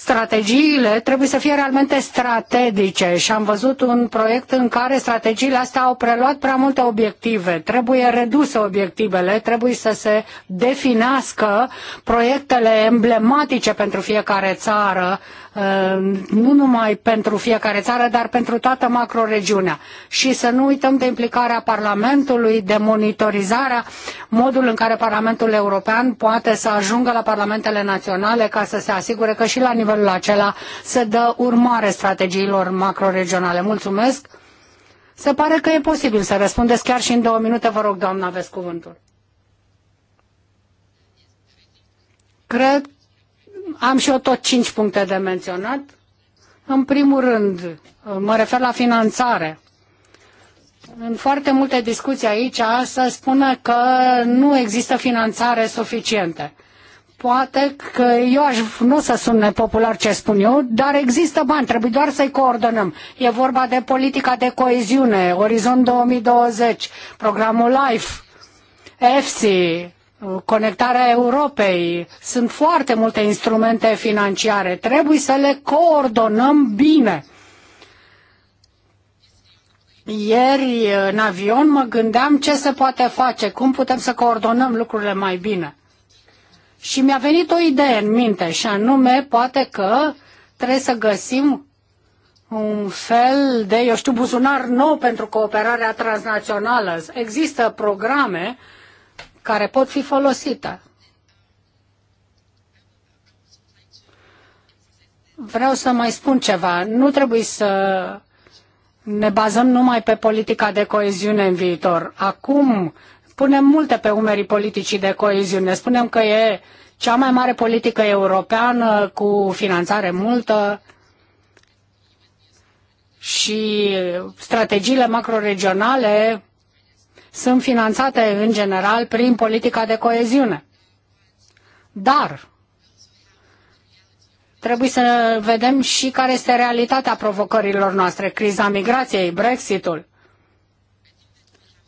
strategiile trebuie să fie realmente strategice și am văzut un proiect în care strategiile astea au preluat prea multe obiective. Trebuie reduse obiectivele, trebuie să se definească proiectele emblematice pentru fiecare țară Ehm, nu numai pentru fiecare țară, dar pentru toată macroregiunea. Și să nu uităm de implicarea Parlamentului, de monitorizarea, modul în care Parlamentul European poate să ajungă la Parlamentele Naționale ca să se asigure că și la nivelul acela se dă urmare strategiilor macroregionale. Mulțumesc! Se pare că e posibil să răspundeți chiar și în două minute. Vă rog, doamna, aveți cuvântul. Cred am și eu tot cinci puncte de menționat. În primul rând, mă refer la finanțare. În foarte multe discuții aici se spune că nu există finanțare suficientă. Poate că eu aș, nu o să sun nepopular ce spun eu, dar există bani, trebuie doar să-i coordonăm. E vorba de politica de coeziune, Orizont 2020, programul LIFE, EFSI, conectarea Europei. Sunt foarte multe instrumente financiare. Trebuie să le coordonăm bine. Ieri, în avion, mă gândeam ce se poate face, cum putem să coordonăm lucrurile mai bine. Și mi-a venit o idee în minte, și anume, poate că trebuie să găsim un fel de, eu știu, buzunar nou pentru cooperarea transnațională. Există programe uh, care pot fi folosite. Vreau să mai spun ceva. Nu trebuie să ne bazăm numai pe politica de coeziune în viitor. Acum punem multe pe umerii politicii de coeziune. Spunem că e cea mai mare politică europeană cu finanțare multă și strategiile macroregionale sunt finanțate în general prin politica de coeziune. Dar trebuie să vedem și care este realitatea provocărilor noastre, criza migrației, Brexitul.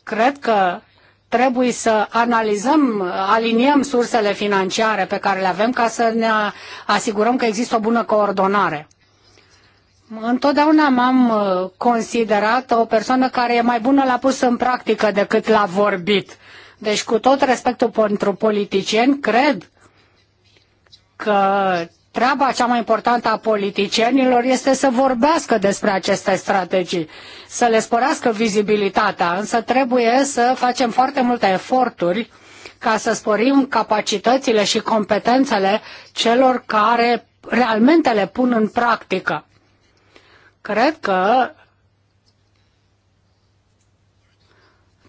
Cred că trebuie să analizăm, aliniem sursele financiare pe care le avem ca să ne asigurăm că există o bună coordonare. Întotdeauna m-am uh, considerat o persoană care e mai bună la pus în practică decât la vorbit. Deci, cu tot respectul pentru politicieni, cred că treaba cea mai importantă a politicienilor este să vorbească despre aceste strategii, să le sporească vizibilitatea, însă trebuie să facem foarte multe eforturi ca să sporim capacitățile și competențele celor care realmente le pun în practică. Cred că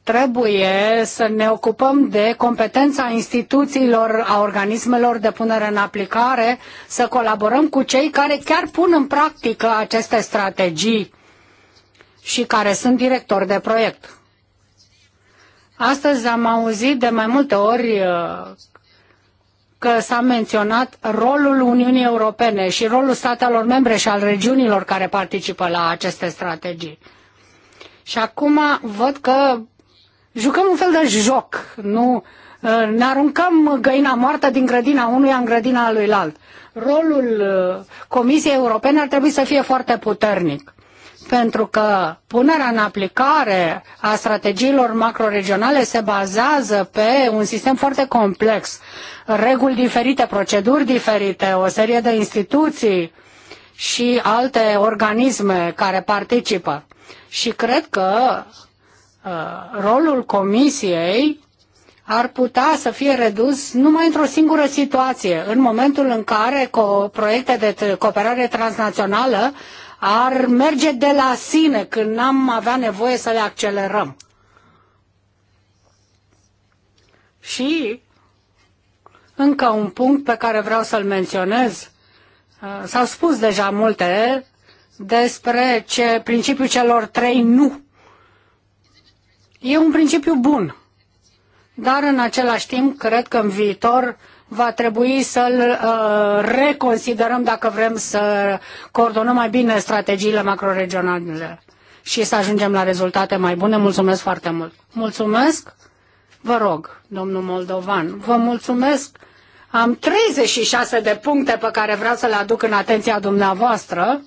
trebuie să ne ocupăm de competența instituțiilor, a organismelor de punere în aplicare, să colaborăm cu cei care chiar pun în practică aceste strategii și care sunt directori de proiect. Astăzi am auzit de mai multe ori uh, că s-a menționat rolul Uniunii Europene și rolul statelor membre și al regiunilor care participă la aceste strategii. Și acum văd că jucăm un fel de joc, nu ne aruncăm găina moartă din grădina unuia în grădina lui alt. Rolul uh, Comisiei Europene ar trebui să fie foarte puternic pentru că punerea în aplicare a strategiilor macroregionale se bazează pe un sistem foarte complex, reguli diferite, proceduri diferite, o serie de instituții și alte organisme care participă. Și cred că uh, rolul comisiei ar putea să fie redus numai într-o singură situație, în momentul în care proiecte de cooperare transnațională ar merge de la sine când n-am avea nevoie să le accelerăm. Și încă un punct pe care vreau să-l menționez. Uh, s-au spus deja multe despre ce, principiul celor trei nu. E un principiu bun, dar în același timp cred că în viitor va trebui să-l uh, reconsiderăm dacă vrem să coordonăm mai bine strategiile macroregionale și să ajungem la rezultate mai bune. Mulțumesc foarte mult. Mulțumesc. Vă rog, domnul Moldovan, vă mulțumesc. Am 36 de puncte pe care vreau să le aduc în atenția dumneavoastră.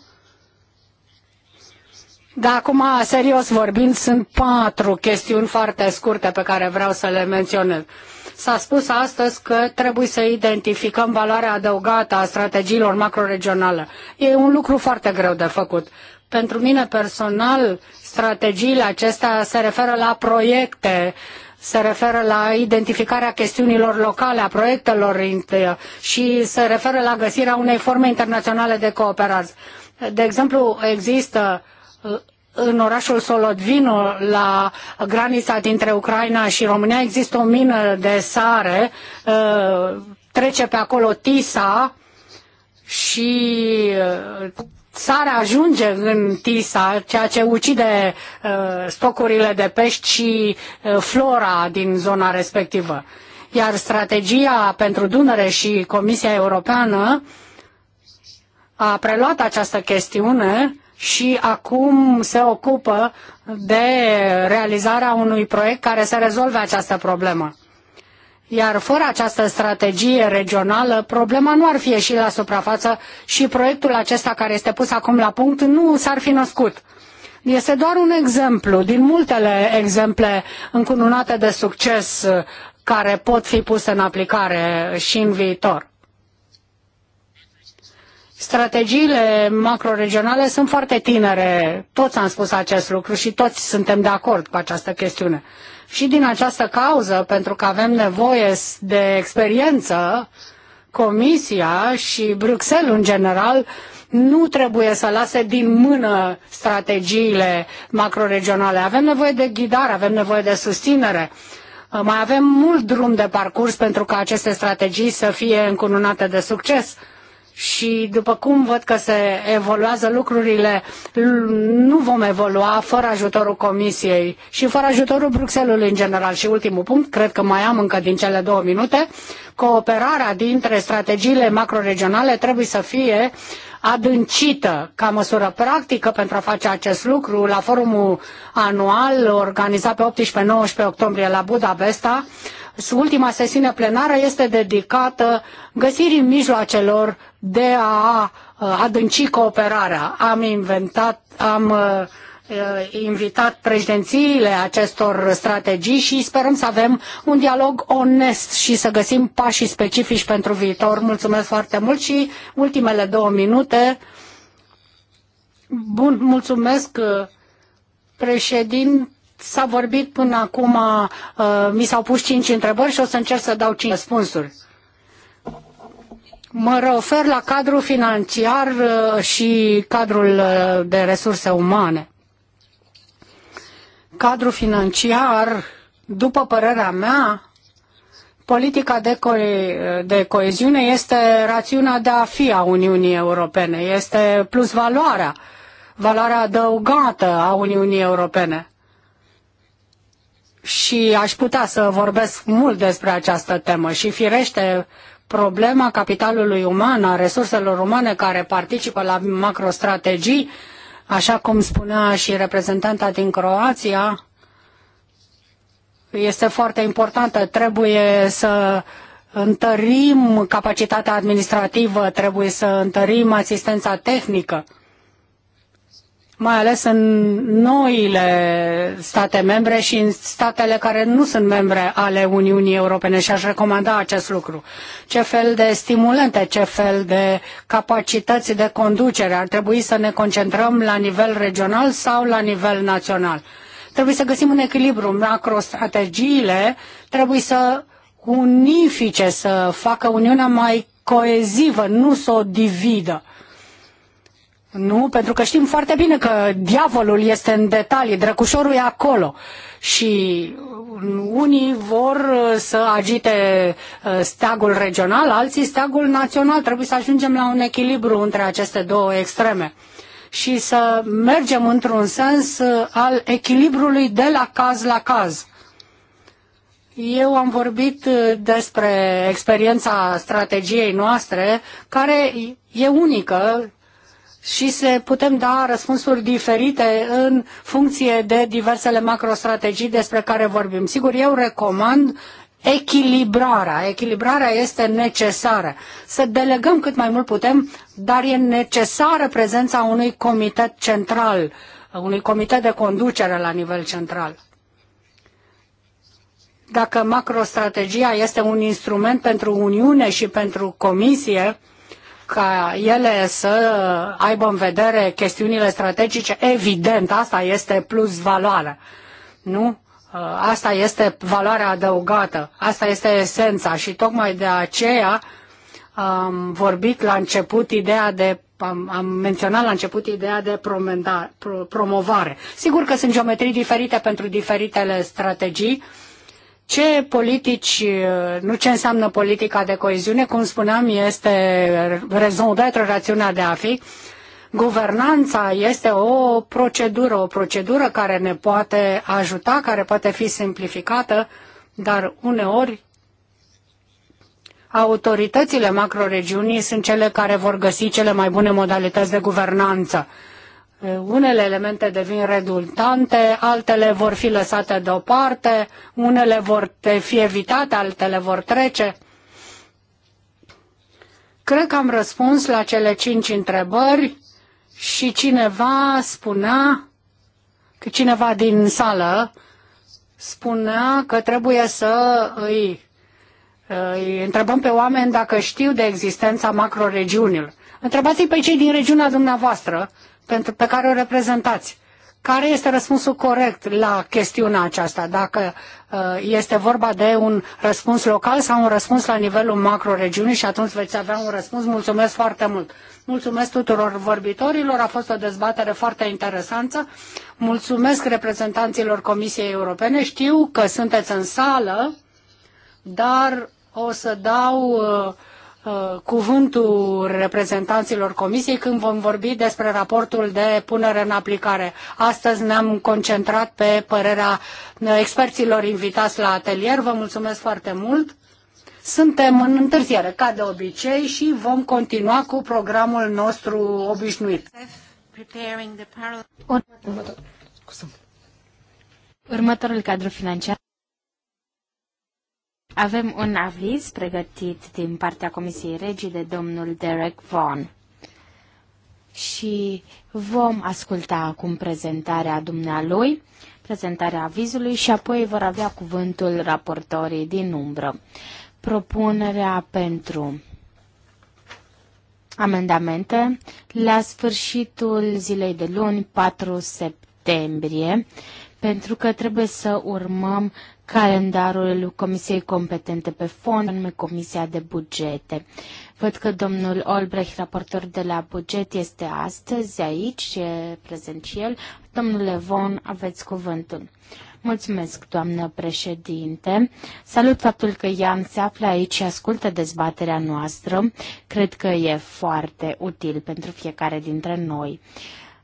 Da, acum, serios vorbind, sunt patru chestiuni foarte scurte pe care vreau să le menționez. S-a spus astăzi că trebuie să identificăm valoarea adăugată a strategiilor macroregionale. E un lucru foarte greu de făcut. Pentru mine personal, strategiile acestea se referă la proiecte, se referă la identificarea chestiunilor locale, a proiectelor și se referă la găsirea unei forme internaționale de cooperare. De exemplu, există în orașul Solodvinu, la granița dintre Ucraina și România, există o mină de sare, uh, trece pe acolo Tisa și uh, sarea ajunge în Tisa, ceea ce ucide uh, stocurile de pești și flora din zona respectivă. Iar strategia pentru Dunăre și Comisia Europeană a preluat această chestiune și acum se ocupă de realizarea unui proiect care să rezolve această problemă. Iar fără această strategie regională, problema nu ar fi ieșit la suprafață și proiectul acesta care este pus acum la punct nu s-ar fi născut. Este doar un exemplu din multele exemple încununate de succes uh, care pot fi puse în aplicare și în viitor. Strategiile macroregionale sunt foarte tinere, toți am spus acest lucru și toți suntem de acord cu această chestiune. Și din această cauză, pentru că avem nevoie de experiență, Comisia și Bruxelles în general nu trebuie să lase din mână strategiile macroregionale. Avem nevoie de ghidare, avem nevoie de susținere. Mai avem mult drum de parcurs pentru ca aceste strategii să fie încununate de succes și după cum văd că se evoluează lucrurile, nu vom evolua fără ajutorul Comisiei și fără ajutorul Bruxelului în general. Și ultimul punct, cred că mai am încă din cele două minute, cooperarea dintre strategiile macroregionale trebuie să fie adâncită ca măsură practică pentru a face acest lucru la forumul anual organizat pe 18-19 octombrie la Budapesta ultima sesiune plenară este dedicată găsirii mijloacelor de a adânci cooperarea. Am inventat, am invitat președințiile acestor strategii și sperăm să avem un dialog onest și să găsim pașii specifici pentru viitor. Mulțumesc foarte mult și ultimele două minute. Bun, mulțumesc președinte. S-a vorbit până acum, uh, mi s-au pus cinci întrebări și o să încerc să dau cinci răspunsuri. Mă refer la cadrul financiar uh, și cadrul uh, de resurse umane. Cadrul financiar, după părerea mea, politica de, co- de coeziune este rațiunea de a fi a Uniunii Europene, este plus valoarea, valoarea adăugată a Uniunii Europene și aș putea să vorbesc mult despre această temă și firește problema capitalului uman, a resurselor umane care participă la macrostrategii, așa cum spunea și reprezentanta din Croația, este foarte importantă. Trebuie să întărim capacitatea administrativă, trebuie să întărim asistența tehnică mai ales în noile state membre și în statele care nu sunt membre ale Uniunii Europene și aș recomanda acest lucru. Ce fel de stimulente, ce fel de capacități de conducere ar trebui să ne concentrăm la nivel regional sau la nivel național? Trebuie să găsim un echilibru. Macrostrategiile trebuie să unifice, să facă Uniunea mai coezivă, nu să o dividă. Nu, pentru că știm foarte bine că diavolul este în detalii, drăcușorul e acolo. Și um, unii vor uh, să agite uh, steagul regional, alții steagul național. Trebuie să ajungem la un echilibru între aceste două extreme și să mergem într-un sens uh, al echilibrului de la caz la caz. Eu am vorbit despre experiența strategiei noastre, care e unică, și se putem da răspunsuri diferite în funcție de diversele macrostrategii despre care vorbim. Sigur, eu recomand echilibrarea. Echilibrarea este necesară. Să delegăm cât mai mult putem, dar e necesară prezența unui comitet central, unui comitet de conducere la nivel central. Dacă macrostrategia este un instrument pentru Uniune și pentru Comisie, ca ele să aibă în vedere chestiunile strategice, evident, asta este plus valoare. Nu? Uh, asta este valoarea adăugată, asta este esența și tocmai de aceea am vorbit la început ideea de am, am menționat la început ideea de promenda, pro, promovare. Sigur că sunt geometrii diferite pentru diferitele strategii, uh, ce politici, nu ce înseamnă politica de coeziune, cum spuneam, este raison d'être, rațiunea de a fi. Guvernanța este o procedură, o procedură care ne poate ajuta, care poate fi simplificată, dar uneori autoritățile macroregiunii sunt cele care vor găsi cele mai bune modalități de guvernanță. Eh, unele elemente devin redultante, altele vor fi lăsate deoparte, unele vor fi evitate, altele vor trece. Cred că am răspuns la cele cinci întrebări și cineva spunea, că cineva din sală spunea că trebuie să îi, îi întrebăm pe oameni dacă știu de existența macroregiunilor. Întrebați-i pe cei din regiunea dumneavoastră pentru, pe care o reprezentați. Care este răspunsul corect la chestiunea aceasta? Dacă uh, este vorba de un răspuns local sau un răspuns la nivelul macro-regiunii și atunci veți avea un răspuns. Mulțumesc foarte mult! Mulțumesc tuturor vorbitorilor, a fost o dezbatere foarte interesantă. Mulțumesc reprezentanților Comisiei Europene. Știu că sunteți în sală, dar o să dau uh, Uh, cuvântul reprezentanților comisiei când vom vorbi despre raportul de punere în aplicare. Astăzi ne-am concentrat pe părerea uh, experților invitați la atelier. Vă mulțumesc foarte mult. Suntem în întârziere, ca de obicei, și vom continua cu programul nostru obișnuit. Următorul cadru financiar. Avem un aviz pregătit din partea Comisiei Regii de domnul Derek Vaughan. Și vom asculta acum prezentarea dumnealui, prezentarea avizului și apoi vor avea cuvântul raportorii din umbră. Propunerea pentru amendamente la sfârșitul zilei de luni, 4 septembrie, pentru că trebuie să urmăm calendarul Comisiei competente pe fond, anume Comisia de Bugete. Văd că domnul Olbrecht, raportor de la buget, este astăzi aici, e prezent și el. Domnule Von, aveți cuvântul. Mulțumesc, doamnă președinte. Salut faptul că Ian se află aici și ascultă dezbaterea noastră. Cred că e foarte util pentru fiecare dintre noi.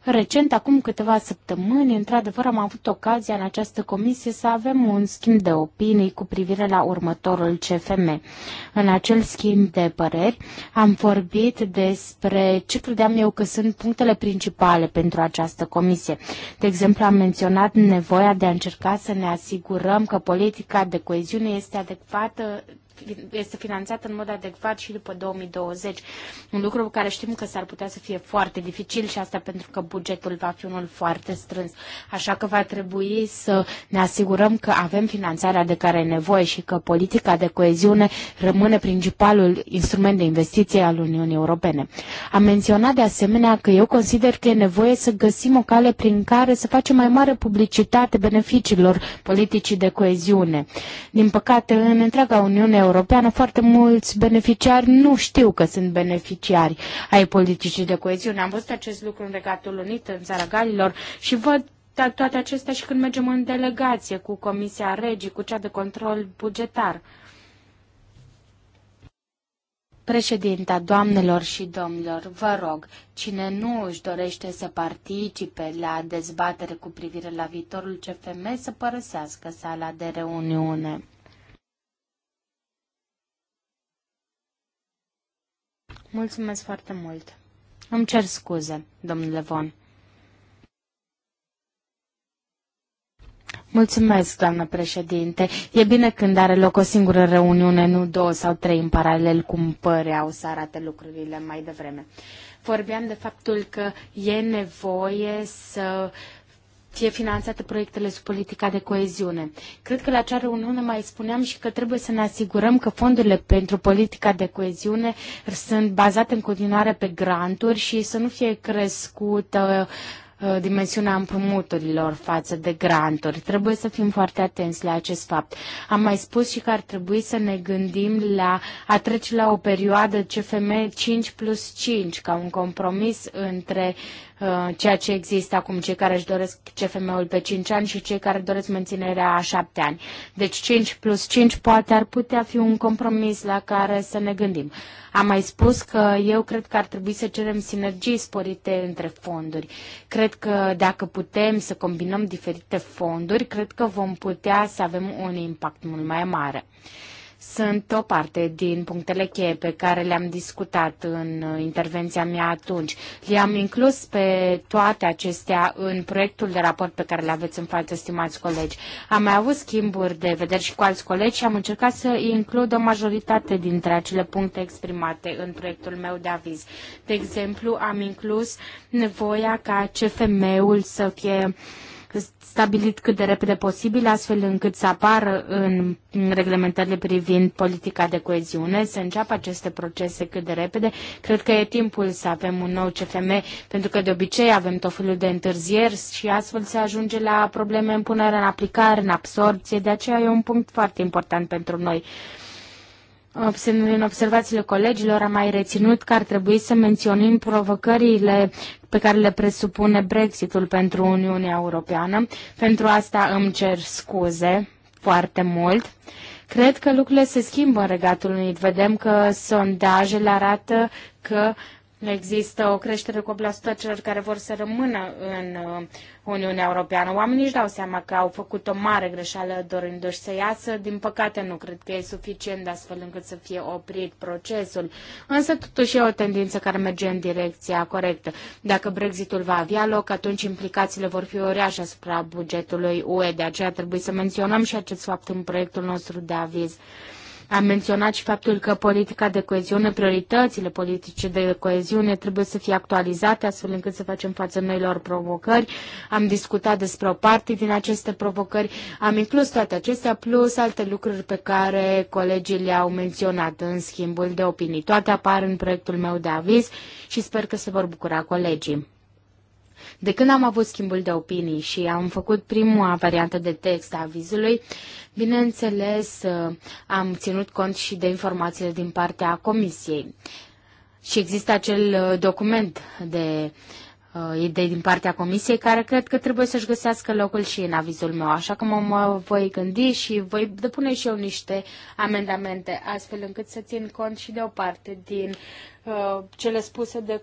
Recent, acum câteva săptămâni, într-adevăr am avut ocazia în această comisie să avem un schimb de opinii cu privire la următorul CFM. În acel schimb de păreri am vorbit despre ce credeam eu că sunt punctele principale pentru această comisie. De exemplu, am menționat nevoia de a încerca să ne asigurăm că politica de coeziune este adecvată este finanțată în mod adecvat și după 2020. Un lucru care știm că s-ar putea să fie foarte dificil și asta pentru că bugetul va fi unul foarte strâns. Așa că va trebui să ne asigurăm că avem finanțarea de care e nevoie și că politica de coeziune rămâne principalul instrument de investiție al Uniunii Europene. Am menționat de asemenea că eu consider că e nevoie să găsim o cale prin care să facem mai mare publicitate beneficiilor politicii de coeziune. Din păcate, în întreaga Uniune Europeană, Europeană, foarte mulți beneficiari nu știu că sunt beneficiari ai politicii de coeziune. Am văzut acest lucru în Regatul Unit, în țara Galilor și văd da, toate acestea și când mergem în delegație cu Comisia Regii, cu cea de control bugetar. Președinta, doamnelor și domnilor, vă rog, cine nu își dorește să participe la dezbatere cu privire la viitorul CFM, să părăsească sala de reuniune. Mulțumesc foarte mult. Îmi cer scuze, domnule Von. Mulțumesc, doamnă președinte. E bine când are loc o singură reuniune, nu două sau trei în paralel, cum păreau să arate lucrurile mai devreme. Vorbeam de faptul că e nevoie să uh, fie finanțate proiectele sub politica de coeziune. Cred că la cea reuniune mai spuneam și că trebuie să ne asigurăm că fondurile pentru politica de coeziune sunt bazate în continuare pe granturi și să nu fie crescută uh, dimensiunea împrumuturilor față de granturi. Trebuie să fim foarte atenți la acest fapt. Am mai spus și că ar trebui să ne gândim la a trece la o perioadă CFM 5 plus 5 ca un compromis între uh, Uh, ceea ce există acum, cei care își doresc CFM-ul pe 5 ani și cei care doresc menținerea a 7 ani. Deci 5 plus 5 poate ar putea fi un compromis la care să ne gândim. Am mai spus că eu cred că ar trebui să cerem sinergii sporite între fonduri. Cred că dacă putem să combinăm diferite fonduri, cred că vom putea să avem un impact mult mai mare sunt o parte din punctele cheie pe care le-am discutat în intervenția mea atunci. Le-am inclus pe toate acestea în proiectul de raport pe care le aveți în față, stimați colegi. Am mai avut schimburi de vederi și cu alți colegi și am încercat să includ o majoritate dintre acele puncte exprimate în proiectul meu de aviz. De exemplu, am inclus nevoia ca CFM-ul să fie uh, stabilit cât de repede posibil, astfel încât să apară în reglementările privind politica de coeziune, să înceapă aceste procese cât de repede. Cred că e timpul să avem un nou CFM, pentru că de obicei avem tot felul de întârzieri și astfel se ajunge la probleme în punere în aplicare, în absorție, de aceea e un punct foarte important pentru noi în observațiile colegilor am mai reținut că ar trebui să menționăm provocările pe care le presupune Brexitul pentru Uniunea Europeană. Pentru asta îmi cer scuze foarte mult. Cred că lucrurile se schimbă în Regatul Unit. Vedem că sondajele arată că Există o creștere cu 8% celor care vor să rămână în uh, Uniunea Europeană. Oamenii își dau seama că au făcut o mare greșeală dorindu-și să iasă. Din păcate nu cred că e suficient astfel încât să fie oprit procesul. Însă totuși e o tendință care merge în direcția corectă. Dacă Brexitul va avea loc, atunci implicațiile vor fi uriașe asupra bugetului UE. De aceea trebuie să menționăm și acest fapt în proiectul nostru de aviz. Am menționat și faptul că politica de coeziune, prioritățile politice de coeziune trebuie să fie actualizate astfel încât să facem față noilor provocări. Am discutat despre o parte din aceste provocări, am inclus toate acestea, plus alte lucruri pe care colegii le-au menționat în schimbul de opinii. Toate apar în proiectul meu de aviz și sper că se vor bucura colegii. De când am avut schimbul de opinii și am făcut prima variantă de text a avizului, bineînțeles, uh, am ținut cont și de informațiile din partea Comisiei. Și există acel uh, document de uh, idei din partea comisiei care cred că trebuie să-și găsească locul și în avizul meu, așa că mă voi gândi și voi depune și eu niște amendamente astfel încât să țin cont și de o parte din Uh, cele spuse de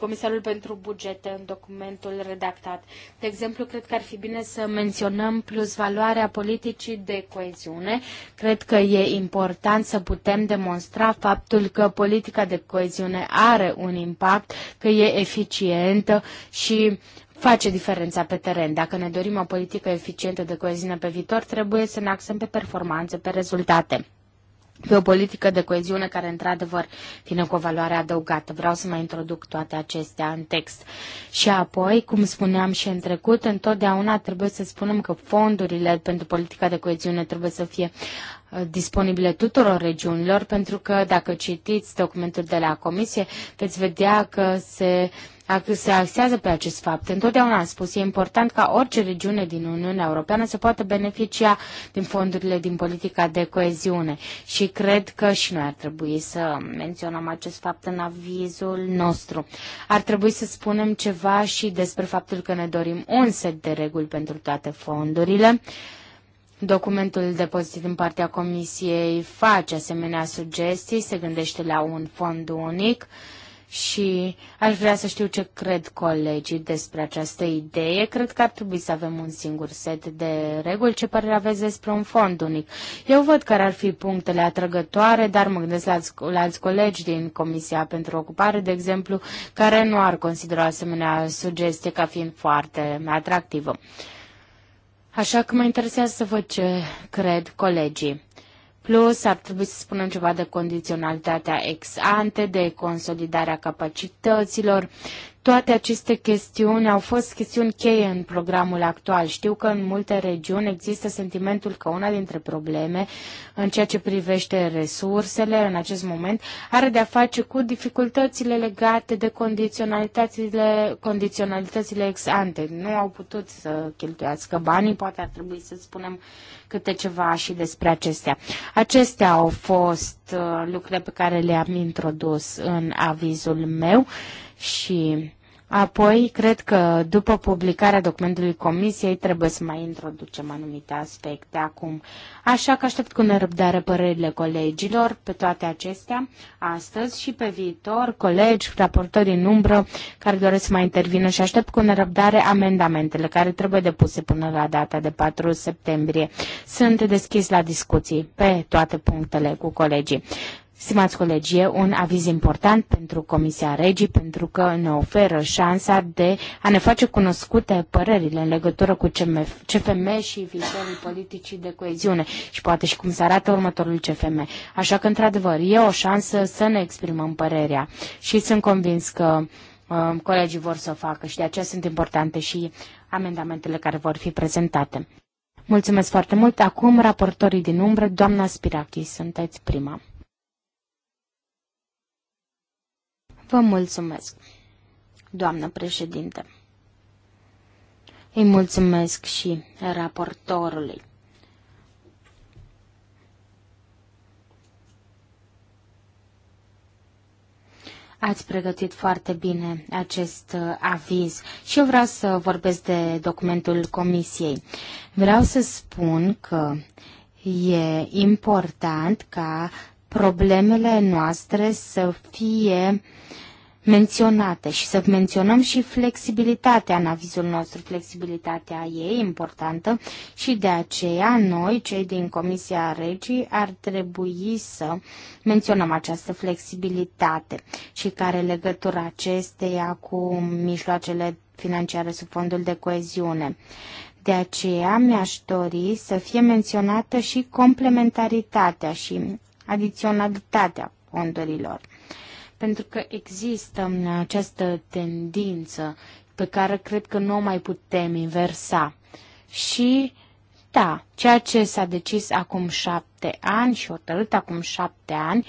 Comisarul pentru Bugete în documentul redactat. De exemplu, cred că ar fi bine să menționăm plus valoarea politicii de coeziune. Cred că e important să putem demonstra faptul că politica de coeziune are un impact, că e eficientă și face diferența pe teren. Dacă ne dorim o politică eficientă de coeziune pe viitor, trebuie să ne axăm pe performanțe, pe rezultate pe o politică de coeziune care, într-adevăr, vine cu o valoare adăugată. Vreau să mai introduc toate acestea în text. Și apoi, cum spuneam și în trecut, întotdeauna trebuie să spunem că fondurile pentru politica de coeziune trebuie să fie disponibile tuturor regiunilor, pentru că dacă citiți documentul de la Comisie, veți vedea că se se axează pe acest fapt. Întotdeauna am spus, e important ca orice regiune din Uniunea Europeană să poată beneficia din fondurile din politica de coeziune. Și cred că și noi ar trebui să menționăm acest fapt în avizul nostru. Ar trebui să spunem ceva și despre faptul că ne dorim un set de reguli pentru toate fondurile. Uh, Documentul depozit în partea Comisiei face asemenea sugestii, se gândește la un fond unic și aș vrea să știu ce cred colegii despre această idee. Cred că ar trebui să avem un singur set de reguli. Ce părere aveți despre un fond unic? Eu văd care ar fi punctele atrăgătoare, dar mă gândesc la alți, la alți colegi din Comisia pentru Ocupare, de exemplu, care nu ar considera asemenea sugestie ca fiind foarte atractivă. Așa că mă interesează să văd ce cred colegii. Plus, ar trebui să spunem ceva de condiționalitatea ex ante, de consolidarea capacităților, toate aceste chestiuni au fost chestiuni cheie în programul actual. Știu că în multe regiuni există sentimentul că una dintre probleme în ceea ce privește resursele în acest moment are de-a face cu dificultățile legate de condiționalitățile, condiționalitățile ex ante. Nu au putut să cheltuiască banii, poate ar trebui să spunem câte ceva și despre acestea. Acestea au fost uh, lucrurile pe care le-am introdus în avizul meu și Apoi, cred că după publicarea documentului Comisiei trebuie să mai introducem anumite aspecte acum. Așa că aștept cu nerăbdare părerile colegilor pe toate acestea, astăzi și pe viitor, colegi, raportori în umbră care doresc să mai intervină și aștept cu nerăbdare amendamentele care trebuie depuse până la data de 4 septembrie. Sunt deschis la discuții pe toate punctele cu colegii. Stimați colegi, e un aviz important pentru Comisia Regii pentru că ne oferă șansa de a ne face cunoscute părerile în legătură cu CMF, CFM și viitorul politicii de coeziune și poate și cum se arată următorul CFM. Așa că, într-adevăr, e o șansă să ne exprimăm părerea și sunt convins că uh, colegii vor să o facă și de aceea sunt importante și amendamentele care vor fi prezentate. Mulțumesc foarte mult. Acum, raportorii din umbră, doamna Spirachi, sunteți prima. Vă mulțumesc, doamnă președinte. Îi mulțumesc și raportorului. Ați pregătit foarte bine acest uh, aviz și eu vreau să vorbesc de documentul comisiei. Vreau să spun că e important ca problemele noastre să fie menționate și să menționăm și flexibilitatea în avizul nostru. Flexibilitatea ei importantă și de aceea noi, cei din Comisia Regii, ar trebui să menționăm această flexibilitate și care legătura acesteia cu mijloacele financiare sub fondul de coeziune. De aceea mi-aș dori să fie menționată și complementaritatea și adiționalitatea fondurilor. Pentru că există uh, această tendință pe care cred că nu o mai putem inversa. Și da, ceea ce s-a decis acum șapte ani și hotărât acum șapte ani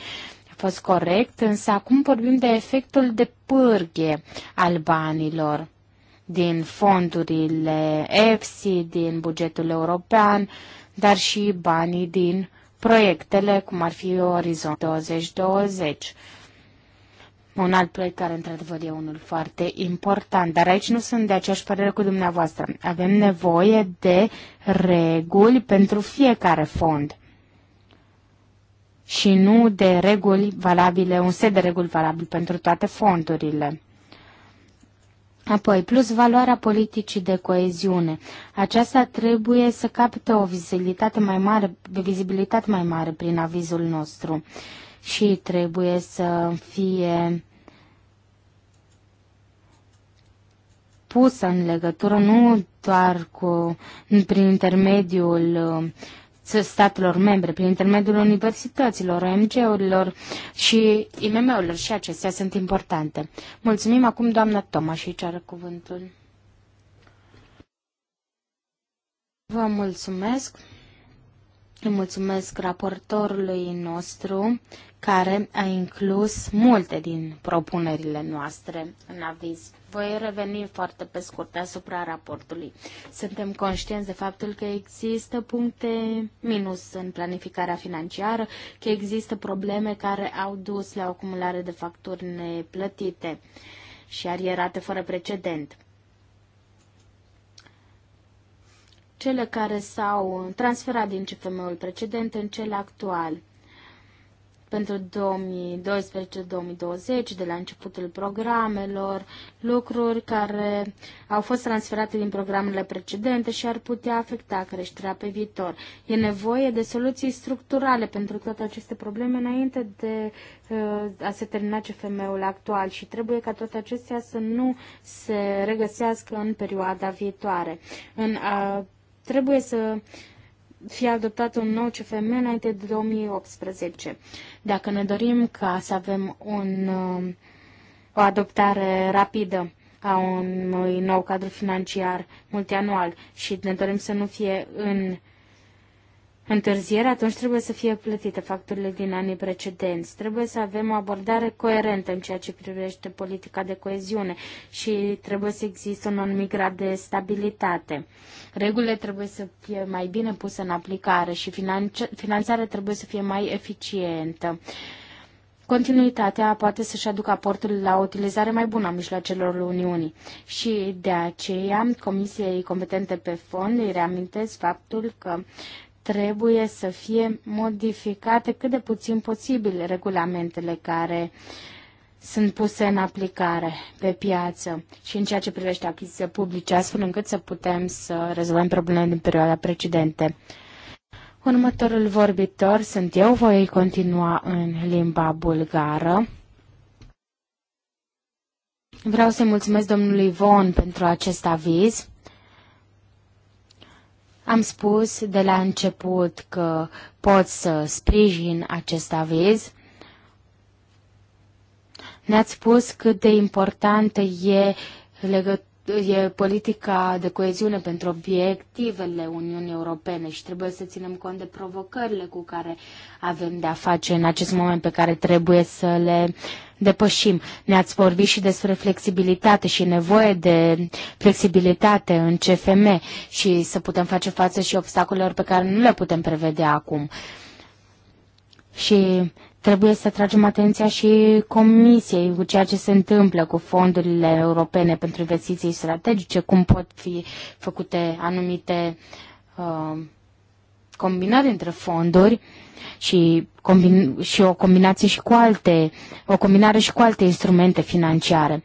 a fost corect, însă acum vorbim de efectul de pârghe al banilor din fondurile EFSI, din bugetul european, dar și banii din proiectele, cum ar fi Orizon 2020. Un alt proiect care, într-adevăr, e unul foarte important, dar aici nu sunt de aceeași părere cu dumneavoastră. Avem nevoie de reguli pentru fiecare fond și nu de reguli valabile, un set de reguli valabil pentru toate fondurile. Apoi, plus valoarea politicii de coeziune. Aceasta trebuie să capte o vizibilitate mai mare, vizibilitate mai mare prin avizul nostru și trebuie să fie pusă în legătură nu doar cu, prin intermediul uh, statelor membre prin intermediul universităților, OMG-urilor și IMM-urilor și acestea sunt importante. Mulțumim acum doamna Toma și ceară cuvântul. Vă mulțumesc. Îi mulțumesc raportorului nostru care a inclus multe din propunerile noastre în aviz. Voi reveni foarte pe scurt asupra raportului. Suntem conștienți de faptul că există puncte minus în planificarea financiară, că există probleme care au dus la acumulare de facturi neplătite și arierate fără precedent. cele care s-au transferat din CFM-ul precedent în cel actual. Pentru 2012-2020, de la începutul programelor, lucruri care au fost transferate din programele precedente și ar putea afecta creșterea pe viitor. E nevoie de soluții structurale pentru toate aceste probleme înainte de uh, a se termina CFM-ul actual și trebuie ca toate acestea să nu se regăsească în perioada viitoare. În uh, Trebuie să fie adoptat un nou CFM înainte de 2018. Dacă ne dorim ca să avem un, uh, o adoptare rapidă a unui nou cadru financiar multianual și ne dorim să nu fie în întârziere, atunci trebuie să fie plătite facturile din anii precedenți. Trebuie să avem o abordare coerentă în ceea ce privește politica de coeziune și trebuie să existe un anumit grad de stabilitate. Regulile trebuie să fie mai bine puse în aplicare și finanțarea trebuie să fie mai eficientă. Continuitatea poate să-și aducă aportul la o utilizare mai bună a mijloacelor Uniunii și de aceea Comisiei competente pe fond îi reamintesc faptul că trebuie să fie modificate cât de puțin posibil regulamentele care sunt puse în aplicare pe piață și în ceea ce privește achiziția publice, astfel încât să putem să rezolvăm problemele din perioada precedentă. Următorul vorbitor sunt eu, voi continua în limba bulgară. Vreau să-i mulțumesc domnului Von pentru acest aviz. Am spus de la început că pot să sprijin acest aviz. Ne-ați spus cât de importantă e legătura e politica de coeziune pentru obiectivele Uniunii Europene și trebuie să ținem cont de provocările cu care avem de a face în acest moment pe care trebuie să le depășim. Ne-ați vorbit și despre flexibilitate și nevoie de flexibilitate în CFM și să putem face față și obstacolelor pe care nu le putem prevedea acum. Și Trebuie să tragem atenția și Comisiei cu ceea ce se întâmplă cu fondurile europene pentru investiții strategice, cum pot fi făcute anumite uh, combinat între fonduri și, combin, și o combinație și cu alte, o combinare și cu alte instrumente financiare.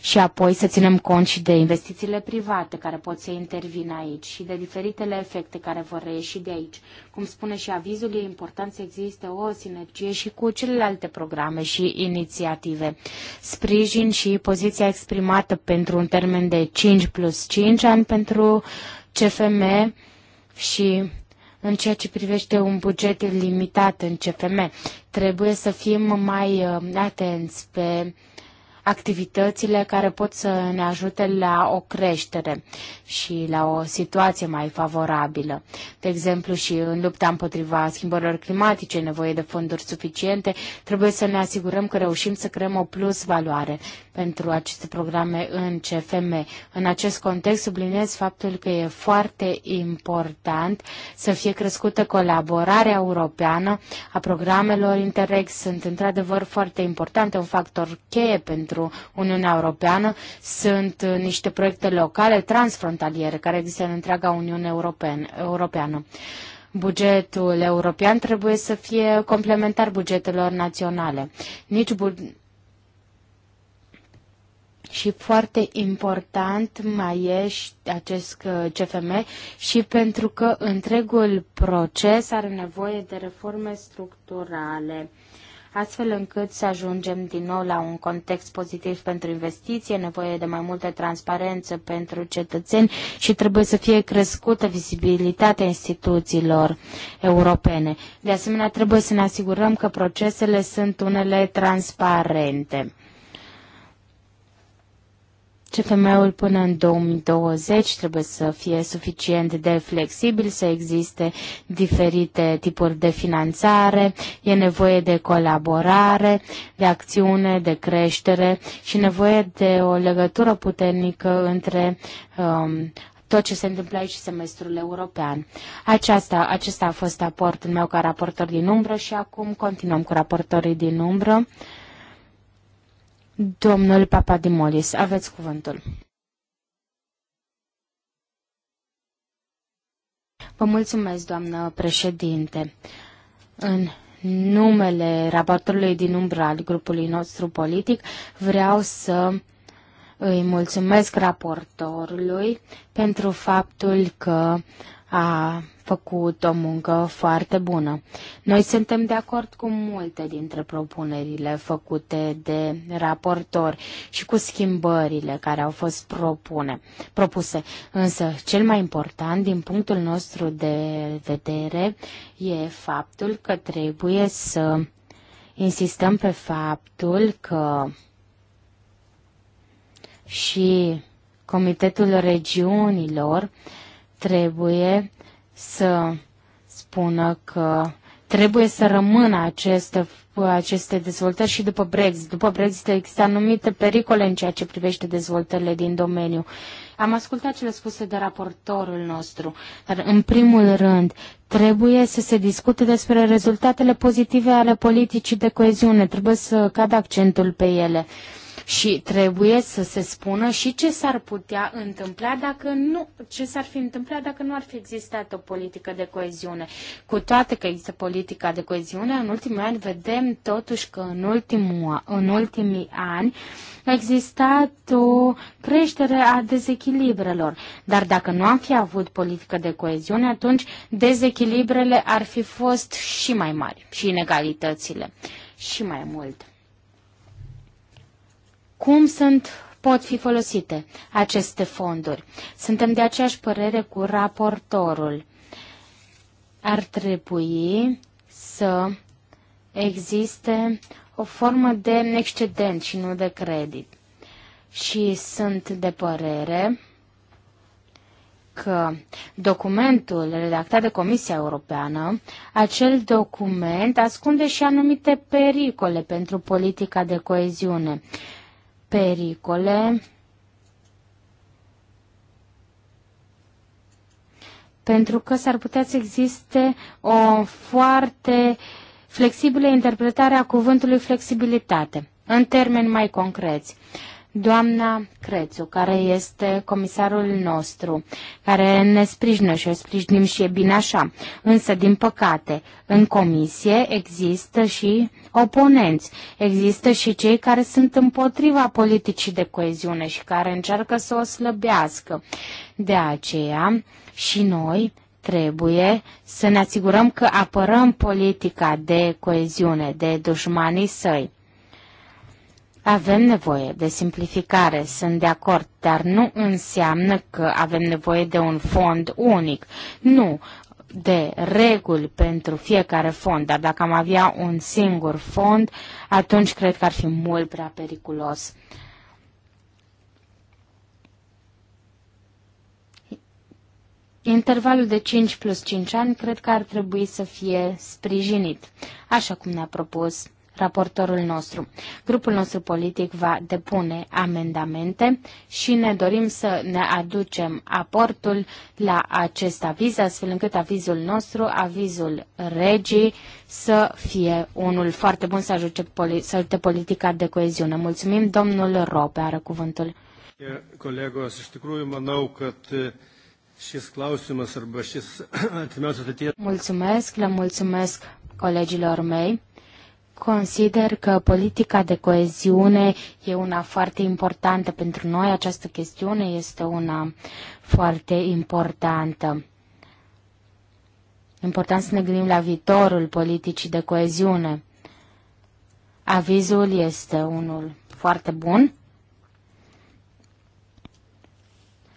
Și apoi să ținem cont și de investițiile private care pot să intervină aici și de diferitele efecte care vor reieși de aici. Cum spune și avizul, e important să existe o sinergie și cu celelalte programe și inițiative. Sprijin și poziția exprimată pentru un termen de 5 plus 5 ani pentru CFM și în ceea ce privește un buget limitat în CFM. Trebuie să fim mai uh, atenți pe activitățile care pot să ne ajute la o creștere și la o situație mai favorabilă. De exemplu, și în lupta împotriva schimbărilor climatice, nevoie de fonduri suficiente, trebuie să ne asigurăm că reușim să creăm o plus valoare pentru aceste programe în CFM. În acest context subliniez faptul că e foarte important să fie crescută colaborarea europeană a programelor Interreg. Sunt într-adevăr foarte importante, un factor cheie pentru pentru Uniunea Europeană sunt uh, niște proiecte locale transfrontaliere care există în întreaga Uniune Europeană. Bugetul european trebuie să fie complementar bugetelor naționale. Nici bu- și foarte important mai e acest uh, CFM și pentru că întregul proces are nevoie de reforme structurale astfel încât să ajungem din nou la un context pozitiv pentru investiție, nevoie de mai multă transparență pentru cetățeni și trebuie să fie crescută vizibilitatea instituțiilor europene. De asemenea, trebuie să ne asigurăm că procesele sunt unele transparente. CFM-ul până în 2020 trebuie să fie suficient de flexibil, să existe diferite tipuri de finanțare, e nevoie de colaborare, de acțiune, de creștere și nevoie de o legătură puternică între um, tot ce se întâmplă aici semestrul european. Aceasta, acesta a fost aportul meu ca raportor din umbră și acum continuăm cu raportorii din umbră. Domnul Molis, aveți cuvântul. Vă mulțumesc, doamnă președinte. În numele raportului din umbra al grupului nostru politic, vreau să îi mulțumesc raportorului pentru faptul că a făcut o muncă foarte bună. Noi suntem de acord cu multe dintre propunerile făcute de raportor și cu schimbările care au fost propune, propuse. Însă, cel mai important din punctul nostru de vedere e faptul că trebuie să insistăm pe faptul că și Comitetul Regiunilor trebuie să spună că trebuie să rămână aceste, aceste dezvoltări și după Brexit. După Brexit există anumite pericole în ceea ce privește dezvoltările din domeniu. Am ascultat cele spuse de raportorul nostru, dar în primul rând trebuie să se discute despre rezultatele pozitive ale politicii de coeziune, trebuie să cadă accentul pe ele. Uh, și trebuie să se spună și ce s-ar putea întâmpla dacă nu, ce s-ar fi întâmplat dacă nu ar fi existat o politică de coeziune. Cu toate că există politica de coeziune, în ultimii ani vedem totuși că în, ultimul, în ultimii ani a existat o creștere a dezechilibrelor. Dar dacă nu am fi avut politică de coeziune, atunci dezechilibrele ar fi fost și mai mari și inegalitățile și mai mult cum sunt pot fi folosite aceste fonduri. Suntem de aceeași părere cu raportorul. Ar trebui să existe o formă de excedent și nu de credit. Și sunt de părere că documentul redactat de Comisia Europeană, acel document ascunde și anumite pericole pentru politica de coeziune pericole pentru că s-ar putea să existe o foarte flexibilă interpretare a cuvântului flexibilitate, în termeni mai concreți. Doamna Crețu, care este comisarul nostru, care ne sprijină și o sprijinim și e bine așa, însă, din păcate, în comisie există și oponenți. Există și cei care sunt împotriva politicii de coeziune și care încearcă să o slăbească. De aceea și noi trebuie să ne asigurăm că apărăm politica de coeziune de dușmanii săi. Avem nevoie de simplificare, sunt de acord, dar nu înseamnă că avem nevoie de un fond unic. Nu, de reguli pentru fiecare fond, dar dacă am avea un singur fond, atunci cred că ar fi mult prea periculos. Intervalul de 5 plus 5 ani cred că ar trebui să fie sprijinit, așa cum ne-a propus raportorul nostru. Grupul nostru politic va depune amendamente și ne dorim să ne aducem aportul la acest aviz, astfel încât avizul nostru, avizul regii, să fie unul foarte bun să ajute, să ajute politica de coeziune. Mulțumim, domnul Rope are cuvântul. Colegos, iš tikrųjų manau, kad šis klausimas arba šis <clears throat> artimiausias ateities. Mulțumesc, le mulțumesc colegilor mei Consider că politica de coeziune e una foarte importantă pentru noi. Această chestiune este una foarte importantă. Important să ne gândim la viitorul politicii de coeziune. Avizul este unul foarte bun.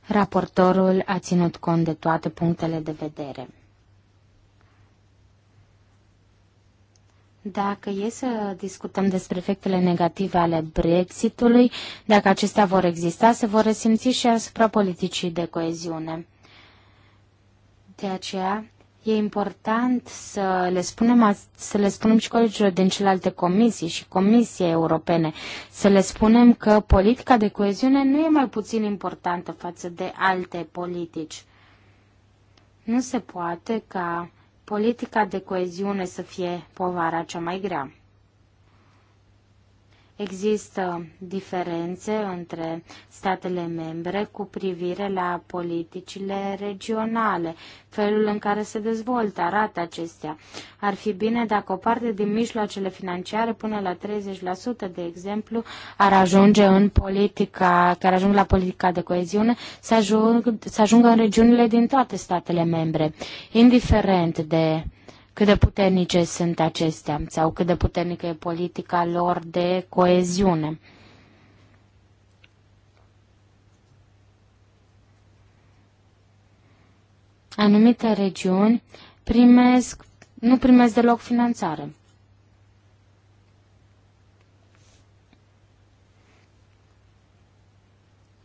Raportorul a ținut cont de toate punctele de vedere. Dacă e să discutăm despre efectele negative ale Brexitului, dacă acestea vor exista, se vor resimți și asupra politicii de coeziune. De aceea, e important să le spunem, să le spunem și colegilor din celelalte comisii și comisie europene, să le spunem că politica de coeziune nu e mai puțin importantă față de alte politici. Nu se poate ca politica de coeziune să fie povara cea mai grea. Există diferențe între statele membre cu privire la politicile regionale, felul în care se dezvoltă, arată acestea. Ar fi bine dacă o parte din mijloacele financiare, până la 30%, de exemplu, ar ajunge în politica, care ajung la politica de coeziune, să, ajung, să ajungă în regiunile din toate statele membre, indiferent de cât de puternice sunt acestea sau cât de puternică e politica lor de coeziune. Anumite regiuni primesc, nu primesc deloc finanțare.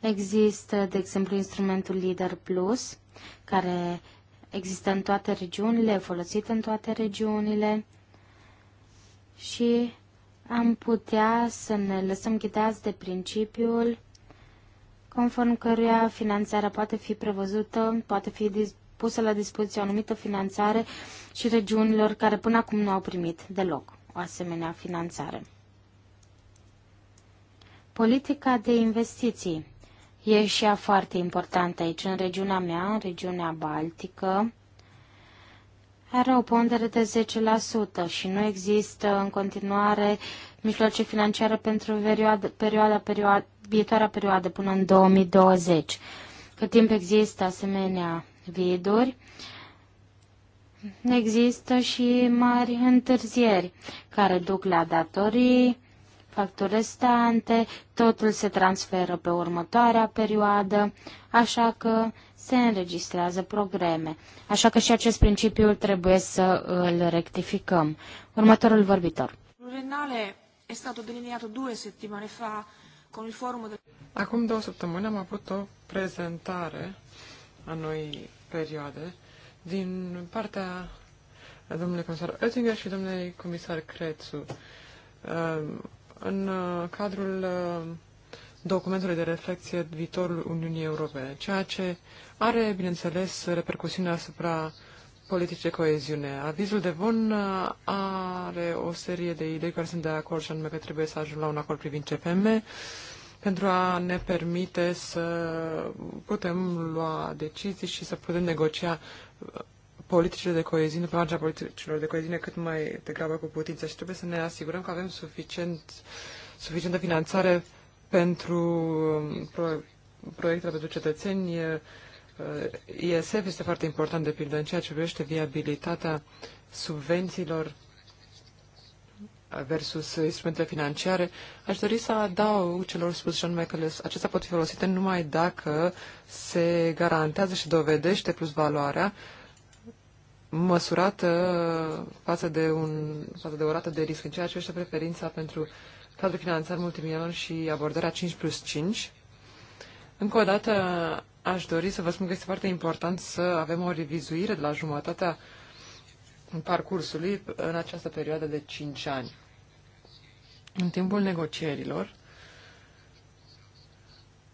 Există, de exemplu, instrumentul Leader Plus, care există în toate regiunile, folosit în toate regiunile și am putea să ne lăsăm ghidați de principiul conform căruia finanțarea poate fi prevăzută, poate fi pusă la dispoziție o anumită finanțare și regiunilor care până acum nu au primit deloc o asemenea finanțare. Politica de investiții E și ea foarte importantă aici, în regiunea mea, în regiunea Baltică. Are o pondere de 10% și nu există în continuare mijloace financiare pentru perioada, perioada, perioada, viitoarea perioadă până în 2020. Cât timp există asemenea viduri, există și mari întârzieri care duc la datorii, facturi restante, totul se transferă pe următoarea perioadă, așa că se înregistrează programe. Așa că și acest principiu trebuie să îl rectificăm. Următorul vorbitor. Renale è stato delineato due settimane fa con il forum Acum două săptămâni am avut o prezentare a noi perioade din partea domnului comisar Oettinger și domnului comisar Crețu ehm, în uh, cadrul uh, documentului de reflexie viitorul Uniunii Europene, ceea ce are, bineînțeles, repercusiune asupra politicii coeziune. Avizul de Von uh, are o serie de idei care sunt de acord și anume că trebuie să ajungem la un acord privind CFM pentru a ne permite să putem lua decizii și să putem negocia politicile de coeziune, planul politicilor de coeziune cât mai degrabă cu putință și trebuie să ne asigurăm că avem suficient, suficientă finanțare pentru um, pro, proiectele pentru cetățeni. ISF uh, este foarte important, de pildă, în ceea ce privește viabilitatea subvențiilor versus instrumentele financiare, aș dori să adaug celor spus și anume că acestea pot fi folosite numai dacă se garantează și dovedește plus valoarea uh, măsurată față de, un, față de o rată de risc. În ceea ce este preferința pentru cadrul financiar multimilion și abordarea 5 plus 5, încă o dată aș dori să vă spun că este foarte important să avem o revizuire de la jumătatea parcursului în această perioadă de 5 ani. În timpul negocierilor,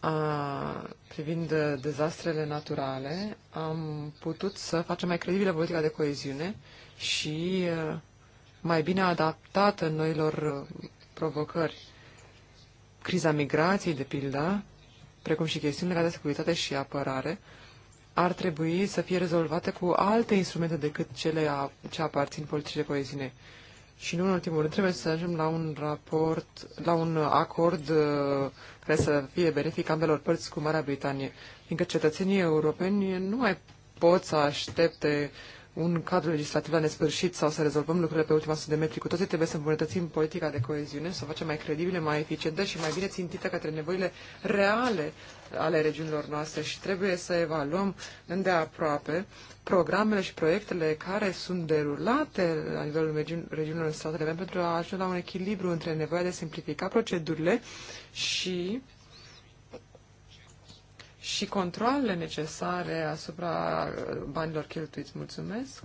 a, privind uh, dezastrele naturale, am putut să facem mai credibilă politica de coeziune și uh, mai bine adaptată noilor uh, provocări. Criza migrației, de pildă, precum și chestiunile legate de securitate și apărare, ar trebui să fie rezolvate cu alte instrumente decât cele a, ce aparțin politicii de coeziune. Și nu în ultimul rând trebuie să ajungem la un raport, la un acord uh, care să fie benefic ambelor părți cu Marea Britanie, fiindcă cetățenii europeni nu mai pot să aștepte uh, un cadru legislativ la nesfârșit sau să rezolvăm lucrurile pe ultima sută de metri. Cu toții trebuie să îmbunătățim politica de coeziune, să o facem mai credibilă, mai eficientă și mai bine țintită către nevoile reale ale regiunilor noastre și trebuie să evaluăm îndeaproape programele și proiectele care sunt derulate la nivelul regiunilor în statele pentru a ajunge la un echilibru între nevoia de a simplifica procedurile și și controlele necesare asupra banilor cheltuiți. Mulțumesc!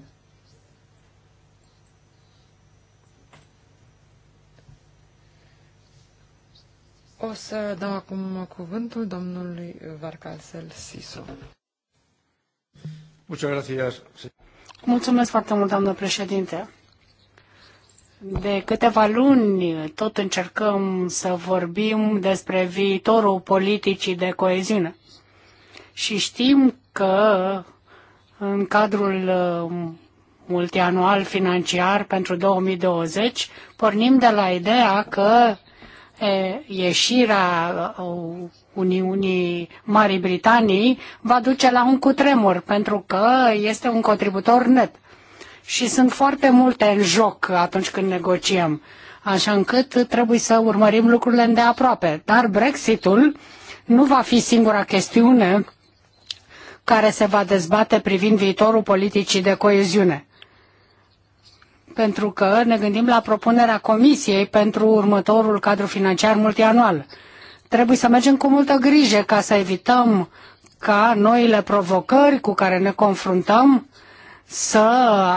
O să dau acum cuvântul domnului Varcalsel Siso. Mulțumesc foarte mult, doamnă președinte. De câteva luni tot încercăm să vorbim despre viitorul politicii de coeziune și știm că în cadrul uh, multianual financiar pentru 2020 pornim de la ideea că e, ieșirea uh, Uniunii Marii Britanii va duce la un cutremur pentru că este un contributor net. Și sunt foarte multe în joc atunci când negociem, așa încât trebuie să urmărim lucrurile îndeaproape. Dar Brexitul nu va fi singura chestiune care se va dezbate privind viitorul politicii de coeziune. Pentru că ne gândim la propunerea Comisiei pentru următorul cadru financiar multianual. Trebuie să mergem cu multă grijă ca să evităm ca noile provocări cu care ne confruntăm să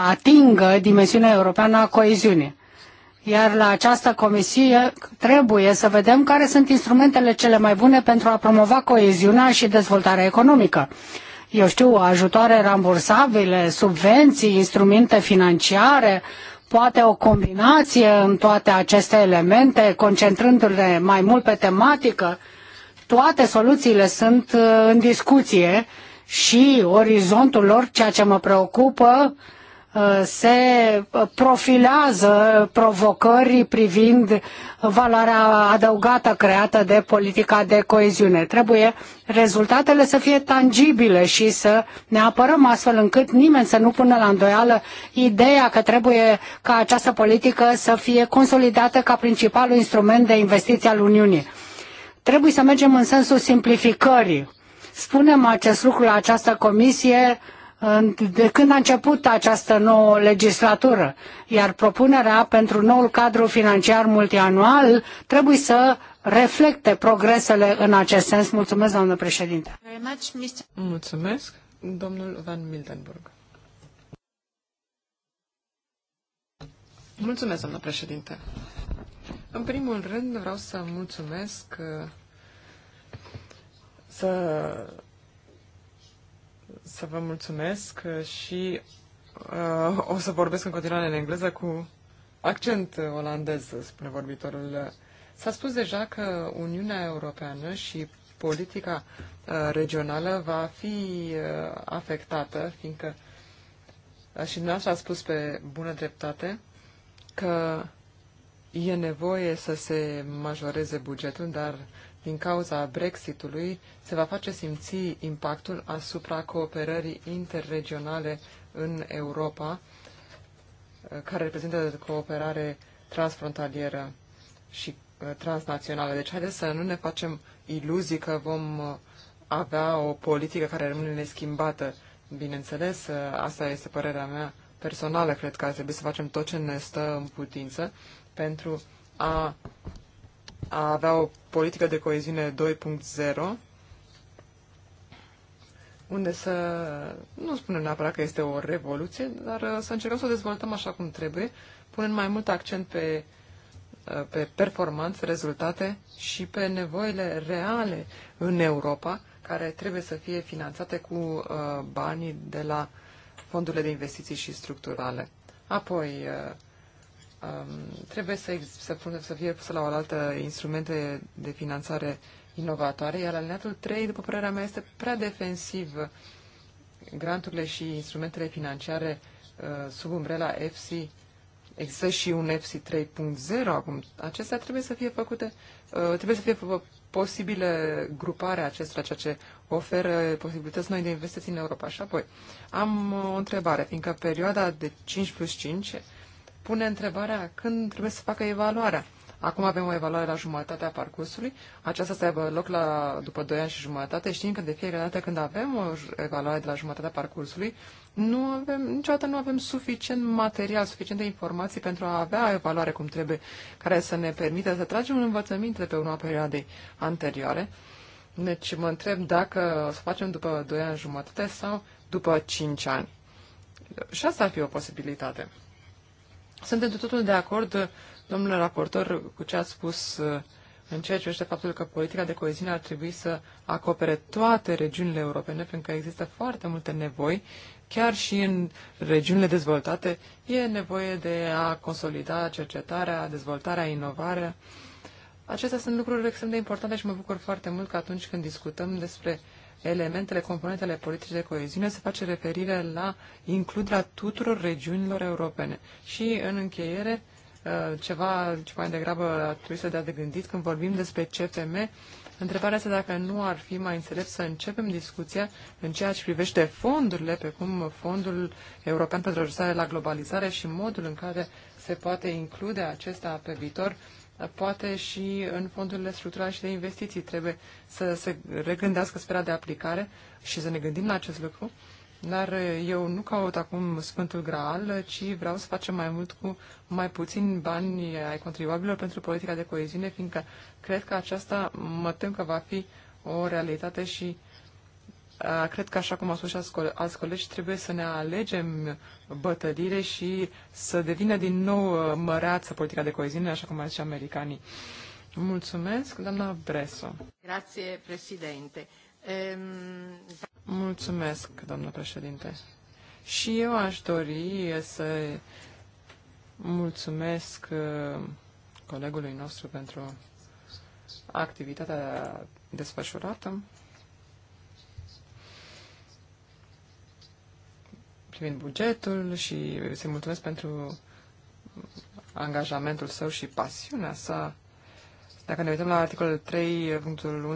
atingă dimensiunea europeană a coeziunii. Iar la această comisie trebuie să vedem care sunt instrumentele cele mai bune pentru a promova coeziunea și dezvoltarea economică eu știu, ajutoare rambursabile, subvenții, instrumente financiare, poate o combinație în toate aceste elemente, concentrându-ne mai mult pe tematică. Toate soluțiile sunt uh, în discuție și orizontul lor, ceea ce mă preocupă, uh, se profilează provocări privind valoarea adăugată creată de politica de coeziune. Trebuie rezultatele să fie tangibile și să ne apărăm astfel încât nimeni să nu pună la îndoială ideea că trebuie ca această politică să fie consolidată ca principalul instrument de investiție al Uniunii. Trebuie să mergem în sensul simplificării. Spunem acest lucru la această comisie de când a început această nouă legislatură, iar propunerea pentru noul cadru financiar multianual trebuie să reflecte progresele în acest sens. Mulțumesc, doamnă președinte. Mulțumesc, domnul Van Mildenburg. Mulțumesc, doamnă președinte. În primul rând vreau să mulțumesc să să vă mulțumesc și uh, o să vorbesc în continuare în engleză cu accent olandez, spune vorbitorul. S-a spus deja că Uniunea Europeană și politica uh, regională va fi uh, afectată, fiindcă uh, și dumneavoastră a spus pe bună dreptate că e nevoie să se majoreze bugetul, dar uh, din cauza Brexitului se va face simți impactul asupra cooperării interregionale în Europa, care reprezintă cooperare transfrontalieră și uh, transnațională. Deci haideți să nu ne facem iluzii că vom uh, avea o politică care rămâne neschimbată. Bineînțeles, uh, asta este părerea mea personală. Cred că ar trebui să facem tot ce ne stă în putință pentru a a avea o politică de coeziune 2.0, unde să, nu spunem neapărat că este o revoluție, dar uh, să încercăm să o dezvoltăm așa cum trebuie, punând mai mult accent pe, uh, pe performanțe, rezultate și pe nevoile reale în Europa, care trebuie să fie finanțate cu uh, banii de la fondurile de investiții și structurale. Apoi, uh, Um, trebuie să, să, pune, să fie pusă la oaltă instrumente de finanțare inovatoare, iar alineatul 3, după părerea mea, este prea defensiv. Granturile și instrumentele financiare uh, sub umbrela EFSI există și un EFSI 3.0 acum. Acestea trebuie să fie făcute, uh, trebuie să fie posibile gruparea acestora, ceea ce oferă posibilități noi de investiții în Europa. Și apoi, am o întrebare, fiindcă perioada de 5 plus 5 pune întrebarea când trebuie să facă evaluarea. Acum avem o evaluare la jumătatea parcursului. Aceasta se aibă loc la, după 2 ani și jumătate. Știm că de fiecare dată când avem o evaluare de la jumătatea parcursului, nu avem, niciodată nu avem suficient material, suficiente informații pentru a avea o evaluare cum trebuie, care să ne permită să tragem un învățăminte pe urma perioadei anterioare. Deci mă întreb dacă o să facem după 2 ani jumătate sau după 5 ani. Și asta ar fi o posibilitate. Sunt de totul de acord, domnule raportor, cu ce ați spus uh, în ceea ce privește faptul că politica de coeziune ar trebui să acopere toate regiunile europene, pentru că există foarte multe nevoi, chiar și în regiunile dezvoltate, e nevoie de a consolida cercetarea, dezvoltarea, inovarea. Acestea sunt lucruri extrem de importante și mă bucur foarte mult că atunci când discutăm despre uh, elementele, componentele politice de coeziune, se face referire la includerea tuturor regiunilor europene. Și, în încheiere, uh, ceva ce mai degrabă trebuie să dea de gândit când vorbim despre CFM, Întrebarea este dacă nu ar fi mai înțelept să începem discuția în ceea ce privește fondurile, pe cum Fondul European pentru Ajustare la Globalizare și modul în care se poate include acesta pe viitor poate și în fondurile structurale și de investiții trebuie să se regândească sfera de aplicare și să ne gândim la acest lucru. Dar eu nu caut acum Sfântul Graal, ci vreau să facem mai mult cu mai puțin bani ai contribuabililor pentru politica de coeziune, fiindcă cred că aceasta mă tem că va fi o realitate și cred că, așa cum au spus și alți colegi, trebuie să ne alegem bătălire și să devină din nou uh, măreață politica de coeziune, așa cum au zis și americanii. Mulțumesc, doamna Bresso. Grație, președinte. Ehm, mulțumesc, doamna președinte. Și eu aș dori să mulțumesc uh, colegului nostru pentru activitatea desfășurată. privind bugetul și se mulțumesc pentru angajamentul său și pasiunea sa. Dacă ne uităm la articolul 3.11 punctul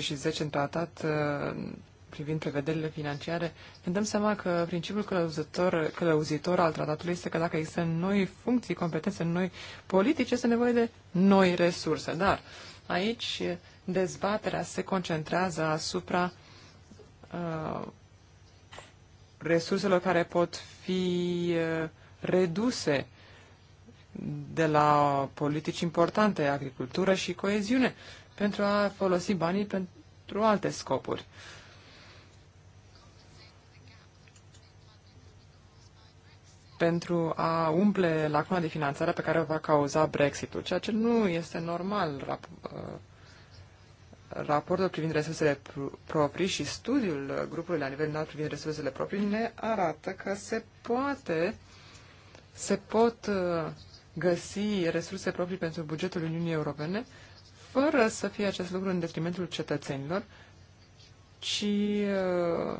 și 10 în tratat uh, privind prevederile financiare, ne dăm seama că principiul călăuzitor, călăuzitor al tratatului este că dacă există noi funcții, competențe, noi politice, este nevoie de noi resurse. Dar aici dezbaterea se concentrează asupra uh, resurselor care pot fi uh, reduse de la politici importante, agricultură și coeziune, pentru a folosi banii pentru alte scopuri. pentru a umple lacuna de finanțare pe care o va cauza Brexitul, ceea ce nu este normal uh, raportul privind resursele proprii și studiul grupului la nivel înalt privind resursele proprii ne arată că se poate, se pot uh, găsi resurse proprii pentru bugetul Uniunii Europene, fără să fie acest lucru în detrimentul cetățenilor, ci uh,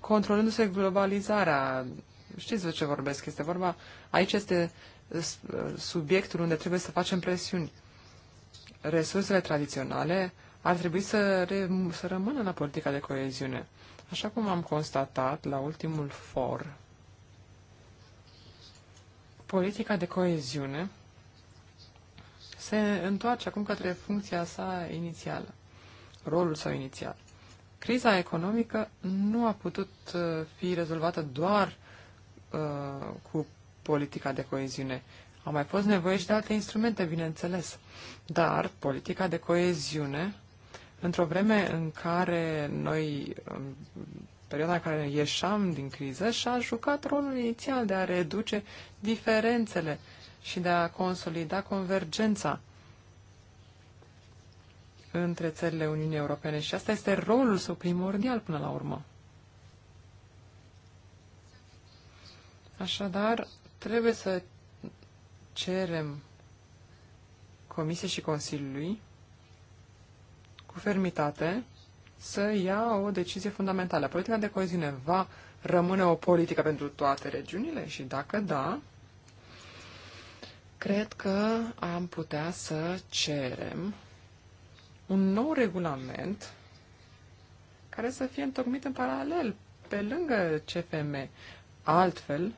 controlându-se globalizarea. Știți de ce vorbesc? Este vorba, aici este uh, subiectul unde trebuie să facem presiuni. Resursele tradiționale ar trebui să, re, să rămână la politica de coeziune. Așa cum am constatat la ultimul for, politica de coeziune se întoarce acum către funcția sa inițială, rolul său inițial. Criza economică nu a putut uh, fi rezolvată doar uh, cu politica de coeziune. Au mai fost nevoie și de alte instrumente, bineînțeles. Dar politica de coeziune Într-o vreme în care noi, în perioada în care ieșam din criză, și-a jucat rolul inițial de a reduce diferențele și de a consolida convergența între țările Uniunii Europene. Și asta este rolul său primordial până la urmă. Așadar, trebuie să cerem Comisiei și Consiliului cu fermitate să ia o decizie fundamentală. Politica de coeziune va rămâne o politică pentru toate regiunile? Și dacă da, cred că am putea să cerem un nou regulament care să fie întocmit în paralel, pe lângă CFM. Altfel,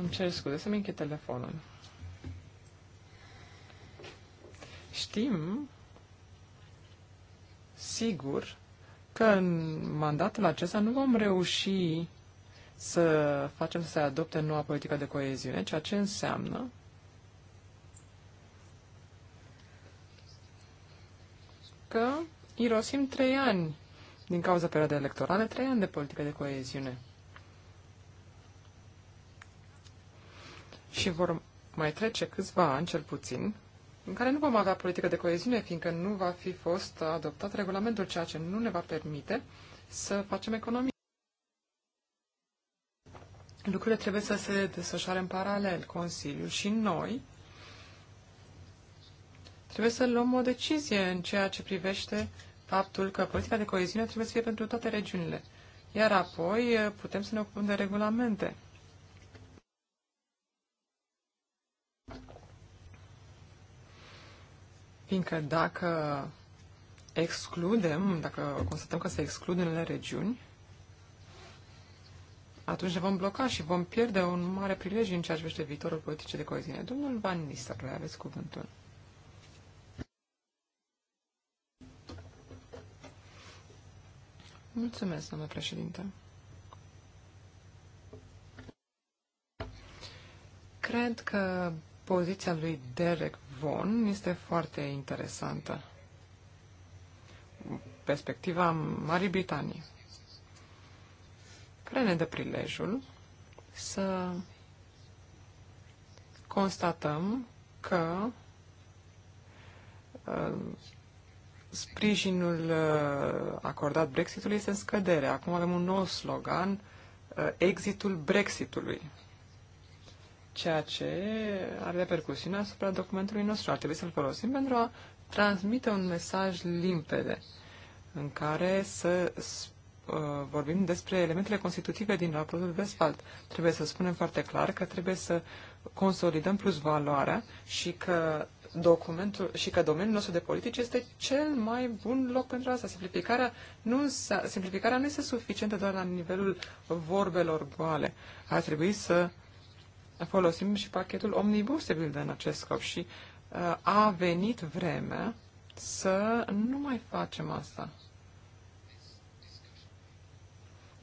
îmi cer scuze să-mi închid telefonul. Știm, sigur, că în mandatul acesta nu vom reuși să facem să se adopte noua politică de coeziune, ceea ce înseamnă că irosim trei ani din cauza perioadei electorale, trei ani de politică de coeziune. Și vor mai trece câțiva ani, cel puțin, în care nu vom avea politică de coeziune, fiindcă nu va fi fost adoptat regulamentul, ceea ce nu ne va permite să facem economie. Lucrurile trebuie să se desfășoare în paralel. Consiliul și noi trebuie să luăm o decizie în ceea ce privește faptul că politica de coeziune trebuie să fie pentru toate regiunile. Iar apoi putem să ne ocupăm de regulamente. Fiindcă dacă excludem, dacă constatăm că se exclud unele regiuni, atunci ne vom bloca și vom pierde un mare prilej în ceea ce vește viitorul politice de coeziune. Domnul Van Nistelrooy, aveți cuvântul. Mulțumesc, domnule președinte. Cred că poziția lui Derek Von este foarte interesantă. Perspectiva Marii Britanii, care ne dă prilejul să constatăm că uh, sprijinul uh, acordat Brexitului este în scădere. Acum avem un nou slogan, uh, exitul Brexitului ceea ce are repercusiune asupra documentului nostru. Ar trebui să-l folosim pentru a transmite un mesaj limpede în care să uh, vorbim despre elementele constitutive din raportul Vesfalt. Trebuie să spunem foarte clar că trebuie să consolidăm plus valoarea și că documentul și că domeniul nostru de politici este cel mai bun loc pentru asta. Simplificarea nu, simplificarea nu este suficientă doar la nivelul vorbelor goale. Ar trebui să uh, folosim și pachetul Omnibus, de pildă, în acest scop și uh, a venit vremea să nu mai facem asta.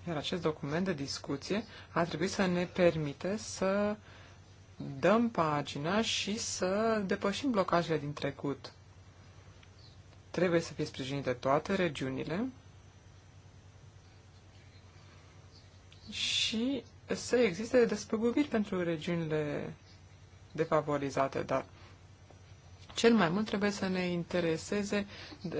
Iar acest document de discuție a trebuit să ne permite să dăm pagina și să depășim blocajele din trecut. Trebuie să fie sprijinite toate regiunile și să existe despăgubiri pentru regiunile defavorizate, dar cel mai mult trebuie să ne intereseze uh,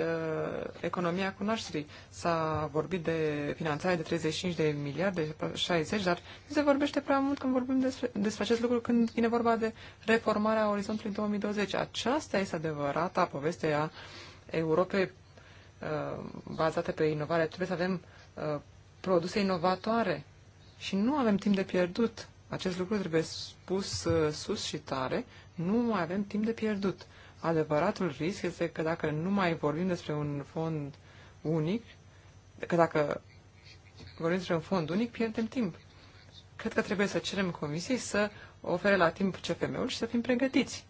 economia cunoașterii. S-a vorbit de finanțare de 35 de miliarde, 60, dar nu se vorbește prea mult când vorbim despre, despre acest lucru când vine vorba de reformarea orizontului 2020. Aceasta este adevărata poveste a Europei uh, bazate pe inovare. Trebuie să avem uh, produse inovatoare și nu avem timp de pierdut. Acest lucru trebuie spus uh, sus și tare. Nu mai avem timp de pierdut. Adevăratul risc este că dacă nu mai vorbim despre un fond unic, că dacă vorbim despre un fond unic, pierdem timp. Cred că trebuie să cerem comisiei să ofere la timp CFM-ul și să fim pregătiți.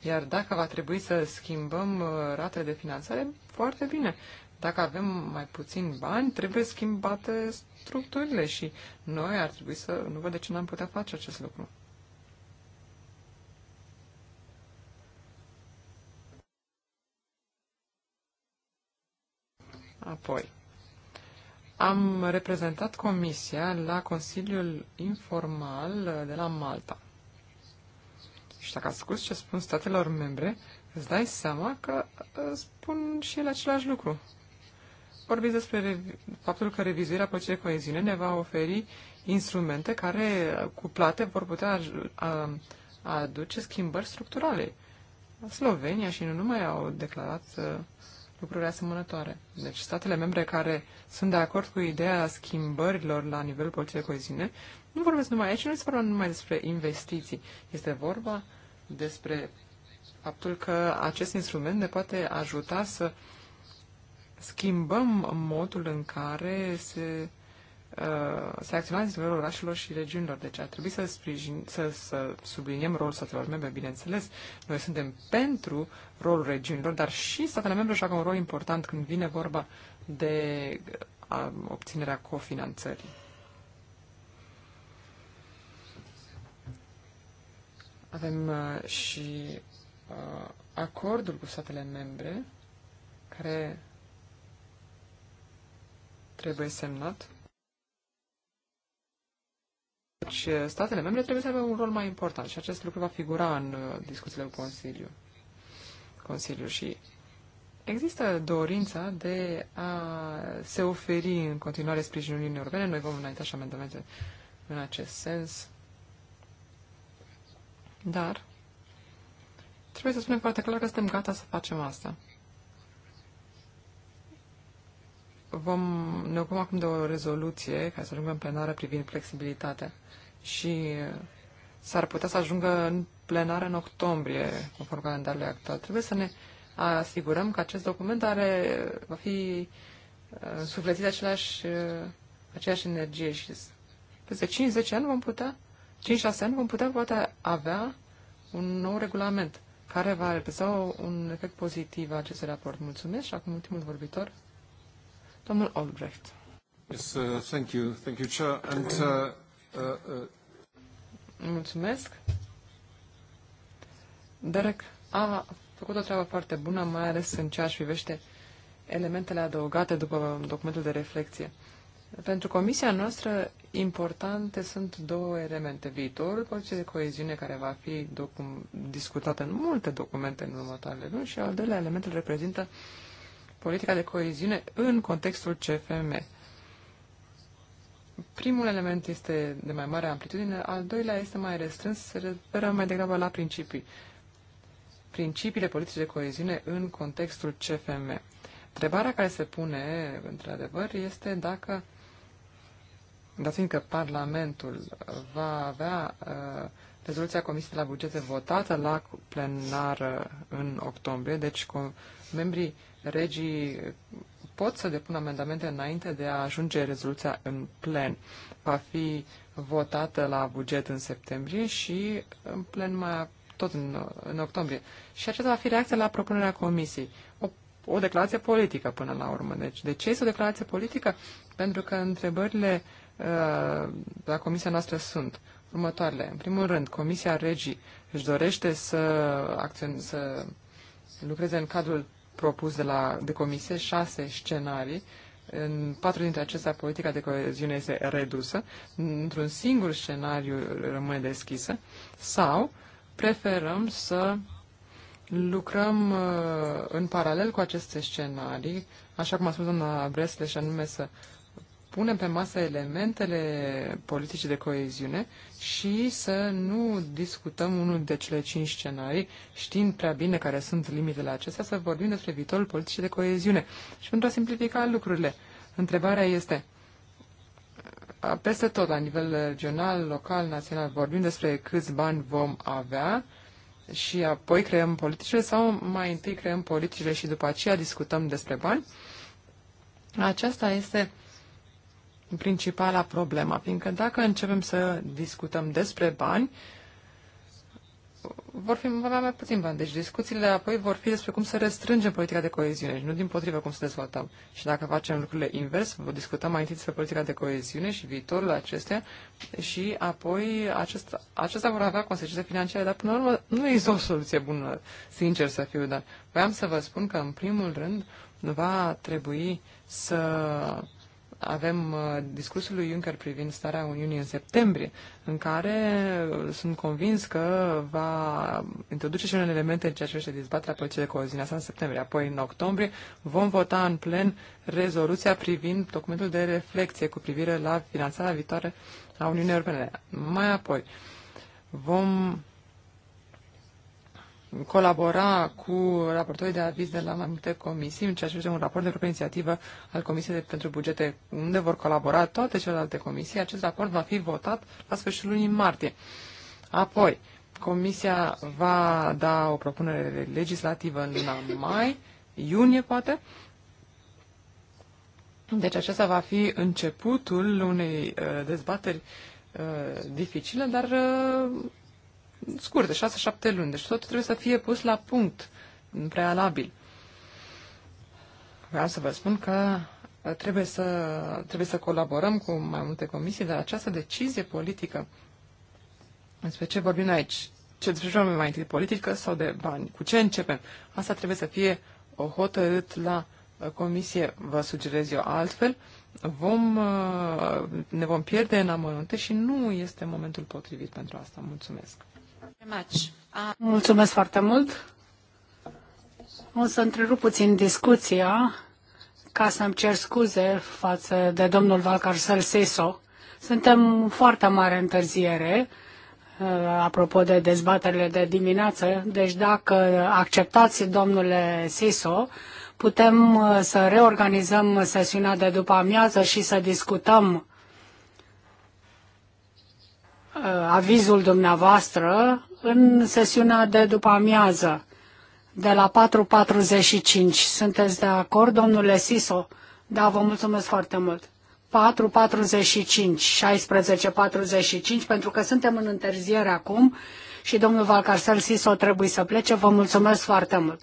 Iar dacă va trebui să schimbăm uh, ratele de finanțare, foarte bine. Dacă avem mai puțin bani, trebuie schimbate structurile și noi ar trebui să... Nu văd de ce n-am putea face acest lucru. Apoi, am reprezentat comisia la Consiliul Informal de la Malta. Și dacă asculți ce spun statelor membre, îți dai seama că uh, spun și ele același lucru vorbiți despre faptul că revizuirea păcii coeziune ne va oferi instrumente care, cu plate, vor putea aduce schimbări structurale. Slovenia și nu numai au declarat uh, lucruri asemănătoare. Deci statele membre care sunt de acord cu ideea schimbărilor la nivelul politicii de coeziune, nu vorbesc numai aici, nu este vorba numai despre investiții, este vorba despre faptul că acest instrument ne poate ajuta să uh, schimbăm modul în care se, uh, se acționează în nivelul orașelor și regiunilor. Deci ar trebui să, sprijin, să, să subliniem rolul statelor membre, bineînțeles. Noi suntem pentru rolul regiunilor, dar și statele membre joacă un rol important când vine vorba de a, uh, obținerea cofinanțării. Avem uh, și uh, acordul cu statele membre care trebuie semnat. Deci, statele membre trebuie să aibă un rol mai important și acest lucru va figura în uh, discuțiile cu Consiliul. Consiliu și există dorința de a se oferi în continuare sprijinul Uniunii Europene. Noi vom înainta și amendamente în acest sens. Dar trebuie să spunem foarte clar că suntem gata să facem asta. vom, ne ocupăm acum de o rezoluție ca să ajungă în plenară privind flexibilitatea și s-ar putea să ajungă în plenară în octombrie, conform calendarului actual. Trebuie să ne asigurăm că acest document are, va fi uh, sufletit același, uh, aceeași energie și peste 5-10 ani vom putea, 5-6 ani vom putea poate avea un nou regulament care va reprezenta un efect pozitiv a acestui raport. Mulțumesc și acum ultimul vorbitor, Domnul Albrecht. Yes, uh, thank you. Thank you, Chair. And, uh, uh, uh, Mulțumesc. Derek a făcut o treabă foarte bună, mai ales în ceea ce privește elementele adăugate după documentul de reflexie. Pentru comisia noastră, importante sunt două elemente. Viitorul poliției de coeziune, care va fi discutat în multe documente în următoarele luni, și al doilea element reprezintă uh, politica de coeziune în contextul CFM. Primul element este de mai mare amplitudine, al doilea este mai restrâns, se referă mai degrabă la principii. Principiile politice de coeziune în contextul CFM. Întrebarea care se pune, într-adevăr, este dacă, dat fiindcă Parlamentul va avea uh, rezoluția Comisiei la bugete votată la plenară în octombrie, deci membrii regii pot să depună amendamente înainte de a ajunge rezoluția în plen. Va fi votată la buget în septembrie și în plen mai tot în, în octombrie. Și aceasta va fi reacția la propunerea comisiei. O, o declarație politică până la urmă. Deci, de ce este o declarație politică? Pentru că întrebările uh, la comisia noastră sunt următoarele. În primul rând, Comisia Regii își dorește să, acțion- să lucreze în cadrul propus de, la, de comisie, șase scenarii. În patru dintre acestea, politica de coeziune este redusă, într-un singur scenariu rămâne deschisă, sau preferăm să lucrăm uh, în paralel cu aceste scenarii, așa cum a spus doamna Bresle, și anume să punem pe masă elementele politicii de coeziune și să nu discutăm unul de cele cinci scenarii, știind prea bine care sunt limitele acestea, să vorbim despre viitorul politicii de coeziune. Și pentru a simplifica lucrurile, întrebarea este, peste tot, la nivel regional, local, național, vorbim despre câți bani vom avea, și apoi creăm politicile sau mai întâi creăm politicile și după aceea discutăm despre bani. Aceasta este principala problemă, fiindcă dacă începem să discutăm despre bani, vor fi mai, mai puțin bani. Deci discuțiile apoi vor fi despre cum să restrângem politica de coeziune și nu din potrivă cum să dezvoltăm. Și dacă facem lucrurile invers, vom discutăm mai întâi despre politica de coeziune și viitorul acestea și apoi acest, acesta vor avea consecințe financiare, dar până la urmă nu există o soluție bună, sincer să fiu, dar voiam să vă spun că în primul rând va trebui să avem uh, discursul lui Juncker privind starea Uniunii în septembrie, în care uh, sunt convins că va introduce și un elemente în ceea ce privește dezbaterea politicii de coeziune. Asta în septembrie. Apoi, în octombrie, vom vota în plen rezoluția privind documentul de reflexie cu privire la finanțarea viitoare a Uniunii Europene. Mai apoi, vom colabora cu raportorii de aviz de la mai multe comisii în ceea ce un raport de propria inițiativă al Comisiei pentru Bugete, unde vor colabora toate celelalte comisii. Acest raport va fi votat la sfârșitul lunii martie. Apoi, Comisia va da o propunere legislativă în luna mai, iunie poate. Deci acesta va fi începutul unei uh, dezbateri uh, dificile, dar uh, scurt, de 6-7 luni. Deci totul trebuie să fie pus la punct în prealabil. Vreau să vă spun că uh, trebuie să, trebuie să colaborăm cu mai multe comisii, dar această decizie politică, despre ce vorbim aici, ce vorbim mai întâi, politică sau de bani, cu ce începem, asta trebuie să fie uh, hotărât la uh, comisie, vă sugerez eu altfel, vom, ne vom pierde în amănunte și nu este momentul potrivit pentru asta. Mulțumesc. Mulțumesc foarte mult. O să întrerup puțin discuția ca să-mi cer scuze față de domnul Valcarcel Seso. Suntem foarte mare întârziere uh, apropo de dezbaterile de dimineață, deci dacă acceptați, domnule Seso, putem uh, să reorganizăm sesiunea de după amiază și să discutăm uh, avizul dumneavoastră în sesiunea de după amiază, de la 4.45. Sunteți de acord, domnule Siso? Da, vă mulțumesc foarte mult. 4.45, 16.45, pentru că suntem în întârziere acum și domnul Valcarcel Siso trebuie să plece. Vă mulțumesc foarte mult.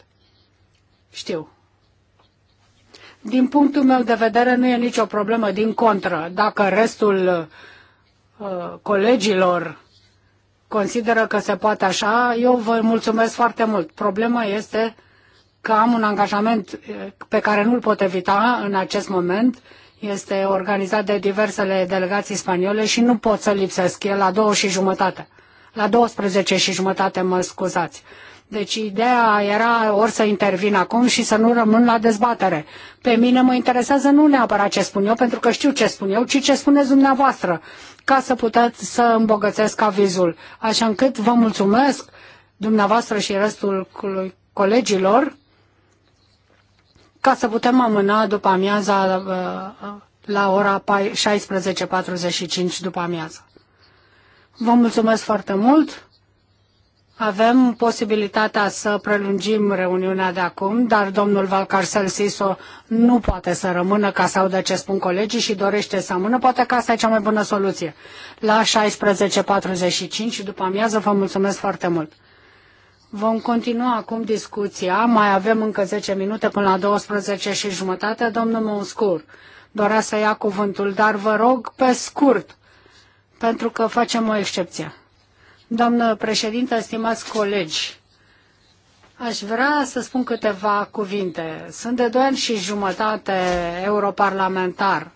Știu. Din punctul meu de vedere nu e nicio problemă, din contră. Dacă restul uh, colegilor consideră că se poate așa, eu vă mulțumesc foarte mult. Problema este că am un angajament eh, pe care nu-l pot evita în acest moment. Este organizat de diversele delegații spaniole și nu pot să lipsesc. E la două și jumătate. La 12 și jumătate, mă scuzați. Deci ideea era ori să intervin acum și să nu rămân la dezbatere. Pe mine mă interesează nu neapărat ce spun eu, pentru că știu ce spun eu, ci ce spuneți dumneavoastră, ca să puteți să îmbogățesc avizul. Așa încât vă mulțumesc dumneavoastră și restul colegilor ca să putem amâna după amiaza uh, la ora 16.45 după amiaza. Vă mulțumesc foarte mult! Avem posibilitatea să prelungim reuniunea de acum, dar domnul Valcarcel Siso nu poate să rămână ca să audă ce spun colegii și dorește să rămână. Poate că asta e cea mai bună soluție. La 16.45 după amiază vă mulțumesc foarte mult. Vom continua acum discuția. Mai avem încă 10 minute până la 12 și jumătate. Domnul Monscur dorea să ia cuvântul, dar vă rog pe scurt, pentru că facem o excepție. Doamnă președintă, stimați colegi, Aș vrea să spun câteva cuvinte. Sunt de doi ani și jumătate europarlamentar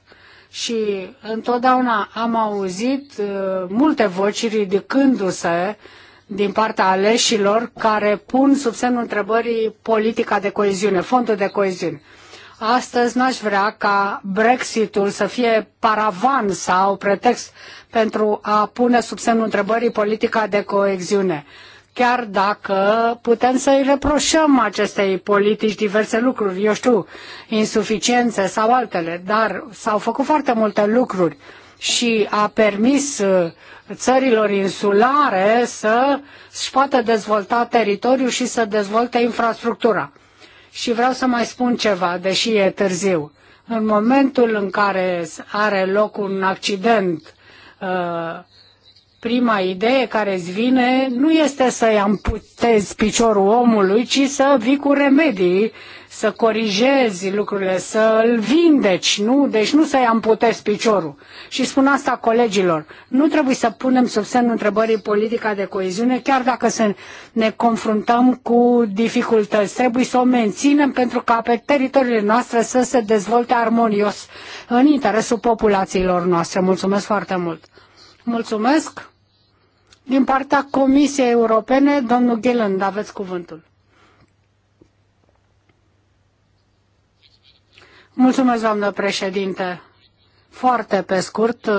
și întotdeauna am auzit uh, multe voci ridicându-se din partea aleșilor care pun sub semnul întrebării politica de coeziune, fondul de coeziune. Astăzi n-aș vrea ca Brexitul să fie paravan sau pretext pentru a pune sub semnul întrebării politica de coeziune. Chiar dacă putem să-i reproșăm acestei politici diverse lucruri, eu știu, insuficiențe sau altele, dar s-au făcut foarte multe lucruri și a permis uh, țărilor insulare să își poată dezvolta teritoriul și să dezvolte infrastructura. Și vreau să mai spun ceva, deși e târziu. În momentul în care are loc un accident uh, prima idee care îți vine nu este să-i amputezi piciorul omului, ci să vii cu remedii, să corijezi lucrurile, să l vindeci, nu? Deci nu să-i amputezi piciorul. Și spun asta colegilor. Nu trebuie să punem sub semnul întrebării politica de coeziune, chiar dacă să ne confruntăm cu dificultăți. Trebuie să o menținem pentru ca pe teritoriile noastre să se dezvolte armonios în interesul populațiilor noastre. Mulțumesc foarte mult! Mulțumesc! Din partea Comisiei Europene, domnul Gheland, aveți cuvântul. Mulțumesc, doamnă președinte. Foarte pe scurt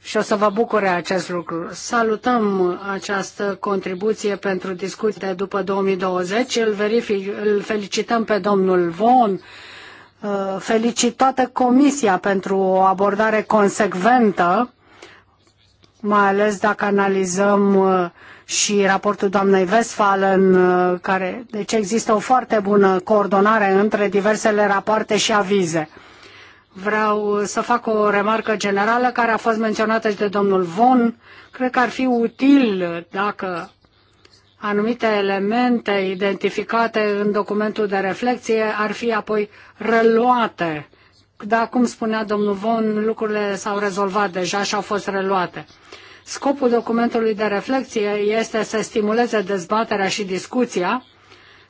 și o să vă bucure acest lucru. Salutăm această contribuție pentru discuție după 2020. Îl, verific, îl felicităm pe domnul Von, felicit toată Comisia pentru o abordare consecventă mai ales dacă analizăm uh, și raportul doamnei Westphalen, uh, care, deci există o foarte bună coordonare între diversele rapoarte și avize. Vreau uh, să fac o remarcă generală care a fost menționată și de domnul Von. Cred că ar fi util dacă anumite elemente identificate în documentul de reflexie ar fi apoi reluate da, cum spunea domnul Von, lucrurile s-au rezolvat deja și au fost reluate. Scopul documentului de reflexie este să stimuleze dezbaterea și discuția,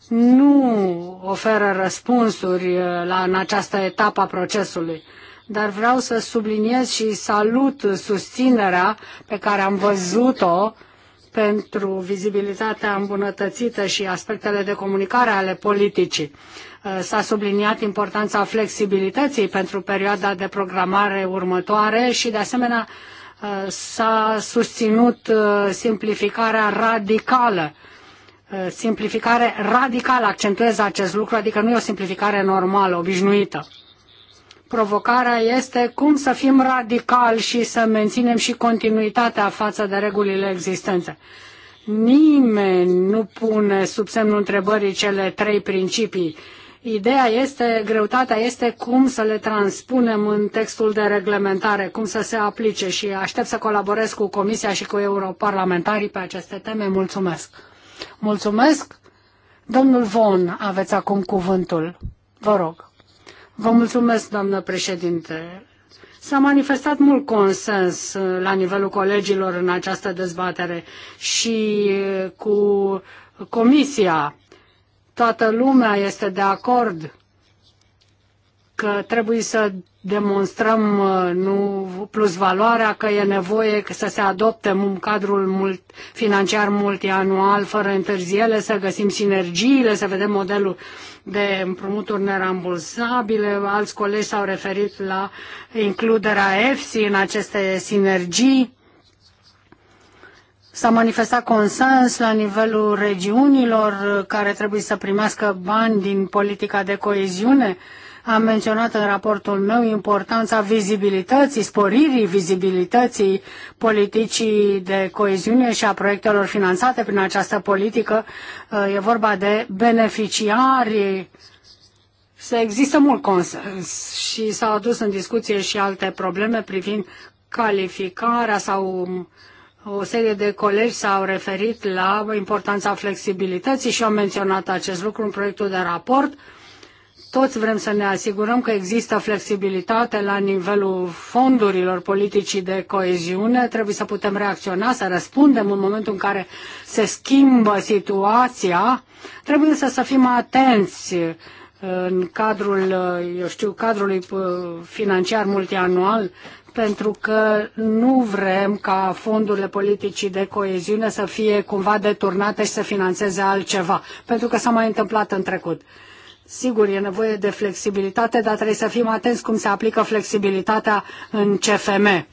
nu oferă răspunsuri uh, la, în această etapă a procesului, dar vreau să subliniez și salut susținerea pe care am văzut-o pentru vizibilitatea îmbunătățită și aspectele de comunicare ale politicii. Uh, s-a subliniat importanța flexibilității pentru perioada de programare următoare și, de asemenea, uh, s-a susținut uh, simplificarea radicală. Simplificare radicală, accentuez acest lucru, adică nu e o simplificare normală, obișnuită. Provocarea este cum să fim radicali și să menținem și continuitatea față de regulile existente. Nimeni nu pune sub semnul întrebării cele trei principii. Ideea este, greutatea este cum să le transpunem în textul de reglementare, cum să se aplice și aștept să colaborez cu Comisia și cu europarlamentarii pe aceste teme. Mulțumesc! Mulțumesc! Domnul Von, aveți acum cuvântul. Vă rog. Vă mulțumesc, doamnă președinte. S-a manifestat mult consens uh, la nivelul colegilor în această dezbatere și uh, cu comisia. Toată lumea este de acord că trebuie să demonstrăm uh, nu, plus valoarea că e nevoie să se adopte un cadrul mult, financiar multianual fără întârziere, să găsim sinergiile, să vedem modelul de împrumuturi nerambursabile. Alți colegi s-au referit la includerea EFSI în aceste sinergii. S-a manifestat consens la nivelul regiunilor uh, care trebuie să primească bani din politica de coeziune am menționat în raportul meu importanța vizibilității, sporirii vizibilității politicii de coeziune și a proiectelor finanțate prin această politică. Uh, e vorba de beneficiari. Să există mult consens și s-au adus în discuție și alte probleme privind calificarea sau um, o serie de colegi s-au referit la importanța flexibilității și au menționat acest lucru în proiectul de raport. Toți vrem să ne asigurăm că există flexibilitate la nivelul fondurilor politicii de coeziune. Trebuie să putem reacționa, să răspundem în momentul în care se schimbă situația. Trebuie să, să fim atenți uh, în cadrul, uh, eu știu, cadrului uh, financiar multianual, pentru că nu vrem ca fondurile politicii de coeziune să fie cumva deturnate și să financeze altceva, pentru că s-a mai întâmplat în trecut. Sigur, e nevoie de flexibilitate, dar trebuie să fim atenți cum se aplică flexibilitatea în CFM. Uh,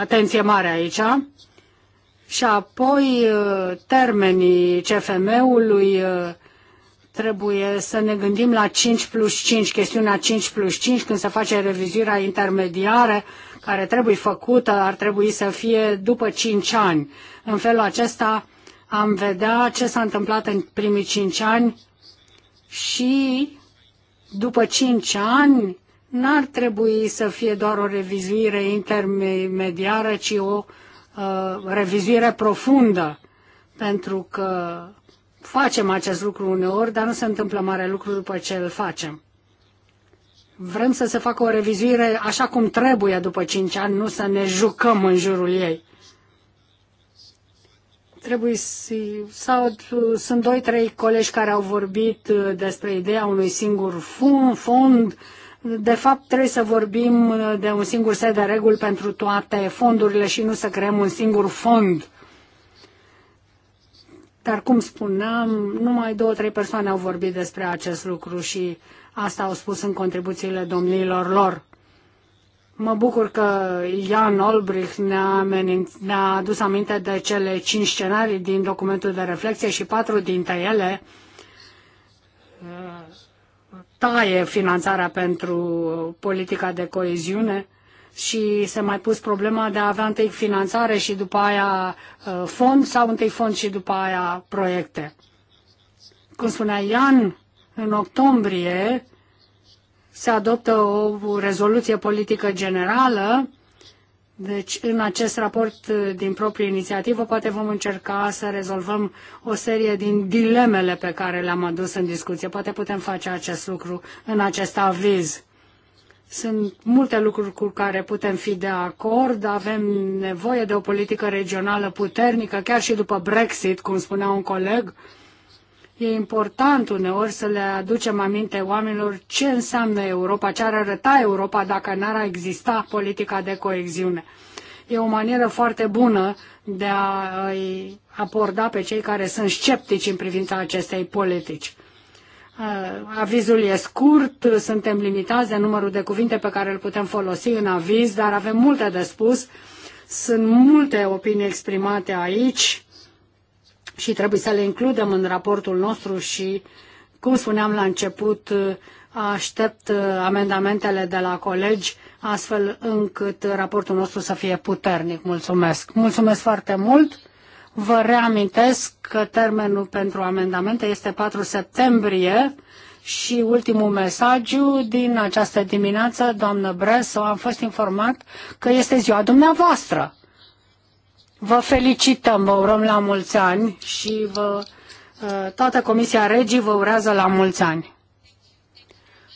atenție mare aici. Și apoi uh, termenii CFM-ului uh, trebuie să ne gândim la 5 plus 5, chestiunea 5 plus 5, când se face revizuirea intermediară care trebuie făcută, ar trebui să fie după 5 ani. În felul acesta am vedea ce s-a întâmplat în primii 5 ani și după cinci ani n-ar trebui să fie doar o revizuire intermediară, ci o uh, revizuire profundă, pentru că facem acest lucru uneori, dar nu se întâmplă mare lucru după ce îl facem. Vrem să se facă o revizuire așa cum trebuie după cinci ani, nu să ne jucăm în jurul ei. Trebuie să... Sau sunt doi, trei colegi care au vorbit uh, despre ideea unui singur fond, de fapt, trebuie să vorbim uh, de un singur set de reguli pentru toate fondurile și nu să creăm un singur fond. Dar, cum spuneam, numai două, trei persoane au vorbit despre acest lucru și asta au spus în contribuțiile domnilor lor. Mă bucur că Jan Olbrich ne-a, ne adus aminte de cele cinci scenarii din documentul de reflexie și patru dintre ele uh, taie finanțarea pentru politica de coeziune și se mai pus problema de a avea întâi finanțare și după aia uh, fond sau întâi fond și după aia proiecte. Cum spunea Ian, în octombrie se adoptă o rezoluție politică generală, deci în acest raport uh, din proprie inițiativă poate vom încerca să rezolvăm o serie din dilemele pe care le-am adus în discuție. Poate putem face acest lucru în acest aviz. Sunt multe lucruri cu care putem fi de acord, avem nevoie de o politică regională puternică, chiar și după Brexit, cum spunea un coleg, uh, E important uneori să le aducem aminte oamenilor ce înseamnă Europa, ce ar arăta Europa dacă n-ar exista politica de coeziune. E o manieră foarte bună de a îi aborda pe cei care sunt sceptici în privința acestei politici. Uh, avizul e scurt, suntem limitați de numărul de cuvinte pe care îl putem folosi în aviz, dar avem multe de spus. Sunt multe opinii exprimate aici și trebuie să le includem în raportul nostru și, cum spuneam la început, aștept amendamentele de la colegi astfel încât raportul nostru să fie puternic. Mulțumesc! Mulțumesc foarte mult! Vă reamintesc că termenul pentru amendamente este 4 septembrie și ultimul mesaj din această dimineață, doamnă Bres, am fost informat că este ziua dumneavoastră. Vă felicităm, vă urăm la mulți ani și vă, uh, toată Comisia Regii vă urează la mulți ani.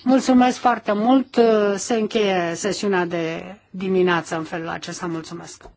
Mulțumesc foarte mult. Uh, se încheie sesiunea de dimineață în felul acesta. Mulțumesc.